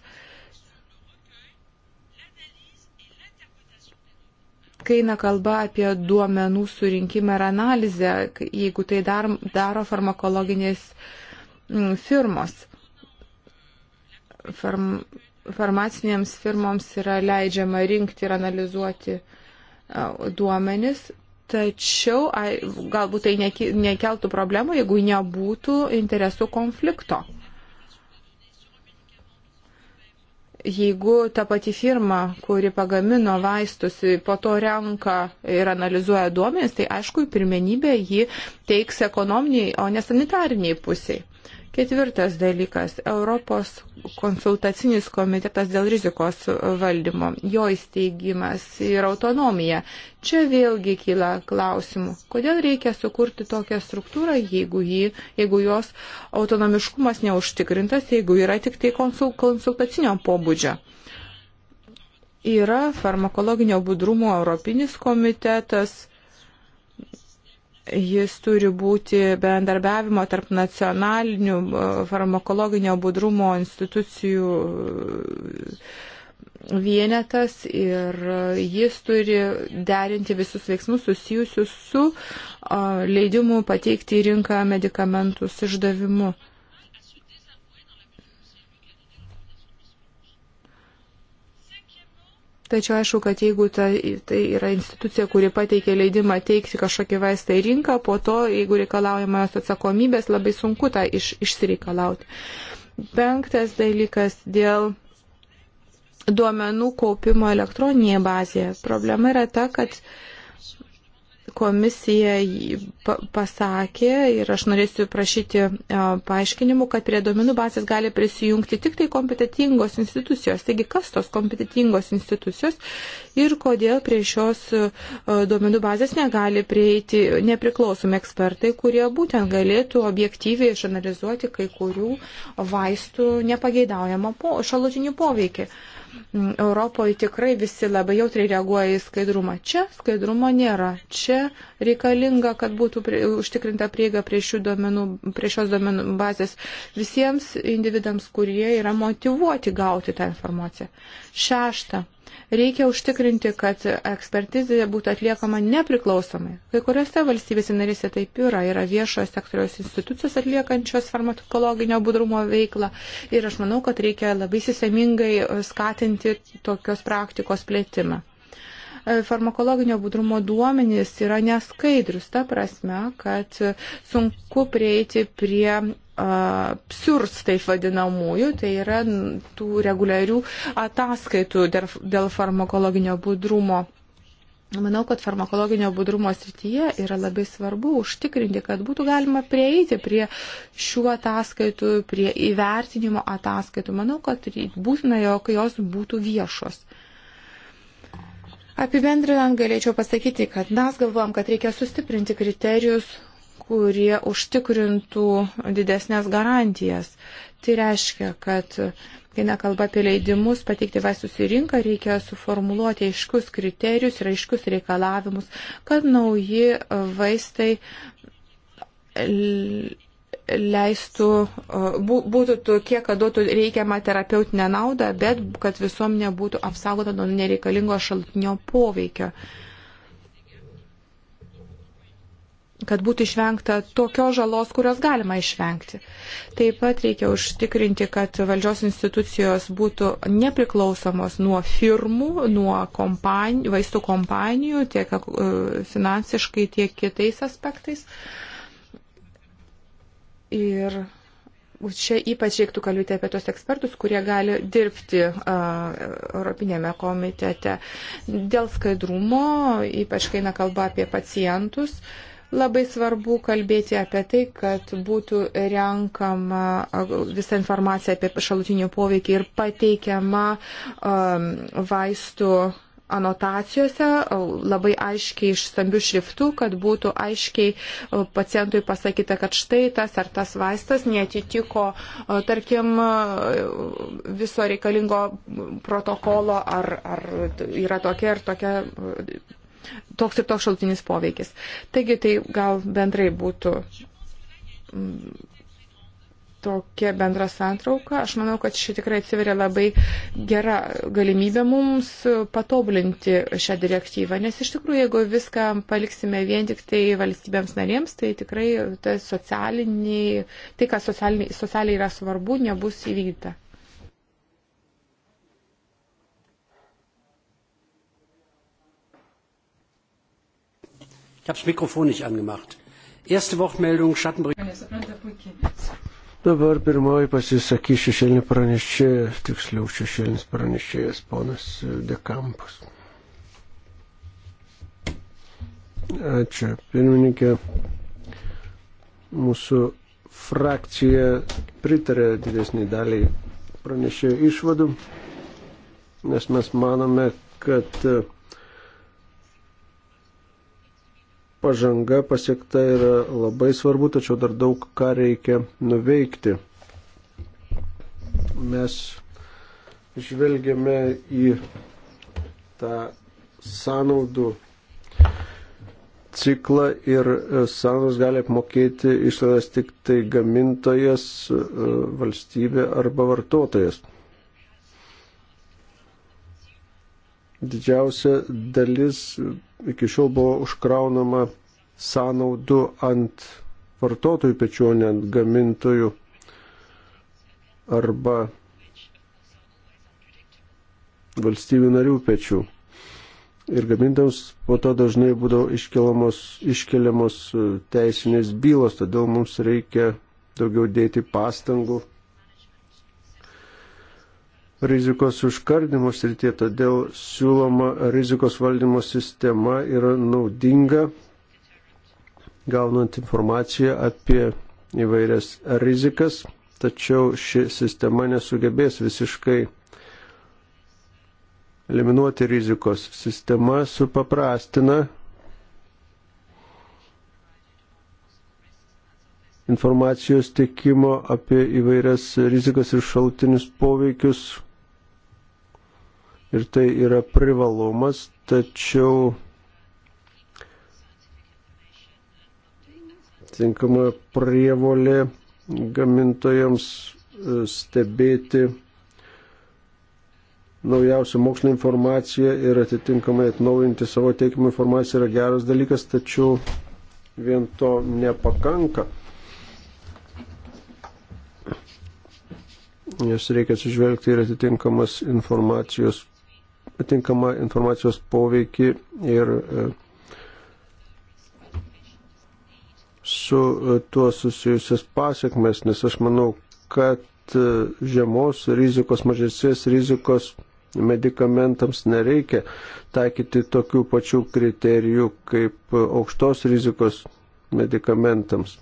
kai eina kalba apie duomenų surinkimą ir analizę, jeigu tai dar, daro farmakologinės mm, firmos. Farm, farmacinėms firmoms yra leidžiama rinkti ir analizuoti duomenis, tačiau galbūt tai nekeltų problemų, jeigu nebūtų interesų konflikto. jeigu ta pati firma, kuri pagamino vaistus, po to renka ir analizuoja duomenis, tai aišku, pirmenybė jį teiks ekonominiai, o nesanitariniai pusiai. Ketvirtas dalykas - Europos konsultacinis komitetas dėl rizikos valdymo, jo įsteigimas ir autonomija. Čia vėlgi kyla klausimų, kodėl reikia sukurti tokią struktūrą, jeigu, jį, jeigu jos autonomiškumas neužtikrintas, jeigu yra tik tai konsul, konsultacinio pobūdžio yra farmakologinio budrumo Europinis komitetas, jis turi būti bendarbiavimo tarp nacionalinių e, farmakologinio budrumo institucijų e, vienetas ir e, jis turi derinti visus veiksmus susijusius su leidimu pateikti į rinką medikamentus išdavimu. Tačiau aišku, kad jeigu ta, tai yra institucija, kuri pateikia leidimą teikti kažkokį vaistą į rinką, po to, jeigu reikalaujama atsakomybės, labai sunku tą iš, išsireikalauti. Penktas dalykas dėl duomenų kaupimo elektroninėje bazėje. Problema yra ta, kad uh, komisija pasakė ir aš norėsiu prašyti paaiškinimų, kad prie duomenų bazės gali prisijungti tik tai kompetitingos institucijos. Taigi, kas tos kompetitingos institucijos ir kodėl prie šios duomenų bazės negali prieiti nepriklausomi ekspertai, kurie būtent galėtų objektyviai išanalizuoti kai kurių vaistų nepageidaujamą po, šalutinių poveikį. Uh, Europoje tikrai visi labai jautriai reaguoja į skaidrumą. Čia skaidrumo nėra. Čia reikalinga, kad būtų prie, užtikrinta prieiga prie, domenų, prie šios domenų bazės visiems individams, kurie yra motivuoti gauti tą informaciją. Šešta. Reikia užtikrinti, kad ekspertizė būtų atliekama nepriklausomai. Kai kuriuose valstybėse narėse taip yra, yra viešojo sektoriaus institucijos atliekančios farmakologinio budrumo veiklą ir aš manau, kad reikia labai sistemingai skatinti tokios praktikos plėtimą farmakologinio budrumo duomenys yra neskaidrus, ta prasme, kad sunku prieiti prie psiurs taip vadinamųjų, tai yra tų reguliarių ataskaitų dėl farmakologinio budrumo. Manau, kad farmakologinio budrumo srityje yra labai svarbu užtikrinti, kad būtų galima prieiti prie šių ataskaitų, prie įvertinimo ataskaitų. Manau, kad būtina, jog jos būtų viešos. Apibendrinant, galėčiau pasakyti, kad mes galvojam, kad reikia sustiprinti kriterijus, kurie užtikrintų didesnės garantijas. Tai reiškia, kad kai nekalba apie leidimus pateikti vaistus į rinką, reikia suformuluoti aiškus kriterijus ir aiškus reikalavimus, kad nauji vaistai leistų, būtų tokie, kad duotų reikiamą terapeutinę naudą, bet kad visuomenė būtų apsaugota nuo nereikalingo šaltinio poveikio. Uh, kad būtų išvengta tokios žalos, kurios galima išvengti. Taip pat reikia užtikrinti, kad valdžios institucijos būtų nepriklausomos nuo firmų, nuo kompanijų, vaistų kompanijų, tiek e, finansiškai, tiek kitais aspektais. Ir čia ypač reiktų kalbėti apie tos ekspertus, kurie gali dirbti uh, Europinėme komitete. Dėl skaidrumo, ypač kai eina kalba apie pacientus, uh, Labai svarbu kalbėti apie tai, kad būtų renkama visa informacija apie šalutinį poveikį ir pateikiama um, vaistų anotacijose labai aiškiai iš stambių šriftų, kad būtų aiškiai pacientui pasakyta, kad štai tas ar tas vaistas netitiko, tarkim, viso reikalingo protokolo ar, ar yra tokia ir tokia toks ir toks šaltinis poveikis. Taigi tai gal bendrai būtų mm, tokia bendra santrauka. Aš manau, kad ši tikrai atsiveria labai gera galimybė mums patobulinti šią direktyvą, nes iš tikrųjų, jeigu viską paliksime vien tik tai valstybėms narėms, tai tikrai tai, socialiniai, tai kas socialiniai, socialiai yra svarbu, nebus įvykdyta. Ich habe das Mikrofon nicht angemacht. Erste Wortmeldung, Schattenbericht. Dabar pirmoji pasisakys šešėlinį pranešėją, tiksliau šešėlinis pranešėjas ponas Dekampus. Ačiū, pirmininkė. Mūsų frakcija pritarė didesnį dalį pranešėjo išvadų, nes mes manome, kad pažanga pasiekta yra labai svarbu, tačiau dar daug ką reikia nuveikti. Mes žvelgiame į tą sąnaudų ciklą ir e, sąnaudos gali apmokėti išlaidas tik tai gamintojas, e, valstybė arba vartotojas. didžiausia dalis iki šiol buvo užkraunama sąnaudų ant vartotojų pečių, ne ant gamintojų arba valstybių narių pečių. Ir gamintams po to dažnai būdavo iškeliamos, iškeliamos e, teisinės bylos, todėl mums reikia daugiau dėti pastangų rizikos užkardimo srityje, todėl siūloma rizikos valdymo sistema yra naudinga, gaunant informaciją apie įvairias rizikas, tačiau ši sistema nesugebės visiškai eliminuoti rizikos. Sistema supaprastina informacijos tiekimo apie įvairias rizikas ir šaltinius poveikius ir tai yra privalumas, tačiau tinkama prievolė gamintojams e, stebėti naujausią mokslinę informaciją ir atitinkamai atnaujinti savo teikimą informaciją yra geras dalykas, tačiau vien to nepakanka. Nes reikia atsižvelgti ir atitinkamas informacijos atinkamą informacijos poveikį ir e, su e, tuo susijusias pasiekmes, nes aš manau, kad e, žemos rizikos, mažesės rizikos medikamentams nereikia taikyti tokių pačių kriterijų kaip aukštos rizikos medikamentams.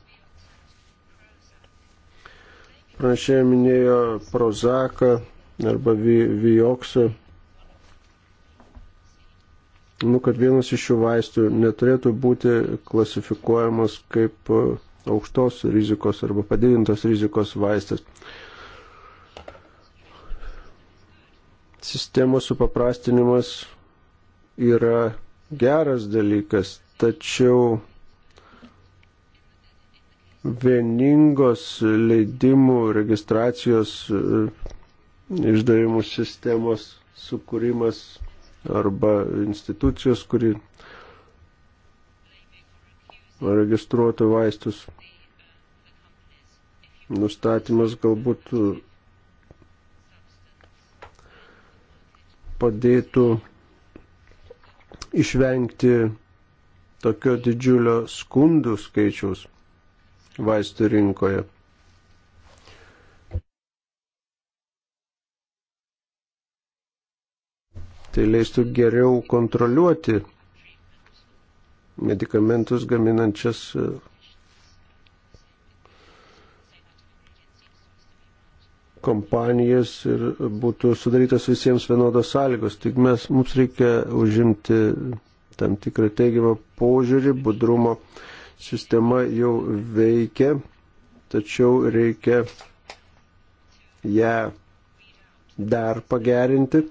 Pranešėjai minėjo Prozaką arba Vioksą. Vi Nu, kad vienas iš šių vaistų neturėtų būti klasifikuojamas kaip e, aukštos rizikos arba padidintos rizikos vaistas. Sistemos supaprastinimas yra geras dalykas, tačiau vieningos leidimų registracijos e, išdavimų sistemos sukūrimas arba institucijos, kuri registruotų vaistus. Nustatymas galbūt padėtų išvengti tokio didžiulio skundų skaičiaus vaistų rinkoje. tai leistų geriau kontroliuoti medikamentus gaminančias e, kompanijas ir būtų sudarytos visiems vienodos sąlygos. Tik mes, mums reikia užimti tam tikrą teigiamą požiūrį, budrumo sistema jau veikia, tačiau reikia ją dar pagerinti.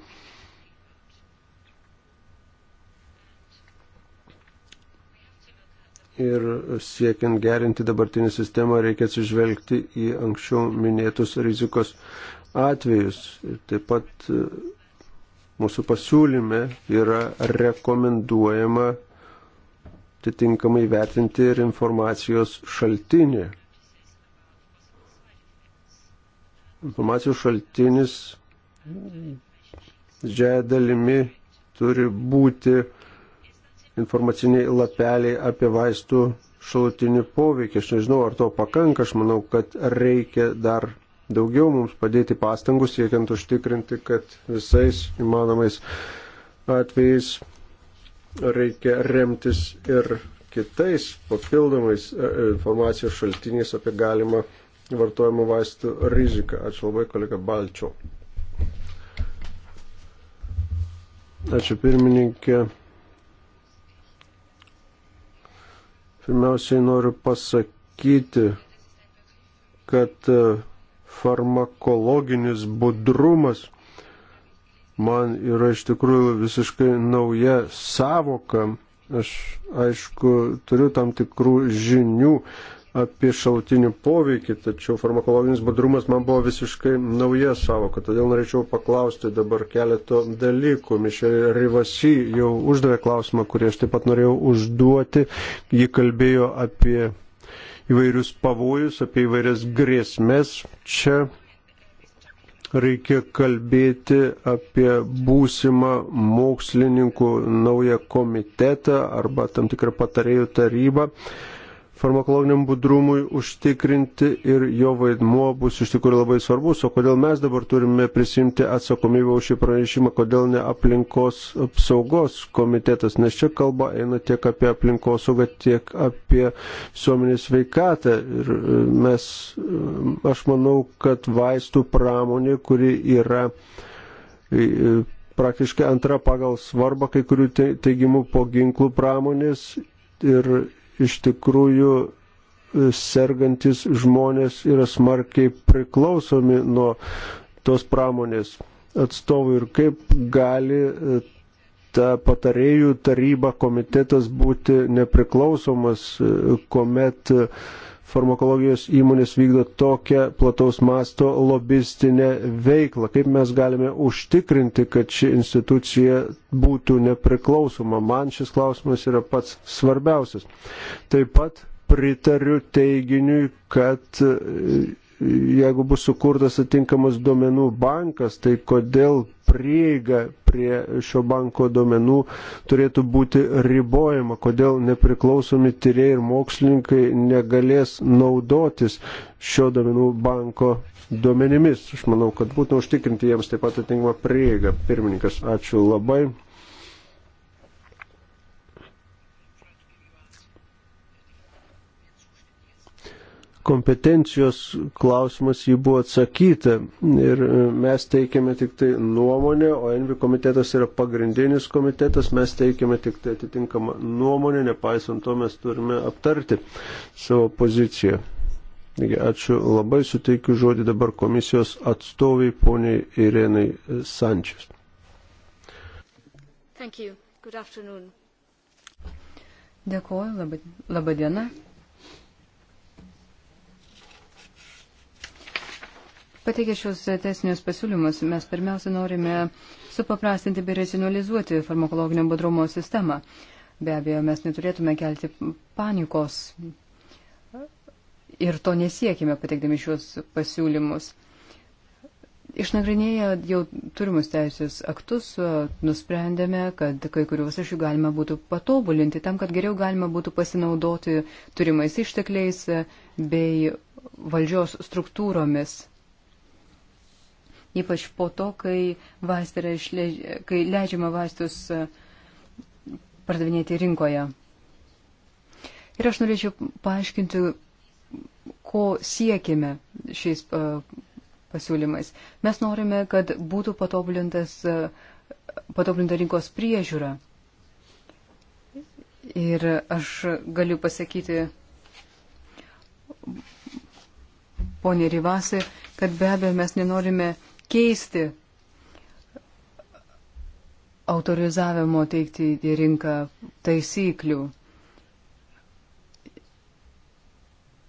ir siekiant gerinti dabartinį sistemą reikia atsižvelgti į anksčiau minėtus rizikos atvejus. Ir taip pat e, mūsų pasiūlyme yra rekomenduojama atitinkamai vertinti ir informacijos šaltinį. Informacijos šaltinis didžiaja dalimi turi būti informaciniai lapeliai apie vaistų šalutinį poveikį. Aš nežinau, ar to pakanka, aš manau, kad reikia dar daugiau mums padėti pastangų siekiant užtikrinti, kad visais įmanomais atvejais reikia remtis ir kitais papildomais e, e, informacijos šaltiniais apie galimą vartojimo vaistų riziką. Ačiū labai, kolega Balčio. Ačiū pirmininkė. Pirmiausiai noriu pasakyti, kad e, farmakologinis budrumas man yra iš tikrųjų visiškai nauja savoka. Aš aišku turiu tam tikrų žinių apie šaltinį poveikį, tačiau farmakologinis budrumas man buvo visiškai nauja savoka, todėl norėčiau paklausti dabar keleto dalykų. Mišelė Rivasi jau uždavė klausimą, kurį aš taip pat norėjau užduoti. Ji kalbėjo apie įvairius pavojus, apie įvairias grėsmės. Čia reikia kalbėti apie būsimą mokslininkų naują komitetą arba tam tikrą patarėjų tarybą farmakologiniam budrumui užtikrinti ir jo vaidmuo bus iš tikrųjų labai svarbus. O kodėl mes dabar turime prisimti atsakomybę už šį pranešimą, kodėl ne aplinkos apsaugos komitetas, nes čia kalba eina tiek apie aplinkosaugą, tiek apie visuomenės veikatą. Ir e, mes, e, aš manau, kad vaistų pramonė, kuri yra e, praktiškai antra pagal svarbą kai kurių teigimų po ginklų pramonės ir iš tikrųjų e, sergantis žmonės yra smarkiai priklausomi nuo tos pramonės atstovų ir kaip gali e, ta patarėjų taryba komitetas būti nepriklausomas, e, kuomet farmakologijos įmonės vykdo tokią plataus masto lobistinę veiklą? Kaip mes galime užtikrinti, kad ši institucija būtų nepriklausoma? Man šis klausimas yra pats svarbiausias. Taip pat pritariu teiginiui, kad e, jeigu bus sukurtas atinkamas duomenų bankas, tai kodėl prieiga prie šio banko duomenų turėtų būti ribojama, kodėl nepriklausomi tyrėjai ir mokslininkai negalės naudotis šio duomenų banko duomenimis. Aš manau, kad būtų užtikrinti jiems taip pat atitinkamą prieigą. Pirmininkas, ačiū labai. kompetencijos klausimas jį buvo atsakyta ir e, mes teikiame tik tai nuomonę, o Envi komitetas yra pagrindinis komitetas, mes teikiame tik tai atitinkamą nuomonę, nepaisant to mes turime aptarti savo poziciją. Taigi, ačiū labai, suteikiu žodį dabar komisijos atstoviai poniai Irenai Sančius. Dėkuoju, labai, labai diena. Pateikę šios teisinius pasiūlymus, mes pirmiausia norime supaprastinti bei racionalizuoti farmakologinio budrumo sistemą. Be abejo, mes neturėtume kelti panikos ir to nesiekime pateikdami šios pasiūlymus. Išnagrinėję jau turimus teisės aktus, nusprendėme, kad kai kuriuos iš jų galima būtų patobulinti tam, kad geriau galima būtų pasinaudoti turimais ištekliais bei valdžios struktūromis ypač po to, kai, išleidž... kai leidžiama vaistus e, pardavinėti rinkoje. Ir aš norėčiau paaiškinti, ko siekime šiais e, pasiūlymais. Mes norime, kad būtų patobulinta e, rinkos priežiūra. Ir aš galiu pasakyti, ponė Rivasi, kad be abejo mes nenorime keisti autorizavimo teikti į rinką taisyklių.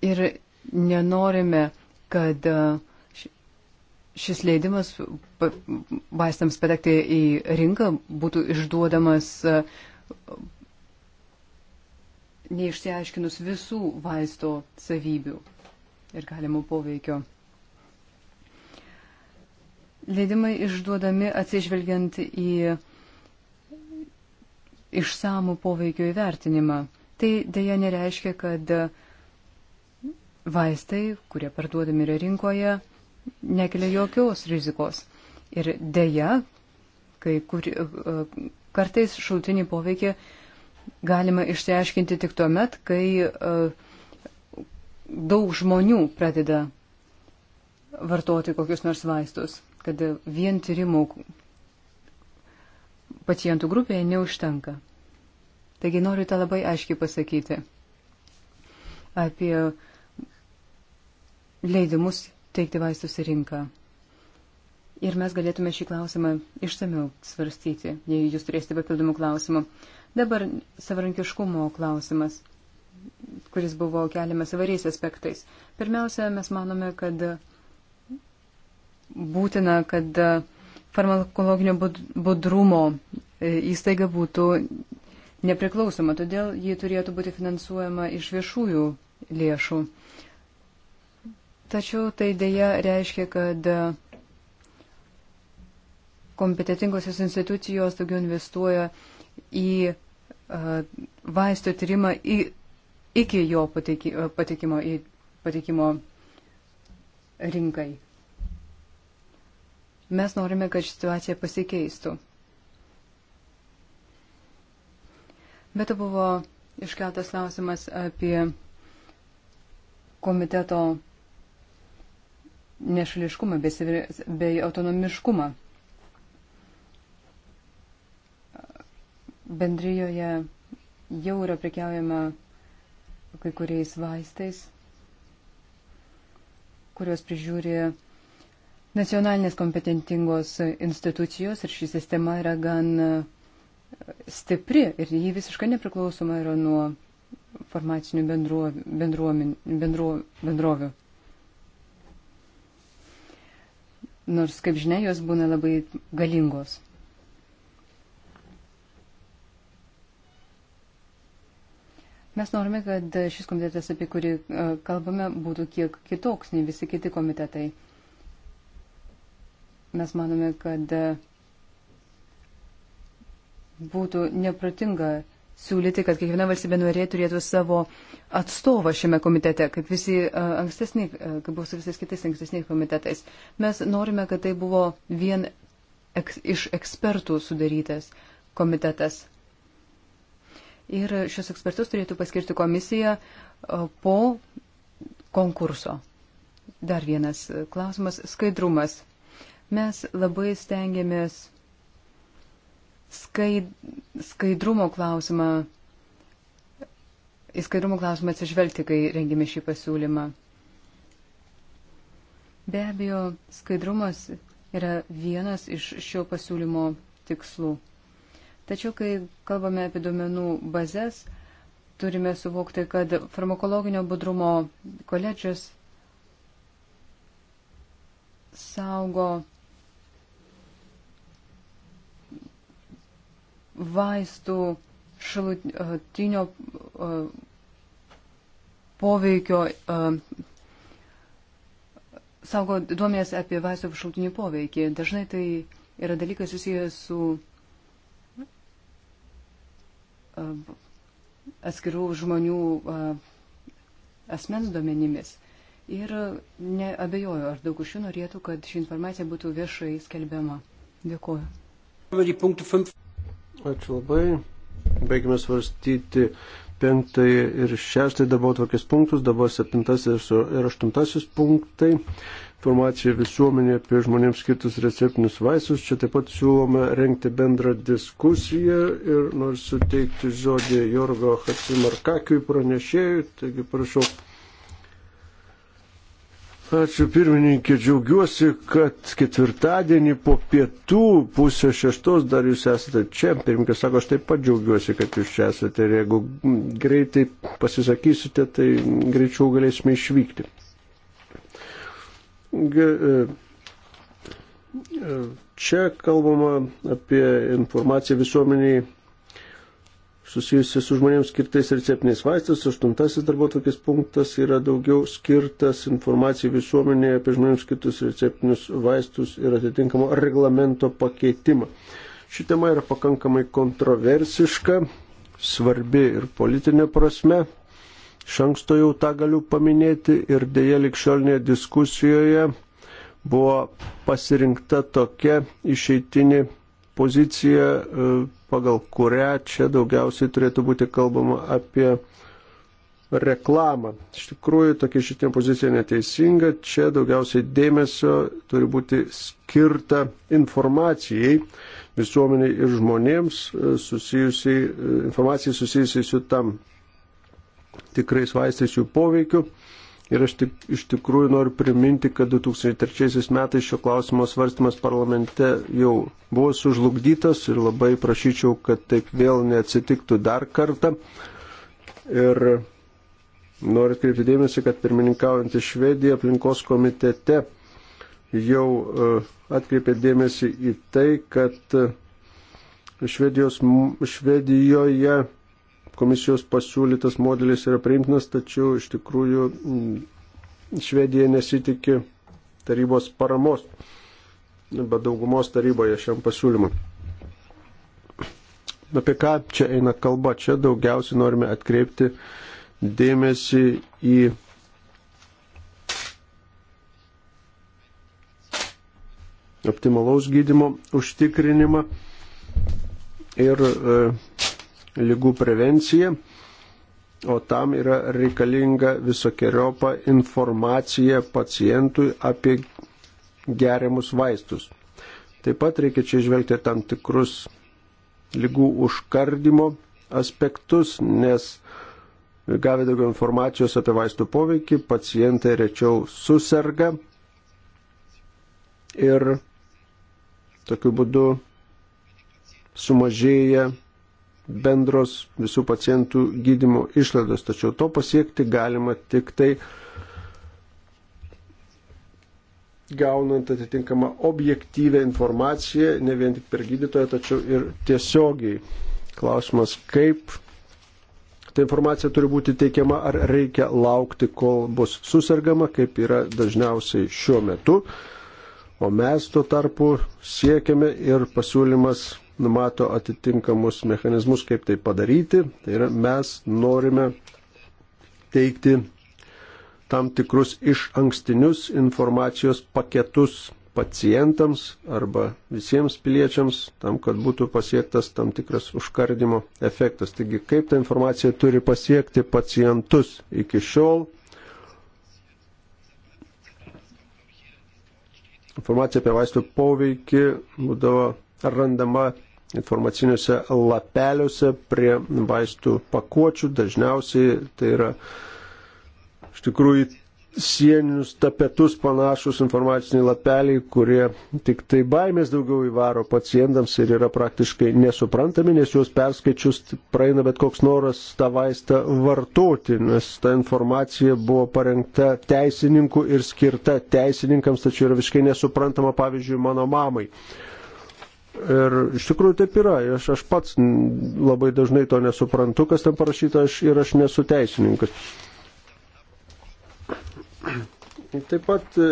Ir nenorime, kad šis leidimas vaistams patekti į rinką būtų išduodamas neišsiaiškinus visų vaisto savybių ir galimų poveikio. Leidimai išduodami atsižvelgiant į išsamų poveikio įvertinimą. Tai dėja nereiškia, kad vaistai, kurie parduodami yra rinkoje, nekelia jokios rizikos. Ir dėja, kai kur, e, kartais šaltinį poveikį galima išsiaiškinti tik tuo met, kai e, daug žmonių pradeda vartoti kokius nors vaistus kad vien tyrimų pacientų grupėje neužtenka. Taigi noriu tą labai aiškiai pasakyti apie leidimus teikti vaistus į rinką. Ir mes galėtume šį klausimą išsamiau svarstyti, jei jūs turėsite papildomų klausimų. Dabar savarankiškumo klausimas, kuris buvo keliamas įvairiais aspektais. Pirmiausia, mes manome, kad būtina, kad e, farmakologinio budrumo e, įstaiga būtų nepriklausoma, todėl ji turėtų būti finansuojama iš viešųjų lėšų. Tačiau tai dėja reiškia, kad e, kompetitingosios institucijos daugiau investuoja į vaisto tyrimą į, iki jo patekimo, į, patekimo rinkai. Mes norime, kad situacija pasikeistų. Bet to buvo iškeltas klausimas apie komiteto nešališkumą bei autonomiškumą. Bendrijoje jau yra prekiaujama kai kuriais vaistais, kuriuos prižiūri nacionalinės kompetentingos institucijos ir ši sistema yra gan e, stipri ir ji visiškai nepriklausoma yra nuo farmacinių bendruo, bendruo, bendruo, bendrovių. Nors, kaip žinia, jos būna labai galingos. Mes norime, kad šis komitetas, apie kurį e, kalbame, būtų kiek kitoks nei visi kiti komitetai. Mes manome, kad e, būtų nepratinga siūlyti, kad kiekviena valstybė norė turėtų savo atstovą šiame komitete, kaip visi uh, ankstesni, uh, kaip buvo su visais kitais ankstesniais komitetais. Mes norime, kad tai buvo vien eks, iš ekspertų sudarytas komitetas. Ir šios ekspertus turėtų paskirti komisija uh, po konkurso. Dar vienas klausimas - skaidrumas. Mes labai stengiamės skaid, skaidrumo klausimą, į skaidrumo klausimą atsižvelgti, kai rengėme šį pasiūlymą. Be abejo, skaidrumas yra vienas iš šio pasiūlymo tikslų. Tačiau, kai kalbame apie duomenų bazės, turime suvokti, kad farmakologinio budrumo koledžas saugo vaistų šalutinio e, poveikio, e, saugo duomenės apie vaistų šalutinį poveikį. Dažnai tai yra dalykas susijęs su e, atskirų žmonių asmens duomenimis. Ir neabejoju, ar daug iš jų norėtų, kad ši informacija būtų viešai skelbiama. Dėkuoju. Ačiū labai. Baigime svarstyti penktąjį ir šeštąjį darbo tvarkės punktus, dabar septintasis ir aštuntasis punktai. Informacija visuomenė apie žmonėms skirtus receptinius vaistus. Čia taip pat siūlome renkti bendrą diskusiją ir noriu suteikti žodį Jorgo Hatsimarkakiui pranešėjui. Taigi prašau. Ačiū pirmininkė, džiaugiuosi, kad ketvirtadienį po pietų pusę šeštos dar jūs esate čia. Pirmininkė sako, aš taip pat džiaugiuosi, kad jūs čia esate ir jeigu greitai pasisakysite, tai greičiau galėsime išvykti. E, e, čia kalbama apie informaciją visuomeniai susijusi su žmonėms skirtais receptiniais vaistais. Aštuntasis darbo tokis punktas yra daugiau skirtas informacijai visuomenėje apie žmonėms skirtus receptinius vaistus ir atitinkamo reglamento pakeitimą. Ši tema yra pakankamai kontroversiška, svarbi ir politinė prasme. Šanksto jau tą galiu paminėti ir dėja likščiolinėje diskusijoje buvo pasirinkta tokia išeitinė pozicija e, pagal kurią čia daugiausiai turėtų būti kalbama apie reklamą. Iš tikrųjų, tokia šitie pozicija neteisinga. Čia daugiausiai dėmesio turi būti skirta informacijai visuomeniai ir žmonėms, e, susijusiai, e, informacijai susijusiai su tam tikrais vaistais jų poveikiu. Ir aš tik, iš tikrųjų noriu priminti, kad 2003 metais šio klausimo svarstymas parlamente jau buvo sužlugdytas ir labai prašyčiau, kad taip vėl neatsitiktų dar kartą. Ir noriu atkreipti dėmesį, kad pirmininkaujantį Švediją aplinkos komitete jau e, atkreipė dėmesį į tai, kad Švedijos, Švedijoje komisijos pasiūlytas modelis yra priimtinas, tačiau iš tikrųjų mm, Švedija nesitikė tarybos paramos, bet daugumos taryboje šiam pasiūlymui. Apie ką čia eina kalba? Čia daugiausiai norime atkreipti dėmesį į optimalaus gydimo užtikrinimą ir e, lygų prevencija, o tam yra reikalinga visokiojopa informacija pacientui apie geriamus vaistus. Taip pat reikia čia išvelgti tam tikrus lygų užkardimo aspektus, nes gavę daugiau informacijos apie vaistų poveikį, pacientai rečiau susirga ir tokiu būdu sumažėja bendros visų pacientų gydimo išlaidos, tačiau to pasiekti galima tik tai gaunant atitinkamą objektyvę informaciją, ne vien tik per gydytoją, tačiau ir tiesiogiai. Klausimas, kaip ta informacija turi būti teikiama, ar reikia laukti, kol bus susirgama, kaip yra dažniausiai šiuo metu. O mes tuo tarpu siekiame ir pasiūlymas numato atitinkamus mechanizmus, kaip tai padaryti. Tai yra, mes norime teikti tam tikrus iš ankstinius informacijos paketus pacientams arba visiems piliečiams, tam, kad būtų pasiektas tam tikras užkardimo efektas. Taigi, kaip ta informacija turi pasiekti pacientus iki šiol. Informacija apie vaistų poveikį būdavo randama informaciniuose lapeliuose prie vaistų pakuočių. Dažniausiai tai yra iš tikrųjų sieninius tapetus panašus informaciniai lapeliai, kurie tik tai baimės daugiau įvaro pacientams ir yra praktiškai nesuprantami, nes juos perskaičius praeina bet koks noras tą vaistą vartoti, nes ta informacija buvo parengta teisininkų ir skirta teisininkams, tačiau yra visiškai nesuprantama, pavyzdžiui, mano mamai. Ir iš tikrųjų taip yra, aš, aš pats labai dažnai to nesuprantu, kas ten parašyta, aš, ir aš nesu teisininkas. Taip pat e,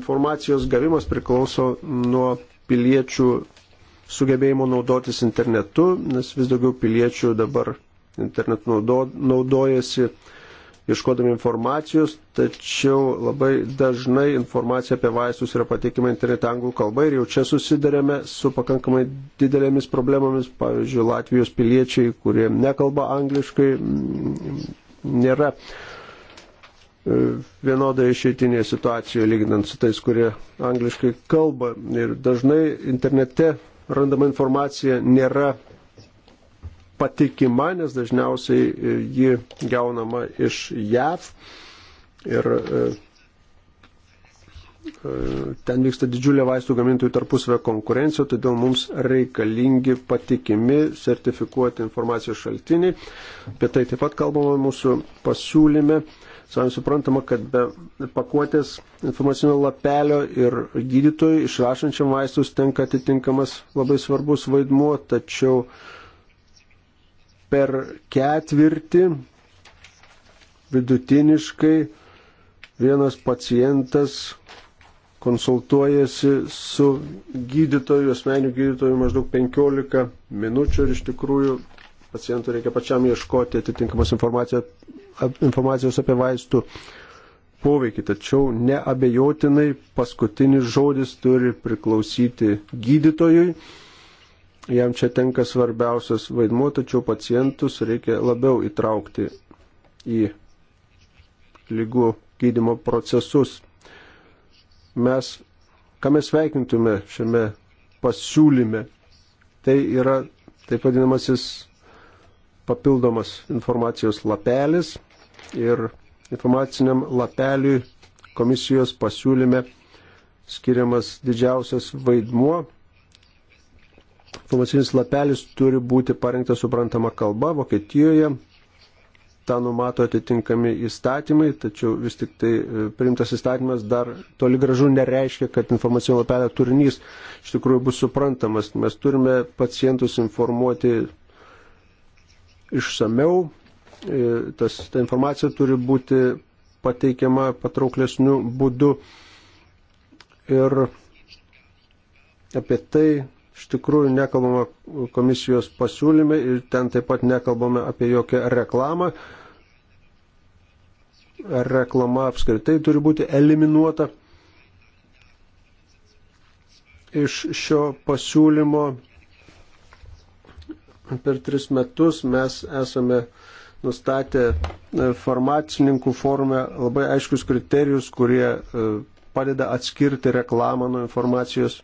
informacijos gavimas priklauso nuo piliečių sugebėjimo naudotis internetu, nes vis daugiau piliečių dabar internetu naudo, naudojasi uh, ieškodami informacijos, tačiau labai dažnai informacija apie vaistus yra pateikima internete anglų kalba ir jau čia susidarėme su pakankamai didelėmis problemomis. Pavyzdžiui, Latvijos piliečiai, kurie nekalba angliškai, mm, nėra e, vienodoje išeitinėje situacijoje lyginant su tais, kurie angliškai kalba. Ir dažnai internete randama informacija nėra patikima, nes dažniausiai e, ji gaunama iš JAV ir e, e, ten vyksta didžiulė vaistų gamintojų tarpusavę konkurencija, todėl mums reikalingi patikimi sertifikuoti informacijos šaltiniai. Apie tai taip pat kalbama mūsų pasiūlyme. Savai suprantama, kad be pakuotės informacinio lapelio ir gydytojų išrašančiam vaistus tenka atitinkamas labai svarbus vaidmuo, tačiau uh, per ketvirtį vidutiniškai vienas pacientas konsultuojasi su gydytoju, asmeniu gydytoju maždaug 15 minučių ir iš tikrųjų pacientui reikia pačiam ieškoti atitinkamos informacijos, informacijos apie vaistų poveikį. Tačiau neabejotinai paskutinis žodis turi priklausyti gydytojui jam čia tenka svarbiausias vaidmuo, tačiau pacientus reikia labiau įtraukti į lygų gydimo procesus. Mes, ką mes veikintume šiame pasiūlyme, tai yra taip vadinamasis papildomas informacijos lapelis ir informaciniam lapeliui komisijos pasiūlyme skiriamas didžiausias vaidmuo informacinis lapelis turi būti parengtas suprantama kalba Vokietijoje. Ta numato atitinkami įstatymai, tačiau vis tik tai e, priimtas įstatymas dar toli gražu nereiškia, kad informacinio lapelio turinys iš tikrųjų bus suprantamas. Mes turime pacientus informuoti išsameu, e, tas, ta informacija turi būti pateikiama patrauklesniu būdu ir apie tai iš tikrųjų nekalbama komisijos pasiūlyme ir ten taip pat nekalbame apie jokią reklamą. Reklama apskritai turi būti eliminuota iš šio pasiūlymo. Per tris metus mes esame nustatę farmacininkų formę labai aiškius kriterijus, kurie e, padeda atskirti reklamą nuo informacijos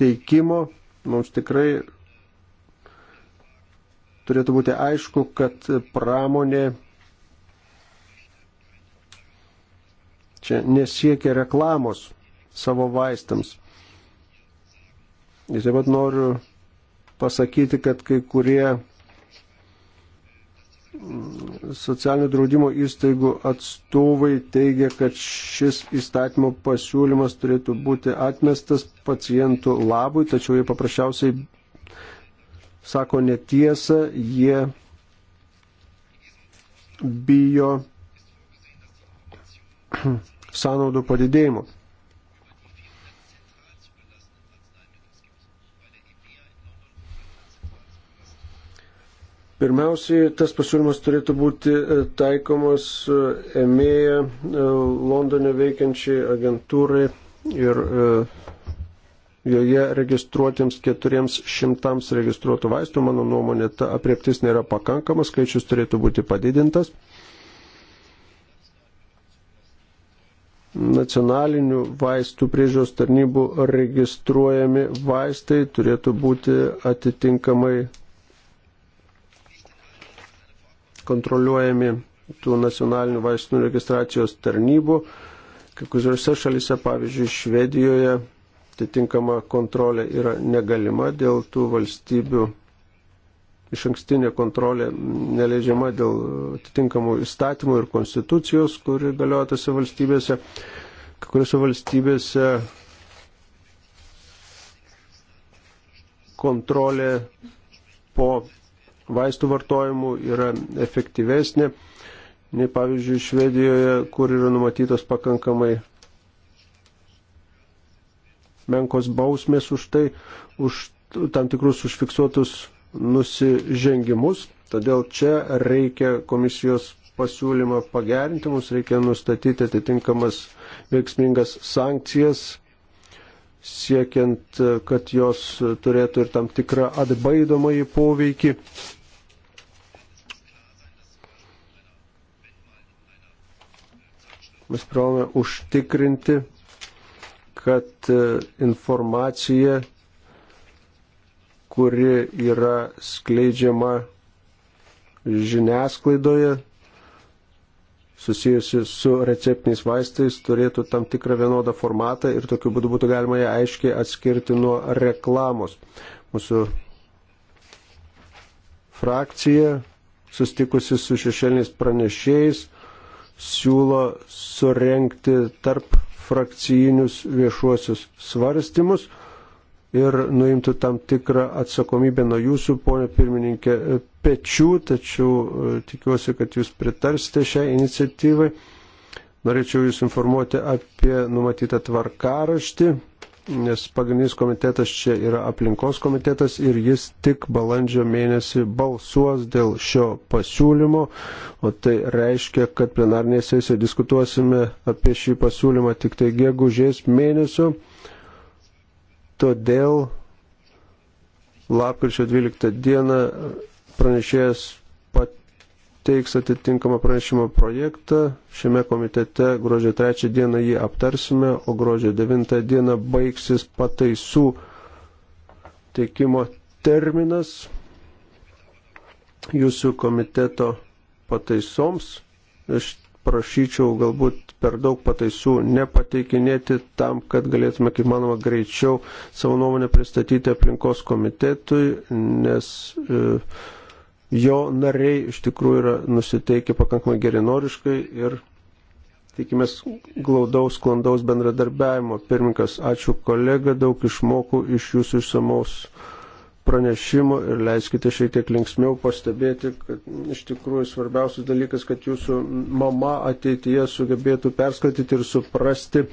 teikimo mums tikrai turėtų būti aišku, kad pramonė čia nesiekia reklamos savo vaistams. Ir taip pat noriu pasakyti, kad kai kurie socialinio draudimo įstaigų atstovai teigia, kad šis įstatymo pasiūlymas turėtų būti atmestas pacientų labui, tačiau jie paprasčiausiai sako netiesą, jie bijo sąnaudų padidėjimo. Pirmiausiai, tas pasiūlymas turėtų būti e, taikomas e, EMEA e, Londone veikiančiai agentūrai ir joje registruotiems 400 registruotų vaistų. Mano nuomonė, ta apreptis nėra pakankama, skaičius turėtų būti padidintas. nacionalinių vaistų priežiūros tarnybų registruojami vaistai turėtų būti atitinkamai kontroliuojami tų nacionalinių vaistinių registracijos tarnybų. Kai kuriuose šalise, pavyzdžiui, Švedijoje, atitinkama kontrolė yra negalima dėl tų valstybių. Iš ankstinė kontrolė neleidžiama dėl atitinkamų įstatymų ir konstitucijos, kuri galioja tose valstybėse. Kai kuriuose valstybėse kontrolė po vaistų vartojimu yra efektyvesnė nei pavyzdžiui Švedijoje, kur yra numatytos pakankamai menkos bausmės už tai, už tam tikrus užfiksuotus nusižengimus. Todėl čia reikia komisijos pasiūlymą pagerinti, mums reikia nustatyti atitinkamas veiksmingas sankcijas, siekiant, kad jos turėtų ir tam tikrą atbaidomąjį poveikį. Mes privalome užtikrinti, kad e, informacija, kuri yra skleidžiama žiniasklaidoje, susijusi su receptiniais vaistais turėtų tam tikrą vienodą formatą ir tokiu būdu būtų galima ją aiškiai atskirti nuo reklamos. Mūsų frakcija, sustikusi su šešėliniais pranešėjais, siūlo surenkti tarp frakcijinius viešuosius svarstymus ir nuimtų tam tikrą atsakomybę nuo jūsų, ponė pirmininkė, e, pečių, tačiau e, tikiuosi, kad jūs pritarsite šią iniciatyvą. Norėčiau jūs informuoti apie numatytą tvarkaraštį nes pagrindinis komitetas čia yra aplinkos komitetas ir jis tik balandžio mėnesį balsuos dėl šio pasiūlymo, o tai reiškia, kad plenarnėje sesijoje diskutuosime apie šį pasiūlymą tik tai gegužės mėnesio. Todėl lapkričio 12 dieną pranešėjas pateiks atitinkamą pranešimo projektą. Šiame komitete gruodžio 3 dieną jį aptarsime, o gruodžio 9 dieną baigsis pataisų teikimo terminas jūsų komiteto pataisoms. Aš prašyčiau galbūt per daug pataisų nepateikinėti tam, kad galėtume, kaip manoma, greičiau savo nuomonę pristatyti aplinkos komitetui, nes e, jo nariai iš tikrųjų yra nusiteikę pakankamai gerinoriškai ir tikimės glaudaus, sklandaus bendradarbiavimo. Pirmininkas, ačiū kolega, daug išmokų iš jūsų išsamaus pranešimo ir leiskite šiek tiek linksmiau pastebėti, kad iš tikrųjų svarbiausias dalykas, kad jūsų mama ateityje sugebėtų perskaityti ir suprasti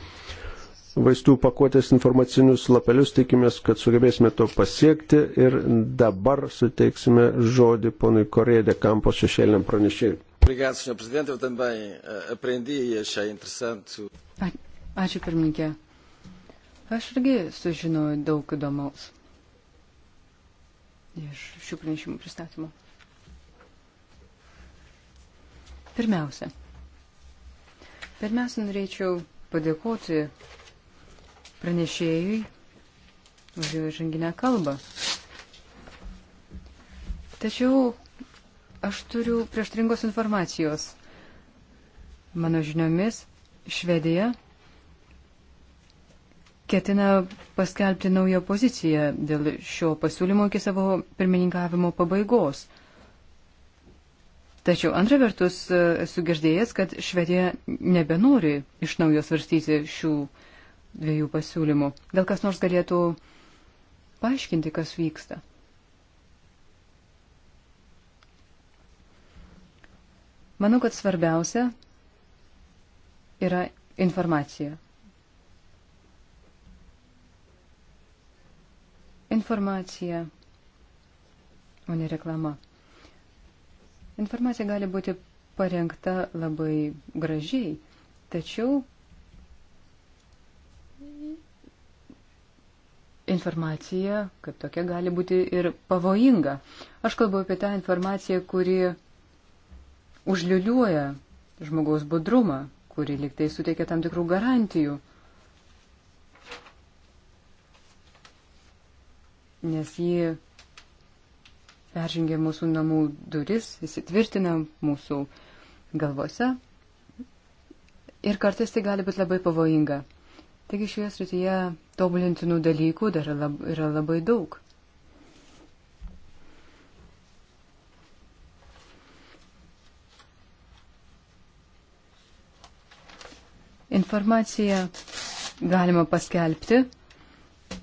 vaistų pakuotės informacinius lapelius. Tikimės, kad sugebėsime to pasiekti ir dabar suteiksime žodį ponui Korėdė Kampo šešėliniam pranešėjui. Ačiū pirmininkė. Aš irgi sužinojau daug įdomaus iš šių pranešimų pristatymų. Pirmiausia, pirmiausia norėčiau padėkoti pranešėjui už jo žanginę kalbą. Tačiau aš turiu prieštaringos informacijos. Mano žiniomis, Švedija ketina paskelbti naują poziciją dėl šio pasiūlymo iki savo pirmininkavimo pabaigos. Tačiau antra vertus esu girdėjęs, kad Švedija nebenori iš naujo svarstyti šių dviejų pasiūlymų. Gal kas nors galėtų paaiškinti, kas vyksta? Manau, kad svarbiausia yra informacija. Informacija, o ne reklama. Informacija gali būti parengta labai gražiai, tačiau informacija, kaip tokia, gali būti ir pavojinga. Aš kalbu apie tą informaciją, kuri užliuliuoja žmogaus budrumą, kuri liktai suteikia tam tikrų garantijų. Nes ji peržengia mūsų namų duris, įsitvirtina mūsų galvose. Ir kartais tai gali būti labai pavojinga. Taigi šioje srityje tobulintinų dalykų dar yra labai daug. Informaciją galima paskelbti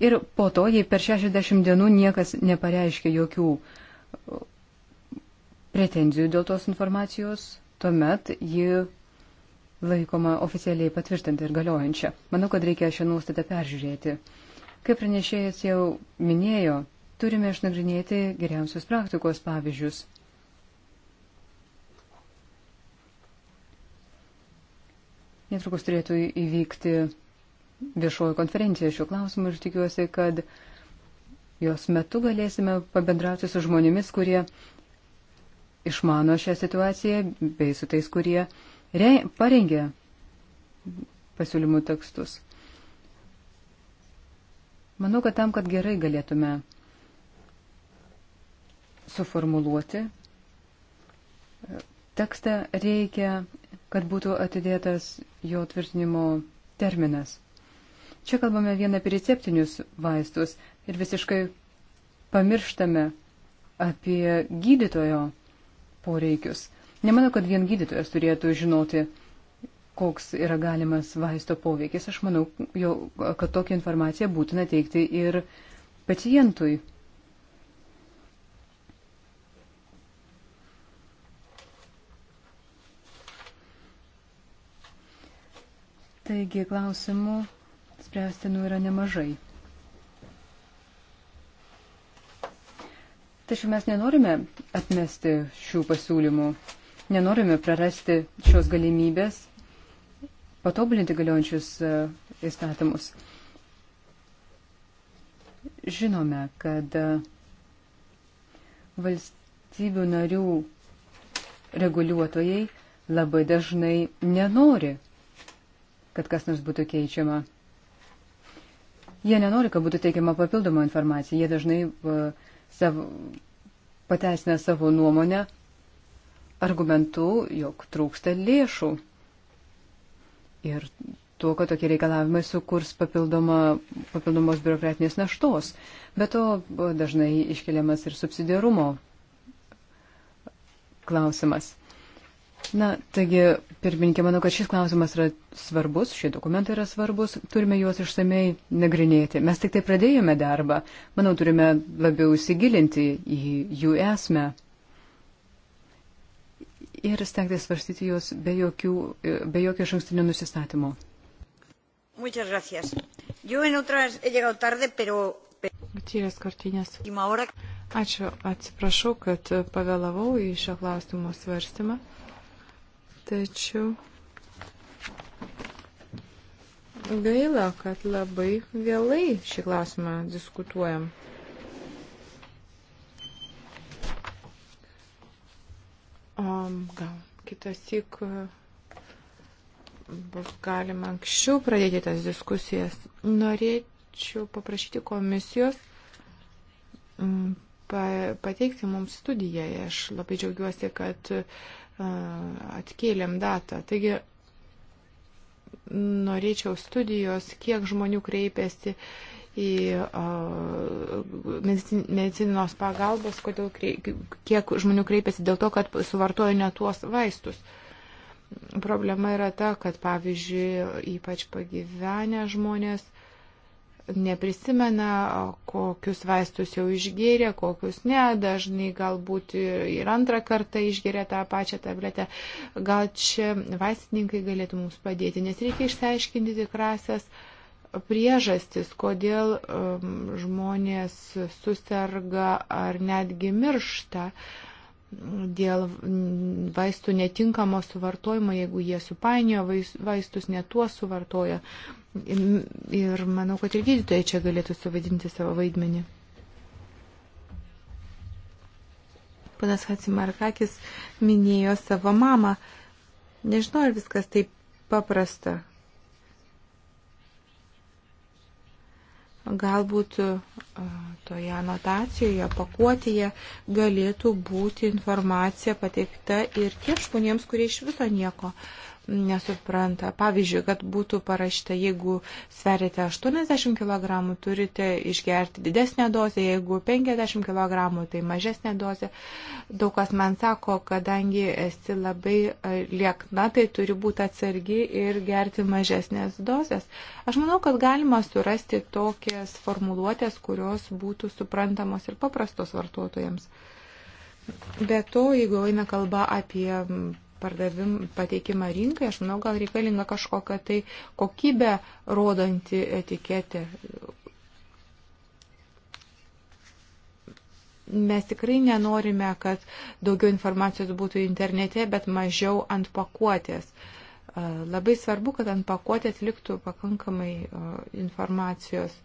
ir po to, jei per 60 dienų niekas nepareiškia jokių uh, pretenzijų dėl tos informacijos, tuomet ji laikoma oficialiai patvirtinti ir galiojančia. Manau, kad reikia šią nuostatą peržiūrėti. Kaip pranešėjas jau minėjo, turime išnagrinėti geriausius praktikos pavyzdžius. Netrukus turėtų įvykti viešoji konferencija šiuo klausimu ir tikiuosi, kad jos metu galėsime pabendrauti su žmonėmis, kurie išmano šią situaciją bei su tais, kurie uh, re, parengė pasiūlymų tekstus. Manau, kad tam, kad gerai galėtume suformuluoti tekstą, reikia, kad būtų atidėtas jo tvirtinimo terminas. Čia kalbame vieną apie receptinius vaistus ir visiškai pamirštame apie gydytojo poreikius. Nemanau, kad vien gydytojas turėtų žinoti, koks yra galimas vaisto poveikis. Aš manau, jo, kad tokią informaciją būtina teikti ir pacientui. Taigi klausimų spręstinų nu yra nemažai. Tačiau mes nenorime atmesti šių pasiūlymų. Nenorime prarasti šios galimybės patobulinti galiojančius e, įstatymus. Žinome, kad e, valstybių narių reguliuotojai labai dažnai nenori, kad kas nors būtų keičiama. Jie nenori, kad būtų teikiama papildoma informacija. Jie dažnai e, savo, pateisina savo nuomonę argumentu, jog trūksta lėšų. Ir tuo, kad tokie reikalavimai sukurs papildomos biurokratinės naštos. Bet to dažnai iškeliamas ir subsidiarumo klausimas. Na, taigi, pirmininkė, manau, kad šis klausimas yra svarbus, šie dokumentai yra svarbus, turime juos išsamei nagrinėti. Mes tik tai pradėjome darbą, manau, turime labiau įsigilinti į jų esmę ir stengtis svarstyti juos be, jokių, be jokio šankstinio nusistatymo. Muchas gracias. Yo en otras he llegado tarde, pero. Gutierės Kortinės. Ačiū, atsiprašau, kad pavėlavau į šio klausimo svarstymą. Tačiau gaila, kad labai vėlai šį klausimą diskutuojam. Um, gal kitas tik e, bus galima anksčiau pradėti tas diskusijas. Norėčiau paprašyti komisijos pateikti mums studiją. Aš labai džiaugiuosi, kad e, atkėlėm datą. Taigi norėčiau studijos, kiek žmonių kreipėsi į medicinos pagalbos, kodėl, kiek žmonių kreipiasi dėl to, kad suvartoja ne tuos vaistus. Problema yra ta, kad pavyzdžiui, ypač pagyvenę žmonės neprisimena, kokius vaistus jau išgėrė, kokius ne, dažnai galbūt ir antrą kartą išgėrė tą pačią tabletę. Gal čia vaistininkai galėtų mums padėti, nes reikia išsiaiškinti tikrasias uh, priežastis, kodėl um, žmonės susirga ar netgi miršta dėl vaistų netinkamo suvartojimo, jeigu jie supainioja vaistus, ne tuos suvartoja. Ir manau, kad ir gydytojai čia galėtų suvaidinti savo vaidmenį. Panas Hatsimarkakis minėjo savo mamą. Nežinau, ar viskas taip paprasta Galbūt e, toje anotacijoje, pakuotėje galėtų būti informacija pateikta ir tie žmonėms, kurie iš viso nieko nesupranta. Pavyzdžiui, kad būtų parašyta, jeigu sveriate 80 kg, turite išgerti didesnę dozę, jeigu 50 kg, tai mažesnė dozė. Daug kas man sako, kadangi esi labai e, liekna, tai turi būti atsargi ir gerti mažesnės dozes. Aš manau, kad galima surasti tokias formuluotės, kurios būtų suprantamos ir paprastos vartotojams. Be to, jeigu eina kalba apie pardavim, pateikimą rinkai, aš manau, gal reikalinga kažkokia tai kokybė rodanti etiketė. Mes tikrai nenorime, kad daugiau informacijos būtų internete, bet mažiau ant pakuotės. Labai svarbu, kad ant pakuotės liktų pakankamai informacijos.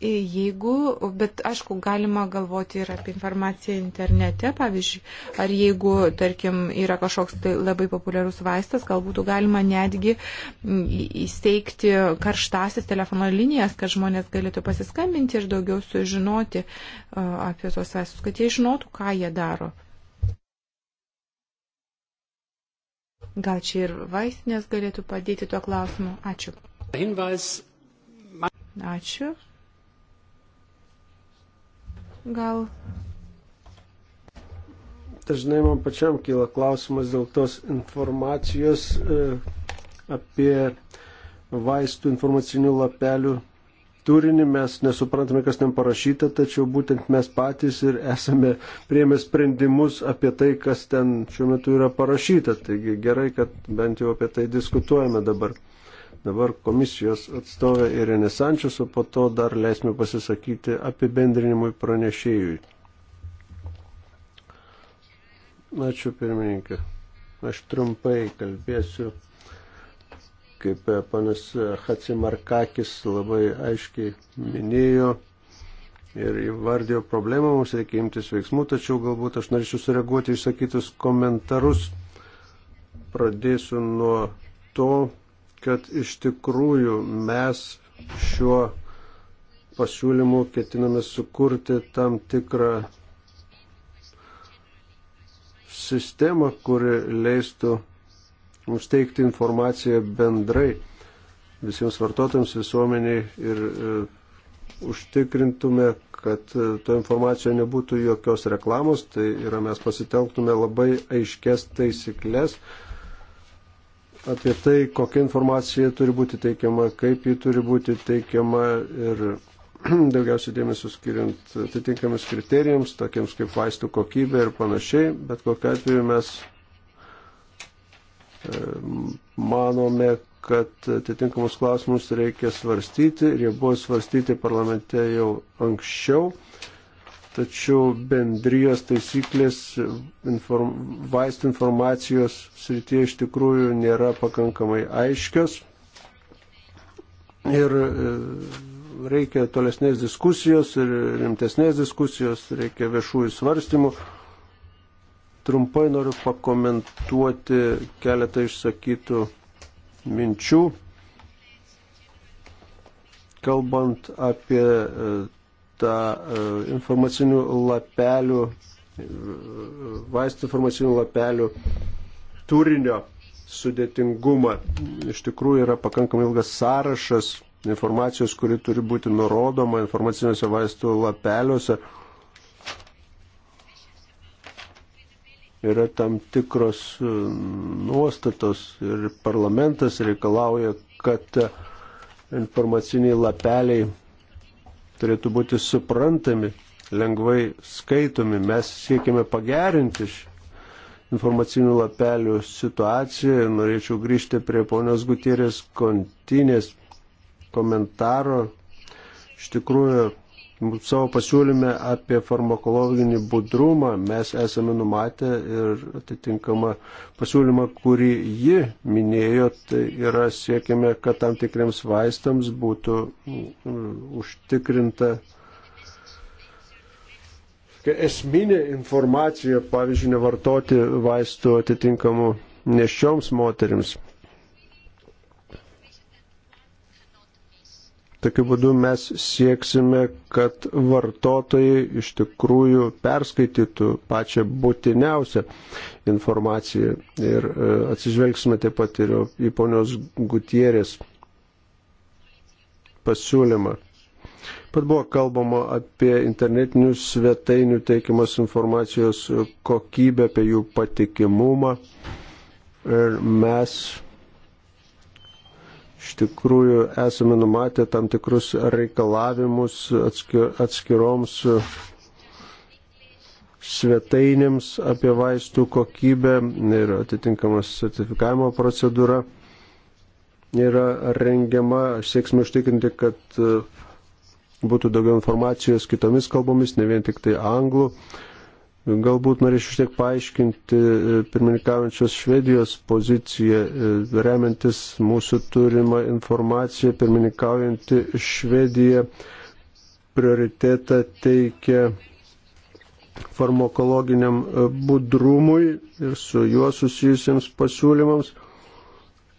Jeigu, bet aišku, galima galvoti ir apie informaciją internete, pavyzdžiui, ar jeigu, tarkim, yra kažkoks tai labai populiarus vaistas, galbūt galima netgi įsteigti karštasis telefono linijas, kad žmonės galėtų pasiskambinti ir daugiau sužinoti apie tos vaistus, kad jie žinotų, ką jie daro. Gal čia ir vaistinės galėtų padėti tuo klausimu. Ačiū. Ačiū. Gal. Dažnai man pačiam kyla klausimas dėl tos informacijos e, apie vaistų informacinių lapelių turinį mes nesuprantame, kas ten parašyta, tačiau būtent mes patys ir esame prieimę sprendimus apie tai, kas ten šiuo metu yra parašyta. Taigi gerai, kad bent jau apie tai diskutuojame dabar dabar komisijos atstovę Irenė Sančius, o po to dar leisime pasisakyti apibendrinimui pranešėjui. Ačiū pirmininkė. Aš trumpai kalbėsiu, kaip panas Hatsimarkakis labai aiškiai minėjo ir įvardėjo problemą, mums reikia imtis veiksmų, tačiau galbūt aš norėčiau sureaguoti išsakytus komentarus. Pradėsiu nuo to, kad iš tikrųjų mes šiuo pasiūlymu ketiname sukurti tam tikrą sistemą, kuri leistų mums teikti informaciją bendrai visiems vartotojams, visuomeniai ir e, užtikrintume, kad e, to informacijoje nebūtų jokios reklamos, tai yra mes pasitelktume labai aiškes taisyklės, apie tai, kokia informacija turi būti teikiama, kaip ji turi būti teikiama ir daugiausiai dėmesio skiriant atitinkamus kriterijams, tokiems kaip vaistų kokybė ir panašiai, bet kokia atveju mes e, manome, kad atitinkamus klausimus reikia svarstyti ir jie buvo svarstyti parlamente jau anksčiau tačiau bendrijos taisyklės inform, vaistų informacijos srityje iš tikrųjų nėra pakankamai aiškios. Ir e, reikia tolesnės diskusijos ir rimtesnės diskusijos, reikia viešųjų svarstymų. Trumpai noriu pakomentuoti keletą išsakytų minčių. Kalbant apie e, tą e, informacinių lapelių, e, vaistų informacinių lapelių turinio sudėtingumą. Iš tikrųjų yra pakankamai ilgas sąrašas informacijos, kuri turi būti nurodoma informaciniuose vaistų lapeliuose. Yra tam tikros e, nuostatos ir parlamentas reikalauja, kad informaciniai lapeliai turėtų būti suprantami, lengvai skaitomi. Mes siekime pagerinti informacinių lapelių situaciją ir norėčiau grįžti prie ponios Gutierės kontinės komentaro. Iš tikrųjų, savo pasiūlyme apie farmakologinį budrumą mes esame numatę ir atitinkamą pasiūlymą, kurį ji minėjo, tai yra siekime, kad tam tikriems vaistams būtų mm, užtikrinta esminė informacija, pavyzdžiui, nevartoti vaistų atitinkamų nešioms moteriams. Tokiu būdu mes sieksime, kad vartotojai iš tikrųjų perskaitytų pačią būtiniausią informaciją. Ir e, atsižvelgsime taip pat ir į ponios Gutierės pasiūlymą. Pat buvo kalbama apie internetinių svetainių teikiamas informacijos kokybę, apie jų patikimumą. Ir mes Iš tikrųjų esame numatę tam tikrus reikalavimus atskiroms svetainėms apie vaistų kokybę ir atitinkamas sertifikavimo procedūra yra rengiama. Aš sieksime užtikrinti, kad būtų daugiau informacijos kitomis kalbomis, ne vien tik tai anglų. Galbūt norėčiau šiek tiek paaiškinti e, pirmininkaujančios Švedijos poziciją, e, remiantis mūsų turimą informaciją, pirmininkaujantį Švediją prioritetą teikia farmakologiniam e, budrumui ir su juo susijusiems pasiūlymams.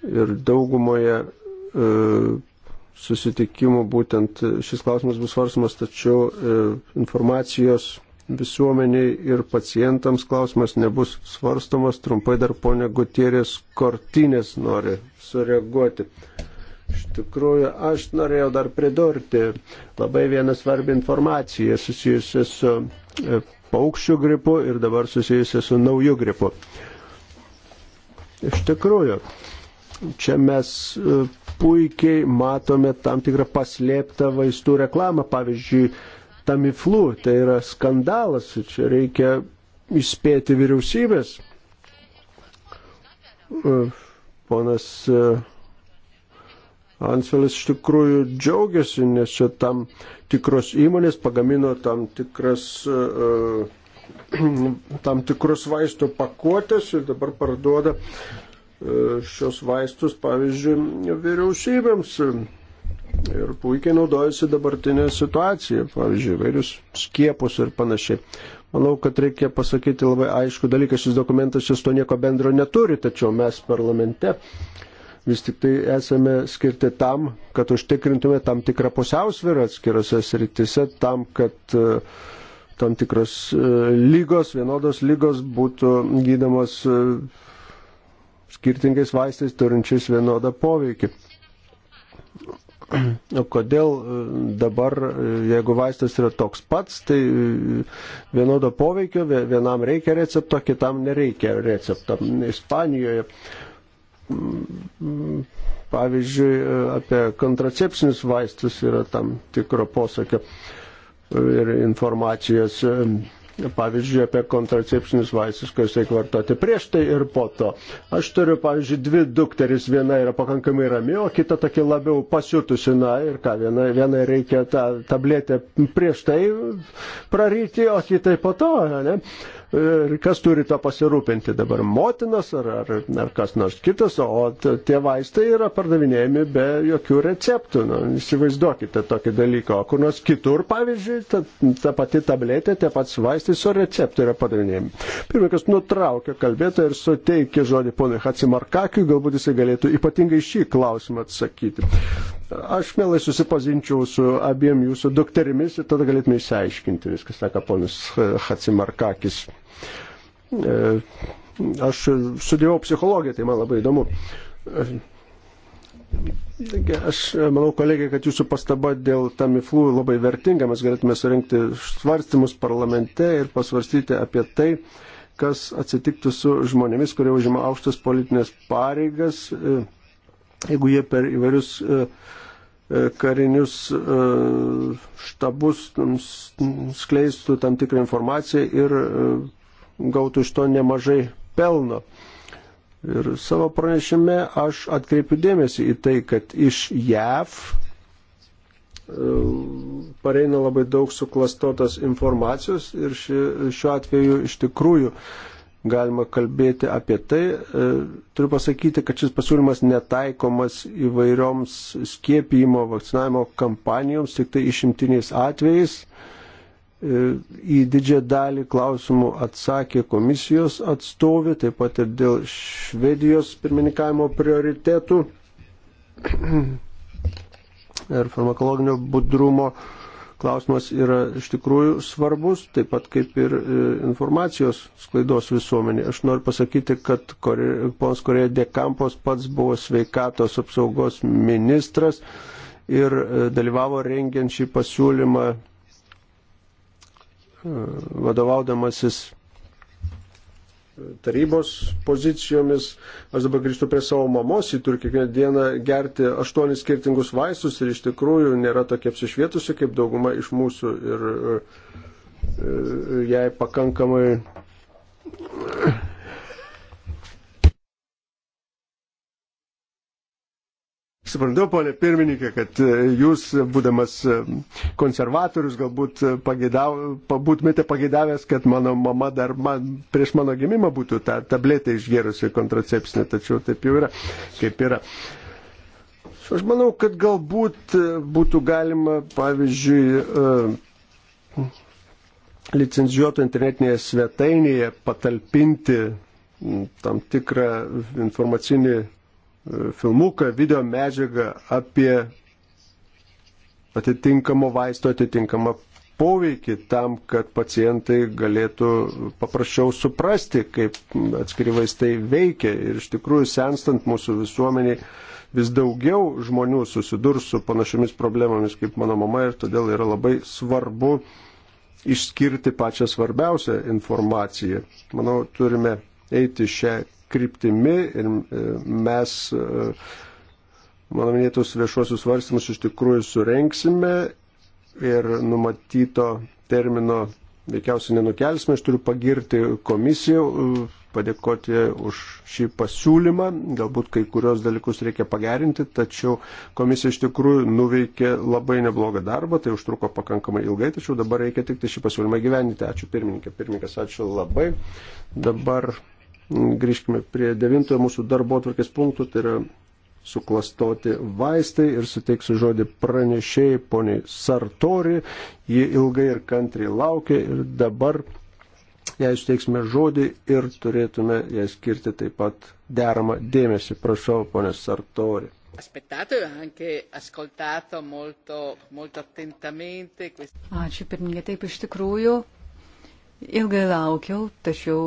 Ir daugumoje susitikimų būtent šis klausimas bus svarstamas, tačiau informacijos visuomeniai ir pacientams klausimas nebus svarstomas. Trumpai dar ponė Gutierės Kortinės nori sureaguoti. Iš tikrųjų, aš norėjau dar pridurti labai vieną svarbią informaciją susijusią su e, paukščių gripu ir dabar susijusią su nauju gripu. Iš tikrųjų, čia mes e, puikiai matome tam tikrą paslėptą vaistų reklamą. Pavyzdžiui, Tamiflu. Tai yra skandalas, čia reikia įspėti vyriausybės. E, ponas e, Anselis iš tikrųjų džiaugiasi, nes čia tam tikros įmonės pagamino tam tikras e, tam tikrus vaistų pakuotės ir dabar parduoda šios vaistus, pavyzdžiui, vyriausybėms ir puikiai naudojasi dabartinė situacija, pavyzdžiui, vairius skiepus ir panašiai. Manau, kad reikia pasakyti labai aišku dalyką, šis dokumentas jis to nieko bendro neturi, tačiau mes parlamente vis tik tai esame skirti tam, kad užtikrintume tam tikrą pusiausvyrą atskirose sritise, tam, kad e, tam tikros e, lygos, vienodos lygos būtų gydamos e, skirtingais vaistais turinčiais vienodą poveikį. O kodėl e, dabar, e, jeigu vaistas yra toks pats, tai e, vienodo poveikio, vienam reikia recepto, kitam nereikia recepto. Ispanijoje, mm, pavyzdžiui, apie kontracepcinius vaistus yra tam tikro posakio ir informacijos pavyzdžiui, apie kontracepcinius vaistus, kuriuos reikia vartoti prieš tai ir po to. Aš turiu, pavyzdžiui, dvi dukteris, viena yra pakankamai rami, o kita tokia labiau pasiutusi, na ir ką, viena, viena reikia tą tabletę prieš tai praryti, o kitai po to, ne? ir kas turi tą pasirūpinti dabar motinas ar, ar, ar kas nors kitas, o tie vaistai yra pardavinėjami be jokių receptų. Nu, įsivaizduokite tokį dalyką, o kur nors kitur, pavyzdžiui, ta, ta pati tabletė, tie pats vaistai su receptu yra pardavinėjami. Pirmininkas nutraukė kalbėtą ir suteikė žodį ponui Hatsimarkakiui, galbūt jisai galėtų ypatingai šį klausimą atsakyti. Aš mielai susipažinčiau su abiem jūsų dukterimis ir tada galėtume išsiaiškinti viskas, tą ką ponas Hatsimarkakis. E, aš sudėjau psichologiją, tai man labai įdomu. Taigi, aš manau, kolegė, kad jūsų pastaba dėl tamiflų labai vertinga. Mes galėtume surinkti svarstymus parlamente ir pasvarstyti apie tai, kas atsitiktų su žmonėmis, kurie užima aukštas politinės pareigas, e, jeigu jie per įvairius uh, E, karinius e, štabus, skleistų tam tikrą informaciją ir e, gautų iš to nemažai pelno. Ir savo pranešime aš atkreipiu dėmesį į tai, kad iš JAV pareina labai daug suklastotas informacijos ir ši, šiuo atveju iš tikrųjų uh, galima kalbėti apie tai. E, turiu pasakyti, kad šis pasiūlymas netaikomas įvairioms skiepijimo vakcinavimo kampanijoms, tik tai išimtiniais atvejais. E, į didžią dalį klausimų atsakė komisijos atstovė, taip pat ir dėl Švedijos pirmininkavimo prioritetų ir farmakologinio budrumo klausimas yra iš tikrųjų svarbus, taip pat kaip ir e, informacijos sklaidos visuomenė. Aš noriu pasakyti, kad ponas Korėja Dekampos pats buvo sveikatos apsaugos ministras ir e, dalyvavo rengiant šį pasiūlymą e, vadovaudamasis tarybos pozicijomis. Aš dabar grįžtu prie savo mamos, ji turi kiekvieną dieną gerti aštuonis skirtingus vaistus ir iš tikrųjų nėra tokia apsišvietusi kaip dauguma iš mūsų ir, ir, e, ir e, jai pakankamai Suprantu, ponė pirmininkė, kad e, jūs, e, būdamas e, konservatorius, galbūt pagėdav, būtumėte pagėdavęs, kad mano mama dar man, prieš mano gimimą būtų tą tabletę išgerusi kontracepcinę, tačiau taip jau yra, kaip yra. Aš manau, kad galbūt būtų galima, pavyzdžiui, licenzijuoto internetinėje svetainėje patalpinti tam tikrą informacinį filmuką, video medžiagą apie atitinkamo vaisto atitinkamą poveikį tam, kad pacientai galėtų paprasčiau suprasti, kaip atskiri vaistai veikia. Ir iš tikrųjų, senstant mūsų visuomeniai, vis daugiau žmonių susidurs su panašiomis problemomis kaip mano mama ir todėl yra labai svarbu išskirti pačią svarbiausią informaciją. Manau, turime eiti šią kryptimi ir e, mes e, mano minėtus viešuosius svarstymus iš tikrųjų surenksime ir numatyto termino veikiausiai nenukelsime. Aš turiu pagirti komisiją, e, padėkoti už šį pasiūlymą. Galbūt kai kurios dalykus reikia pagerinti, tačiau komisija iš tikrųjų nuveikė labai neblogą darbą, tai užtruko pakankamai ilgai, tačiau dabar reikia tik tai šį pasiūlymą gyveninti. Ačiū pirmininkė. Pirmininkas, ačiū labai. Dabar Grįžkime prie devintojo mūsų darbo atvarkės punktų, tai yra suklastoti vaistai ir suteiksiu žodį pranešėjai poniai Sartori. Ji ilgai ir kantriai laukia ir dabar jai suteiksime žodį ir turėtume jai skirti taip pat deramą dėmesį. Prašau, ponė Sartori. Aspettato e anche ascoltato molto, molto attentamente. Ačiū pirmininkė, taip iš tikrųjų ilgai laukiau, tačiau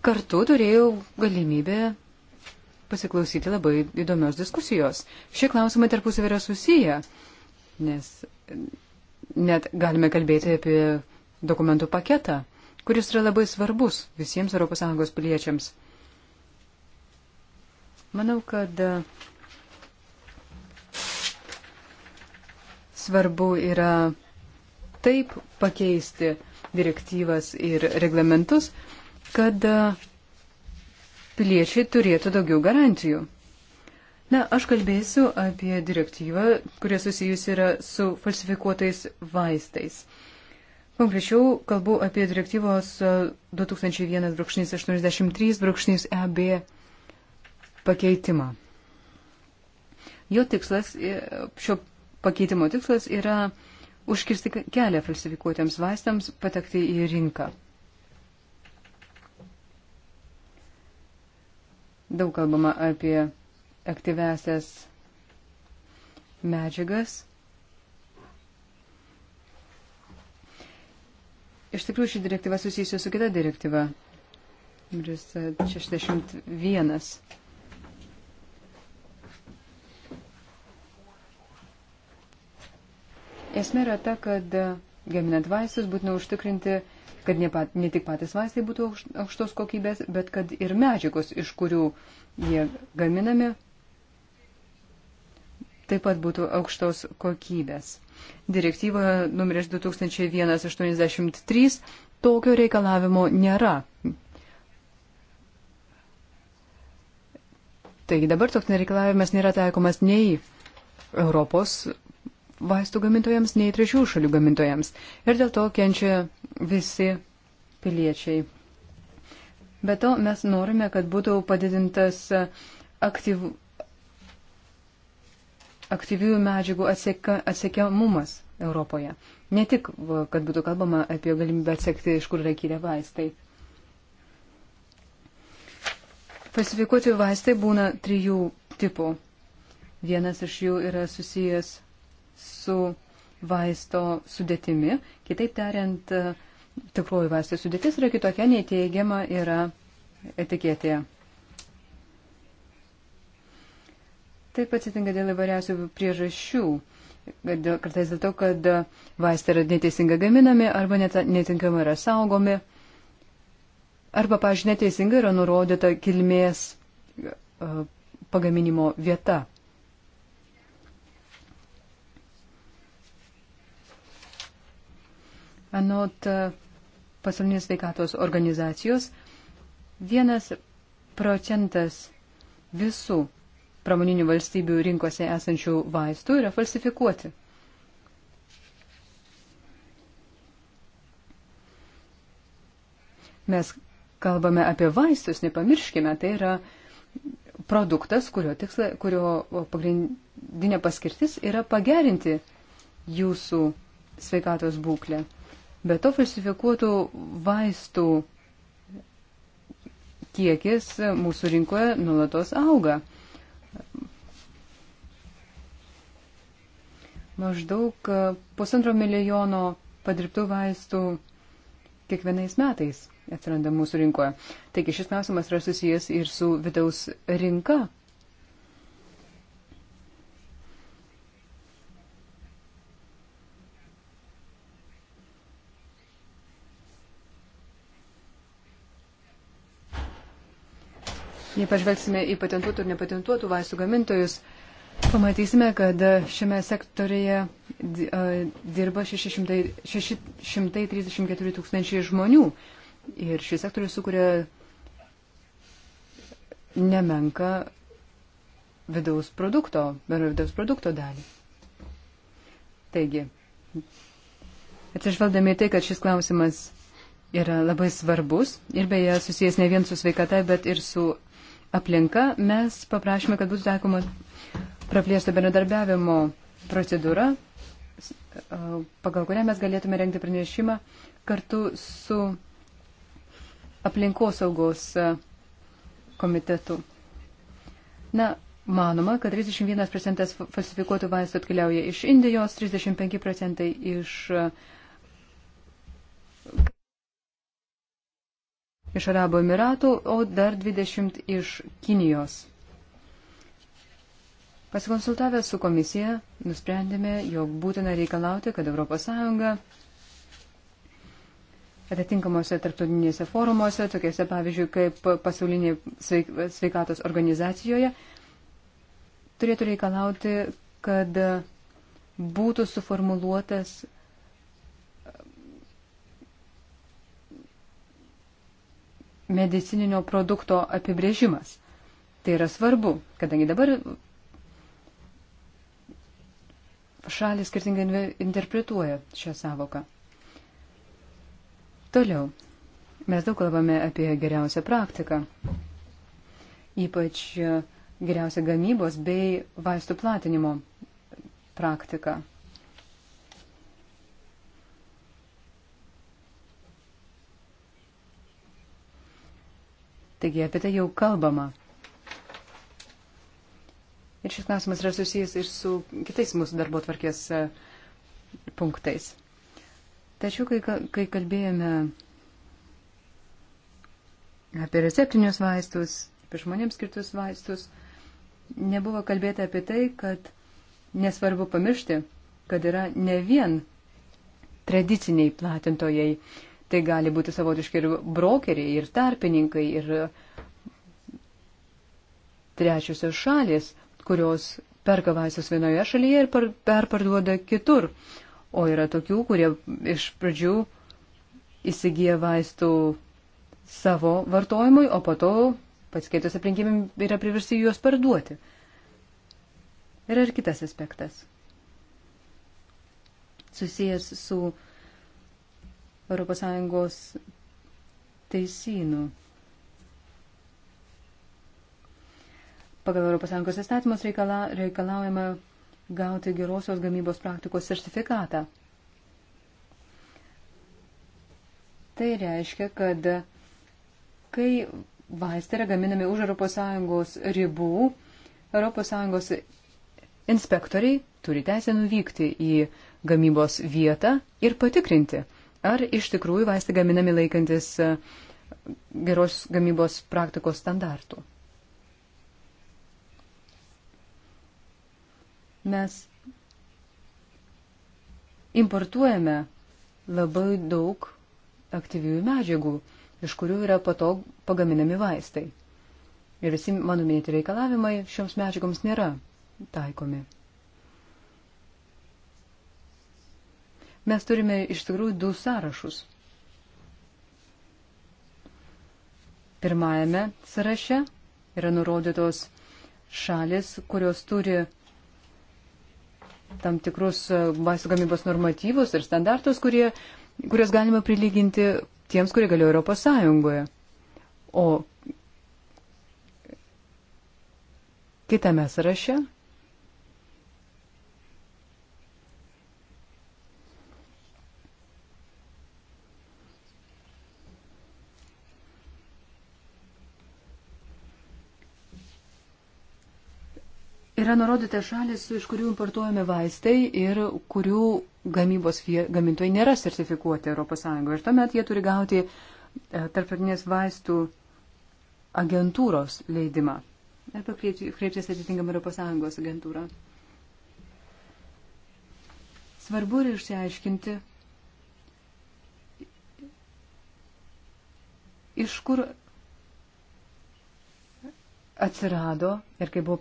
kartu turėjau galimybę pasiklausyti labai įdomios diskusijos. Šie klausimai tarpusavį yra susiję, nes net galime kalbėti apie dokumentų paketą, kuris yra labai svarbus visiems ES piliečiams. Manau, kad svarbu yra taip pakeisti direktyvas ir reglamentus, kad e, piliečiai turėtų daugiau garantijų. Na, aš kalbėsiu apie direktyvą, kurie susijusi yra su falsifikuotais vaistais. Konkrečiau kalbu apie direktyvos 2001-83-EB e pakeitimą. Jo tikslas, e, šio pakeitimo tikslas yra užkirsti kelią falsifikuotiems vaistams patekti į rinką. Daug kalbama apie aktyvesias medžiagas. Iš tikrųjų, ši direktyva susijusi su kita direktyva, kuris 61. Esmė yra ta, kad gaminant vaistus būtina užtikrinti kad ne, pat, ne tik patys vaistai būtų aukštos kokybės, bet kad ir medžiagos, iš kurių jie gaminami, taip pat būtų aukštos kokybės. Direktyva numeris 2183 tokio reikalavimo nėra. Taigi dabar toks nereikalavimas nėra taikomas nei Europos vaistų gamintojams, nei trečių šalių gamintojams. Ir dėl to kenčia visi piliečiai. Be to mes norime, kad būtų padidintas aktyv... aktyvių medžiagų atsieka... atsiekiamumas Europoje. Ne tik, kad būtų kalbama apie galimybę atsekti, iš kur yra kilę vaistai. Falsifikuoti vaistai būna trijų tipų. Vienas iš jų yra susijęs su vaisto sudėtimi. Kitaip tariant, tikroji vaisto sudėtis yra kitokia nei teigiama yra etiketėje. Taip atsitinka dėl įvairiausių priežasčių. Kartais dėl to, kad vaistai yra neteisingai gaminami arba netinkamai yra saugomi. Arba, pažiūrėjau, neteisingai yra nurodyta kilmės e, pagaminimo vieta. Anot e, pasaulinės veikatos organizacijos, vienas procentas visų pramoninių valstybių rinkose esančių vaistų yra falsifikuoti. Mes kalbame apie vaistus, nepamirškime, tai yra produktas, kurio, tiksla, kurio pagrindinė paskirtis yra pagerinti jūsų sveikatos būklę. Be to falsifikuotų vaistų kiekis mūsų rinkoje nulatos auga. Maždaug pusantro milijono padirbtų vaistų kiekvienais metais atsiranda mūsų rinkoje. Taigi šis klausimas yra susijęs ir su vidaus rinka, Jei pažvelgsime į patentuotų ir nepatentuotų vaistų gamintojus, pamatysime, kad šiame sektorėje dirba 600, 634 tūkstančiai žmonių. Ir šis sektorius sukuria nemenka vidaus produkto, bendro vidaus produkto dalį. Taigi, atsižvelgdami tai, kad šis klausimas yra labai svarbus ir beje susijęs ne vien su sveikata, bet ir su aplinka, mes paprašėme, kad būtų taikoma praplėsto bendradarbiavimo procedūra, pagal kurią mes galėtume rengti pranešimą kartu su aplinkosaugos komitetu. Na, manoma, kad 31 procentas falsifikuotų vaistų atkeliauja iš Indijos, 35 procentai iš iš Arabų Emiratų, o dar 20 iš Kinijos. Pasikonsultavę su komisija, nusprendėme, jog būtina reikalauti, kad ES atitinkamuose tarptautinėse forumuose, tokiuose pavyzdžiui, kaip pasaulinė sveikatos organizacijoje, turėtų reikalauti, kad būtų suformuluotas medicininio produkto apibrėžimas. Tai yra svarbu, kadangi dabar šalis skirtingai interpretuoja šią savoką. Toliau, mes daug kalbame apie geriausią praktiką, ypač geriausią gamybos bei vaistų platinimo praktiką. Taigi apie tai jau kalbama. Ir šis klausimas yra susijęs ir su kitais mūsų darbo tvarkės e, punktais. Tačiau, kai, kai kalbėjome apie receptinius vaistus, apie žmonėms skirtus vaistus, nebuvo kalbėta apie tai, kad nesvarbu pamiršti, kad yra ne vien tradiciniai platintojai, Tai gali būti savotiški ir brokeriai, ir tarpininkai, ir trečiosios šalis, kurios perka vaistus vienoje šalyje ir per, perparduoda kitur. O yra tokių, kurie iš pradžių įsigyja vaistų savo vartojimui, o po to pasikeitus aplinkybėm yra priversti juos parduoti. Yra ir kitas aspektas. Susijęs su ES teisynų. Pagal ES įstatymus reikala, reikalaujama gauti gerosios gamybos praktikos sertifikatą. Tai reiškia, kad kai vaistai yra gaminami už ES ribų, ES inspektoriai turi teisę nuvykti į gamybos vietą ir patikrinti, ar iš tikrųjų vaistai gaminami laikantis e, geros gamybos praktikos standartų. Mes importuojame labai daug aktyviųjų medžiagų, iš kurių yra patog pagaminami vaistai. Ir visi mano minėti reikalavimai šioms medžiagoms nėra taikomi. Mes turime iš tikrųjų du sąrašus. Pirmajame sąraše yra nurodytos šalis, kurios turi tam tikrus e, vaistų gamybos normatyvus ir standartus, kurie, kurios galima prilyginti tiems, kurie galioja Europos Sąjungoje. O kitame sąraše Yra nurodyta šalis, iš kurių importuojami vaistai ir kurių gamybos gamintojai nėra sertifikuoti ES. Ir tuomet jie turi gauti e, tarptautinės vaistų agentūros leidimą. Arba kreiptis atitinkamą ES agentūrą. Svarbu ir išsiaiškinti, iš kur atsirado ir kai buvo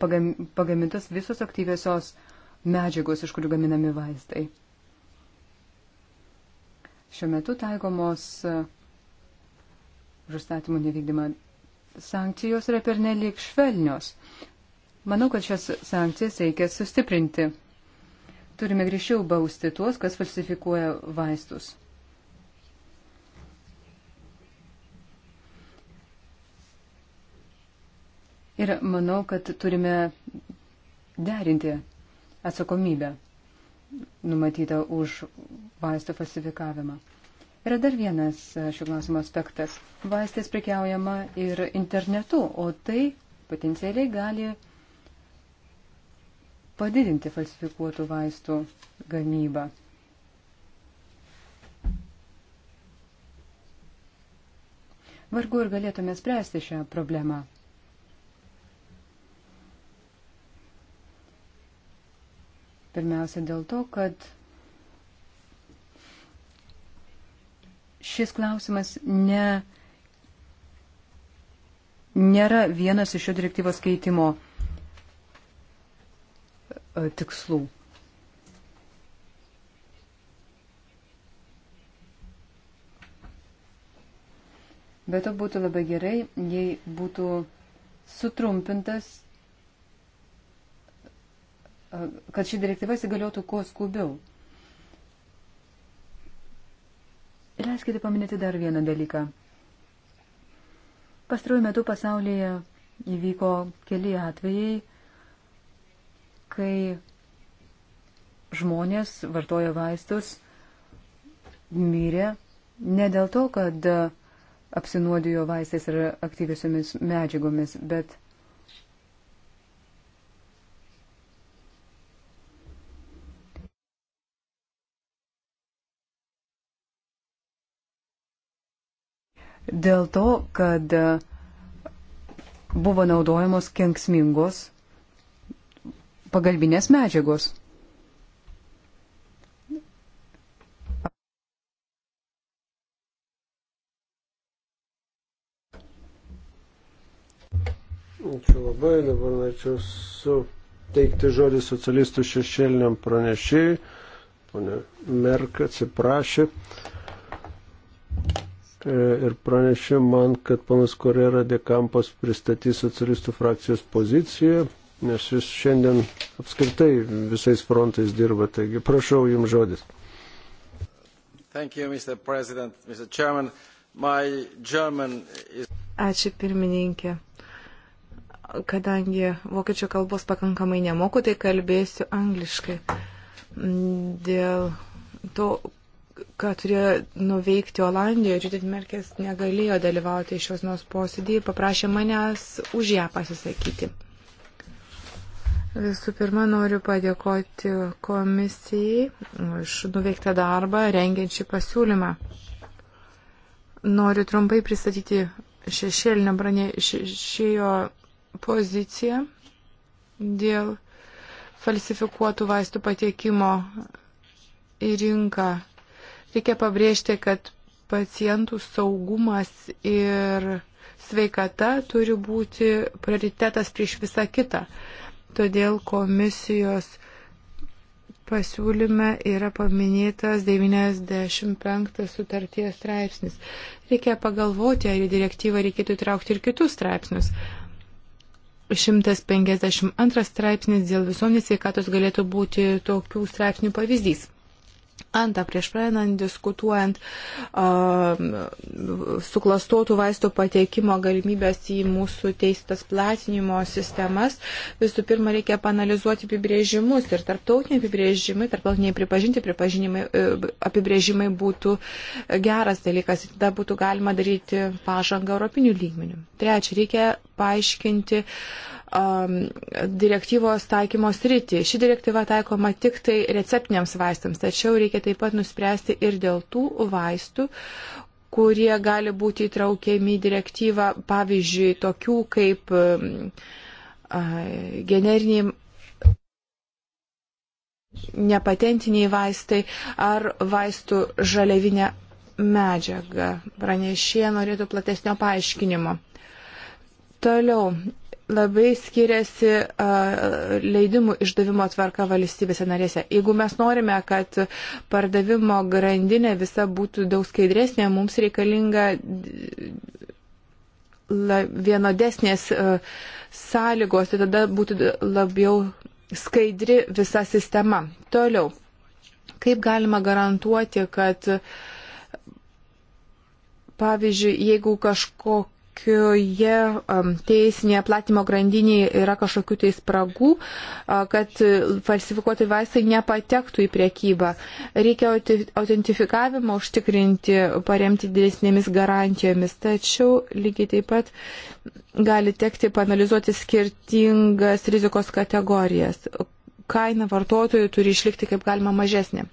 pagamintos visos aktyviosios medžiagos, iš kurių gaminami vaistai. Šiuo metu taikomos e, užstatymų nevykdymą sankcijos yra pernelik švelnios. Manau, kad šias sankcijas reikia sustiprinti. Turime grįžčiau bausti tuos, kas falsifikuoja vaistus. Ir manau, kad turime derinti atsakomybę numatytą už vaistų falsifikavimą. Yra dar vienas šio klausimo aspektas. Vaistas prekiaujama ir internetu, o tai potencialiai gali padidinti falsifikuotų vaistų gamybą. Vargu ir galėtume spręsti šią problemą. Pirmiausia dėl to, kad šis klausimas ne, nėra vienas iš šio direktyvos keitimo e, tikslų. Bet to būtų labai gerai, jei būtų sutrumpintas kad ši direktyva įsigaliotų kuo skubiau. Leiskite paminėti dar vieną dalyką. Pastaruoju metu pasaulyje įvyko keli atvejai, kai žmonės vartoja vaistus, mirė ne dėl to, kad apsinuodijo vaistais ar aktyviusiomis medžiagomis, bet dėl to, kad buvo naudojamos kenksmingos pagalbinės medžiagos. Ačiū labai, dabar norėčiau suteikti žodį socialistų šešėliniam pranešėjui. Pone Merk atsiprašė. Uh, E, ir pranešė man, kad panas Korera Dekampas pristatys socialistų frakcijos poziciją, nes jis šiandien apskritai visais frontais dirba. Taigi prašau jums žodis. Thank you, Mr. President, Mr. Chairman. My German is... Ačiū pirmininkė. Kadangi vokiečių kalbos pakankamai nemoku, tai kalbėsiu angliškai. Mm, dėl to, ką turėjo nuveikti Olandijoje. Judith Merkės negalėjo dalyvauti šios nors posėdį, paprašė manęs už ją pasisakyti. Visų pirma, noriu padėkoti komisijai už nuveiktą darbą, rengiant šį pasiūlymą. Noriu trumpai pristatyti šešėlinio pranešėjo poziciją dėl falsifikuotų vaistų patiekimo į rinką Reikia pabrėžti, kad pacientų saugumas ir sveikata turi būti prioritetas prieš visą kitą. Todėl komisijos pasiūlyme yra paminėtas 95 sutarties straipsnis. Reikia pagalvoti, ar į direktyvą reikėtų įtraukti ir kitus straipsnius. 152 straipsnis dėl visuomenės sveikatos galėtų būti tokių straipsnių pavyzdys. Anta, prieš pradedant diskutuojant uh, suklastotų vaistų pateikimo galimybės į mūsų teistas platinimo sistemas, visų pirma reikia panalizuoti apibrėžimus ir tarptautiniai apibrėžimai, tarptautiniai pripažinti pripažinimai, e, apibrėžimai būtų geras dalykas ir tada būtų galima daryti pažangą europinių lygmenių. Trečia, reikia paaiškinti uh, um, direktyvos taikymo sritį. Ši direktyva taikoma tik tai receptiniams vaistams, tačiau reikia taip pat nuspręsti ir dėl tų vaistų, kurie gali būti įtraukiami į direktyvą, pavyzdžiui, tokių kaip um, uh, generiniai nepatentiniai vaistai ar vaistų žaliavinė medžiaga. Pranešė norėtų platesnio paaiškinimo. Toliau, labai skiriasi leidimų išdavimo tvarka valstybėse narėse. Jeigu mes norime, kad pardavimo grandinė visa būtų daug skaidresnė, mums reikalinga vienodesnės sąlygos, tai tada būtų labiau skaidri visa sistema. Toliau, kaip galima garantuoti, kad pavyzdžiui, jeigu kažkokia kokioje um, teisinėje platimo grandinėje yra kažkokių tai spragų, kad falsifikuoti vaistai nepatektų į priekybą. Reikia autentifikavimą užtikrinti, paremti didesnėmis garantijomis, tačiau lygiai taip pat gali tekti panalizuoti skirtingas rizikos kategorijas kaina vartotojų turi išlikti kaip galima mažesnė.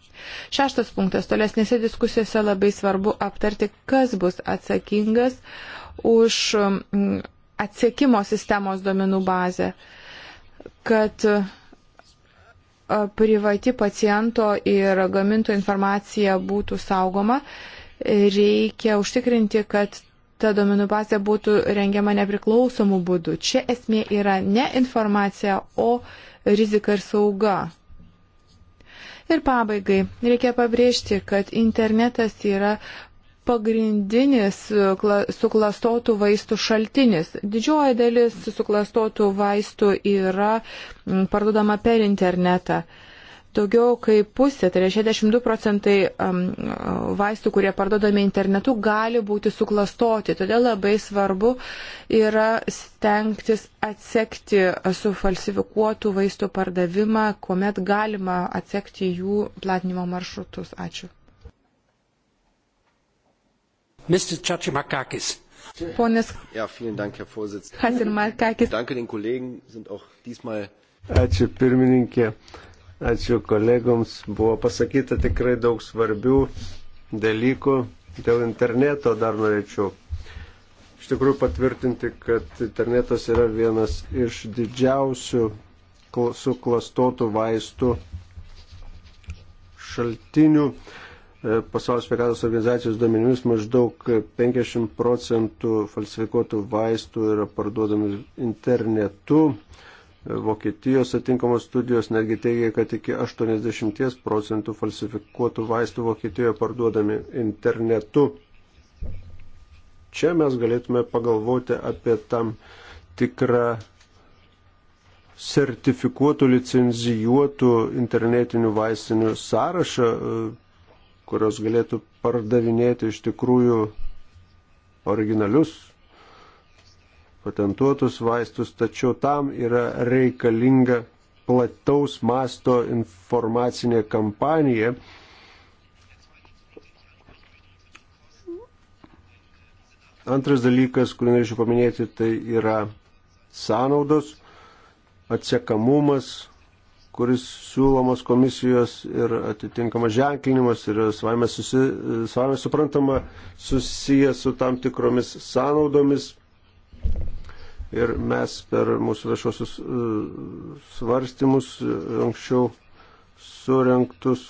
Šeštas punktas. Tolesnėse diskusijose labai svarbu aptarti, kas bus atsakingas už atsiekimo sistemos domenų bazę, kad e, privati paciento ir gamintojų informacija būtų saugoma, reikia užtikrinti, kad ta domenų bazė būtų rengiama nepriklausomų būdų. Čia esmė yra ne informacija, o rizika ir sauga. Ir pabaigai reikia pabrėžti, kad internetas yra pagrindinis e, suklastotų vaistų šaltinis. Didžioji dalis suklastotų vaistų yra parduodama per internetą. Daugiau kaip pusė, tai yra 62 procentai vaistų, kurie parduodami internetu, gali būti suklastoti. Todėl labai svarbu yra stengtis atsekti sufalsifikuotų vaistų pardavimą, kuomet galima atsekti jų platinimo maršrutus. Ačiū. Mr. Chachimakakis. Ponas ja, Dank, Hasilmarkakis. Danke den Kollegen, sind auch diesmal. Ačiū pirmininkė, ačiū kolegoms. Buvo pasakyta tikrai daug svarbių dalykų. Dėl interneto dar norėčiau iš tikrųjų patvirtinti, kad internetas yra vienas iš didžiausių suklastotų vaistų šaltinių. E, pasaulio sveikatos organizacijos duomenimis maždaug 50 procentų falsifikuotų vaistų yra parduodami internetu. E, Vokietijos atinkamos studijos netgi teigia, kad iki 80 procentų falsifikuotų vaistų Vokietijoje parduodami internetu. Čia mes galėtume pagalvoti apie tam tikrą sertifikuotų, licenzijuotų internetinių vaistinių sąrašą, e, kurios galėtų pardavinėti iš tikrųjų originalius patentuotus vaistus, tačiau tam yra reikalinga plataus masto informacinė kampanija. Antras dalykas, kurį norėčiau paminėti, tai yra sąnaudos, atsiekamumas, kuris siūlomas komisijos ir atitinkamas ženklinimas yra savame, susi, savame suprantama susijęs su tam tikromis sąnaudomis. Ir mes per mūsų viešosius e, svarstymus e, anksčiau surinktus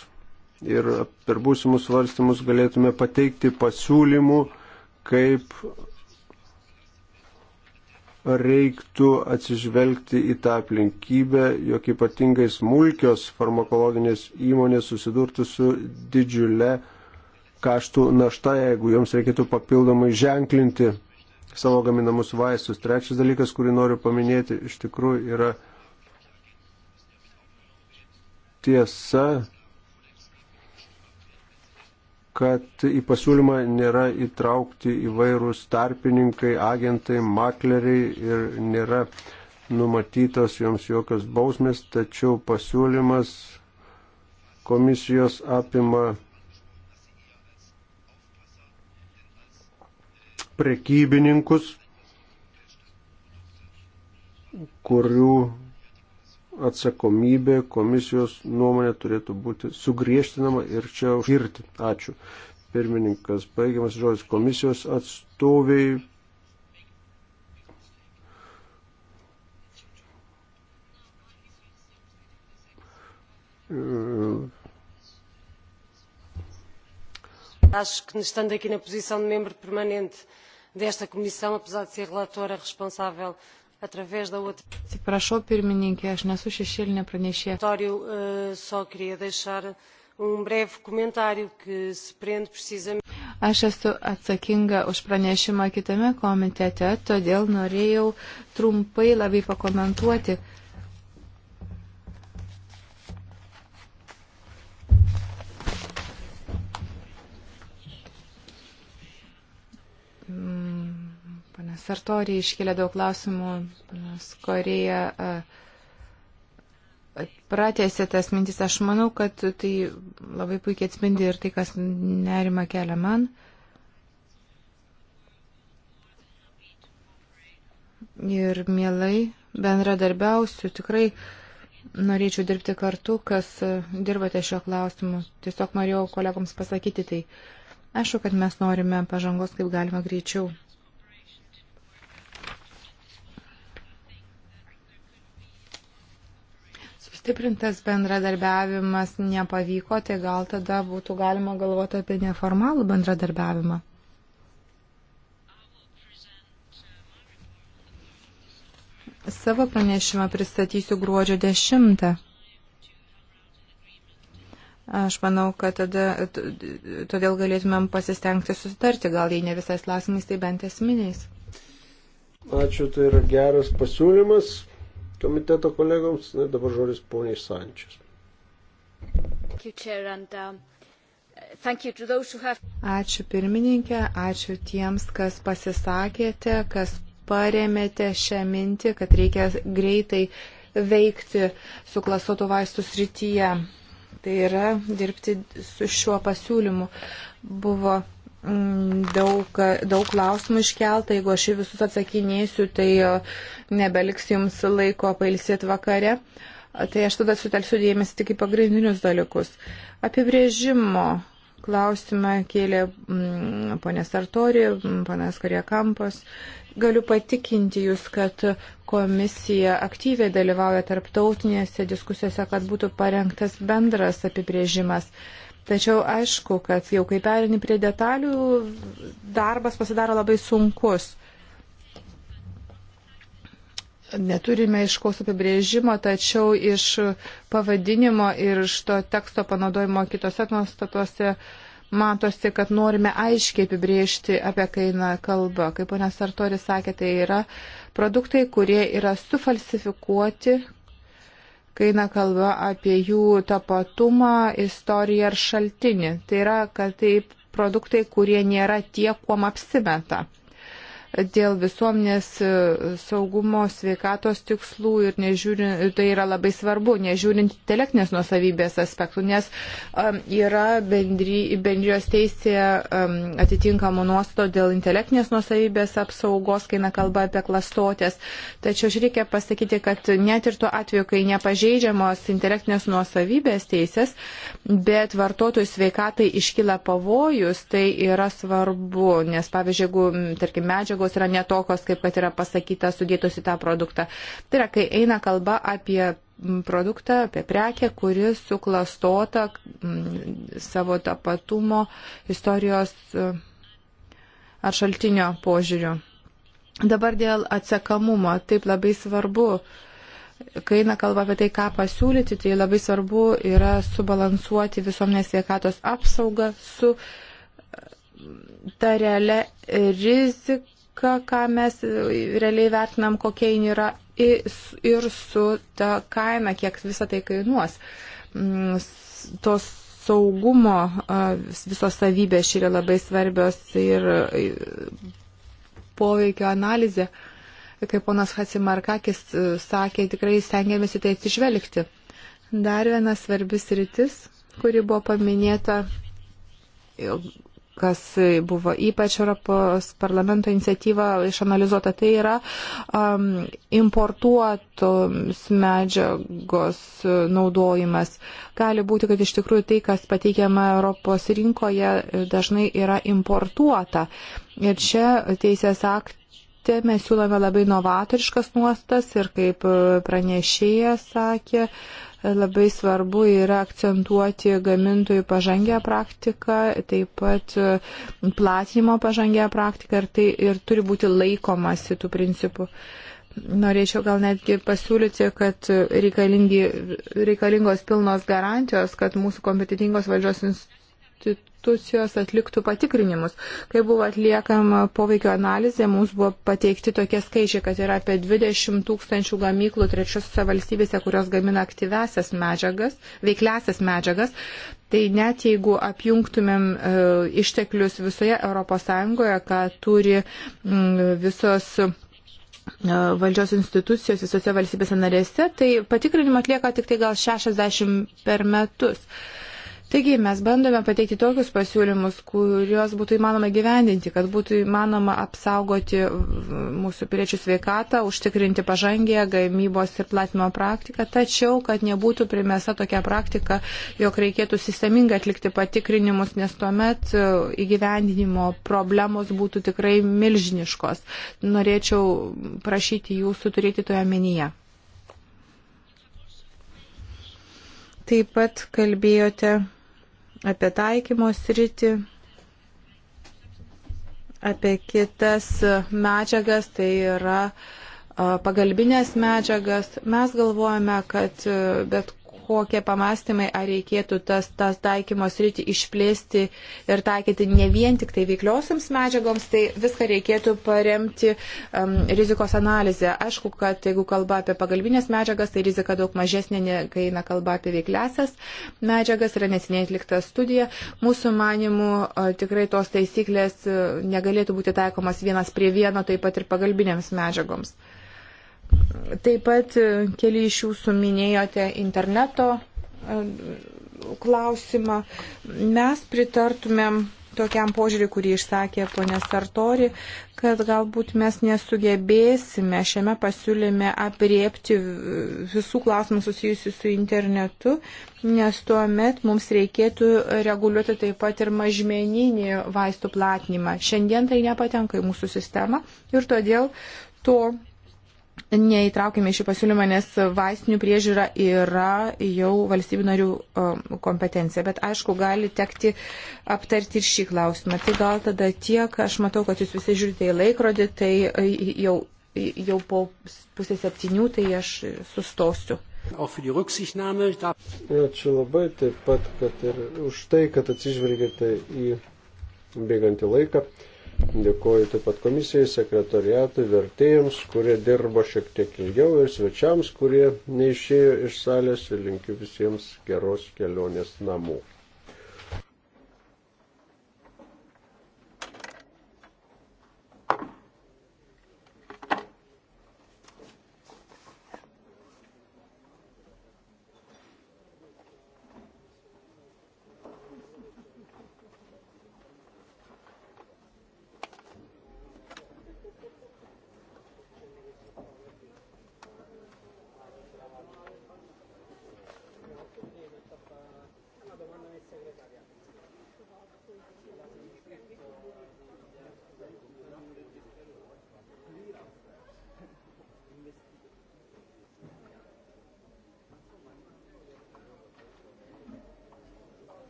ir per būsimus svarstymus galėtume pateikti pasiūlymų, kaip reiktų atsižvelgti į tą aplinkybę, jog ypatingai smulkios farmakologinės įmonės susidurtų su didžiule kaštų našta, jeigu joms reikėtų papildomai ženklinti savo gaminamus vaistus. Trečias dalykas, kurį noriu paminėti, iš tikrųjų yra tiesa, kad į pasiūlymą nėra įtraukti įvairūs tarpininkai, agentai, makleriai ir nėra numatytos joms jokios bausmės, tačiau pasiūlymas komisijos apima prekybininkus, kurių atsakomybė komisijos nuomonė turėtų būti sugriežtinama ir čia užkirti. Ačiū. Pirmininkas, baigiamas žodis komisijos atstoviai. Acho que estando aqui na posição de membro permanente desta comissão, apesar de ser relatora responsável através da outra. Atsiprašau, pirmininkė, aš nesu šešėlinė pranešė. Eh, um aš esu atsakinga už pranešimą kitame komitete, todėl norėjau trumpai labai pakomentuoti uh, Sartoriai iškėlė daug klausimų, Korėja pratėsi tas mintis. Aš manau, kad tai labai puikiai atspindi ir tai, kas nerima kelia man. Ir mielai bendradarbiausiu, tikrai norėčiau dirbti kartu, kas dirbate šio klausimu. Tiesiog norėjau kolegoms pasakyti tai. Aišku, kad mes norime pažangos kaip galima greičiau. sustiprintas bendradarbiavimas nepavyko, tai gal tada būtų galima galvoti apie neformalų bendradarbiavimą. Savo pranešimą pristatysiu gruodžio 10. Aš manau, kad tada todėl galėtumėm pasistengti susitarti, gal jei ne visais klausimais, tai bent esminiais. Ačiū, tai yra geras pasiūlymas komiteto kolegoms. Na, dabar žodis poniai Sančias. Um, ačiū pirmininkė, ačiū tiems, kas pasisakėte, kas paremėte šią mintį, kad reikia greitai veikti su klasotų vaistų srityje. Tai yra dirbti su šiuo pasiūlymu. Buvo Mm, daug, daug klausimų iškelta. Jeigu aš visus atsakinėsiu, tai e, nebeliks jums laiko pailsėti vakare. Tai aš tada sutelsiu dėmesį tik į pagrindinius dalykus. Apibrėžimo klausimą kėlė mm, ponė Sartori, mm, ponas Kariekampas. Galiu patikinti Jūs, kad komisija aktyviai dalyvauja tarptautinėse diskusijose, kad būtų parengtas bendras apibrėžimas. Uh, Tačiau aišku, kad jau kai perini prie detalių, darbas pasidaro labai sunkus. Neturime iškaus apibrėžimo, tačiau iš pavadinimo ir iš to teksto panaudojimo kitose nuostatose matosi, kad norime aiškiai apibriežti, apie ką eina kalba. Kaip ponas Sartoris sakė, tai yra produktai, kurie yra sufalsifikuoti, kai eina kalba apie jų tapatumą, istoriją ar šaltinį. Tai yra, kad tai produktai, kurie nėra tie, kuom apsimeta dėl visuomenės e, saugumo sveikatos tikslų ir nežiūrint, tai yra labai svarbu, nežiūrint intelektinės nuosavybės aspektų, nes um, yra bendry, bendrijos teisė um, atitinkamų nuosto dėl intelektinės nuosavybės apsaugos, kai nekalba apie klastotės. Tačiau aš reikia pasakyti, kad net ir tuo atveju, kai nepažeidžiamos intelektinės nuosavybės teisės, bet vartotojų sveikatai iškyla pavojus, tai yra svarbu, nes pavyzdžiui, jeigu, tarkim, medžio medžiagos yra netokios, kaip kad yra pasakyta sudėtos į tą produktą. Tai yra, kai eina kalba apie produktą, apie prekę, kuri suklastota mm, savo tapatumo, istorijos mm, ar šaltinio požiūriu. Dabar dėl atsekamumo. Taip labai svarbu kai eina kalba apie tai, ką pasiūlyti, tai labai svarbu yra subalansuoti visuomenės sveikatos apsaugą su mm, ta realia rizika ką, ką mes realiai vertinam, kokia jin yra ir su ta kaina, kiek visą tai kainuos. Mm, tos saugumo visos savybės yra labai svarbios ir poveikio analizė, kaip ponas Hatsimarkakis e, sakė, tikrai stengiamės į tai atsižvelgti. Dar viena svarbis rytis, kuri buvo paminėta kas buvo ypač Europos parlamento iniciatyva išanalizuota, tai yra um, importuotos medžiagos naudojimas. Gali būti, kad iš tikrųjų tai, kas pateikiama Europos rinkoje, dažnai yra importuota. Ir čia teisės aktai pakeisti, mes siūlome labai novatoriškas nuostas ir kaip pranešėjas sakė, labai svarbu yra akcentuoti gamintojų pažangę praktiką, taip pat e, platinimo pažangę praktiką ir, tai, ir turi būti laikomasi tų principų. Norėčiau gal netgi pasiūlyti, kad reikalingos pilnos garantijos, kad mūsų kompetitingos valdžios institucijos institucijos atliktų patikrinimus. Kai buvo atliekama poveikio analizė, mums buvo pateikti tokie skaičiai, kad yra apie 20 tūkstančių gamyklų trečiosiuose valstybėse, kurios gamina aktyvesias medžiagas, veikliasias medžiagas. Tai net jeigu apjungtumėm e, išteklius visoje ES, ką turi m, mm, visos e, valdžios institucijos visose valstybėse narėse, tai patikrinimą atlieka tik tai gal 60 per metus. Uh, Taigi mes bandome pateikti tokius pasiūlymus, kuriuos būtų įmanoma gyvendinti, kad būtų įmanoma apsaugoti mūsų piliečių sveikatą, užtikrinti pažangę gamybos ir platinimo praktiką, tačiau kad nebūtų primesa tokia praktika, jog reikėtų sistemingai atlikti patikrinimus, nes tuomet e, įgyvendinimo problemos būtų tikrai milžiniškos. Norėčiau prašyti jūsų turėti toje tai menyje. Taip pat kalbėjote apie taikymo sritį, apie kitas medžiagas, tai yra pagalbinės medžiagas. Mes galvojame, kad e, bet kokie pamastymai, ar reikėtų tas, tas taikymos rytį išplėsti ir taikyti ne vien tik tai veikliosiams medžiagoms, tai viską reikėtų paremti um, rizikos analizę. Aišku, kad jeigu kalba apie pagalbinės medžiagas, tai rizika daug mažesnė, kai eina kalba apie veikliasias medžiagas, yra nesiniai atlikta studija. Mūsų manimų tikrai tos taisyklės negalėtų būti taikomas vienas prie vieno, taip pat ir pagalbinėms medžiagoms. Taip pat e, keli iš jūsų minėjote interneto e, klausimą. Mes pritartumėm tokiam požiūriui, kurį išsakė ponė Sartori, kad galbūt mes nesugebėsime šiame pasiūlyme apriepti visų klausimų susijusių su internetu, nes tuomet mums reikėtų reguliuoti taip pat ir mažmeninį vaistų platinimą. Šiandien tai nepatenka į mūsų sistemą ir todėl to neįtraukėme šį pasiūlymą, nes vaistinių priežiūra yra jau valstybių narių e, kompetencija. Bet aišku, gali tekti aptarti ir šį klausimą. Tai gal tada tiek, aš matau, kad jūs visi žiūrite į laikrodį, tai e, jau, jau po pusės septynių, tai aš sustosiu. Ačiū labai taip pat, kad ir už tai, kad atsižvelgėte į bėgantį laiką. Dėkoju taip pat komisijai, sekretariatui, vertėjams, kurie dirbo šiek tiek ilgiau ir svečiams, kurie neišėjo iš salės ir linkiu visiems geros kelionės namų.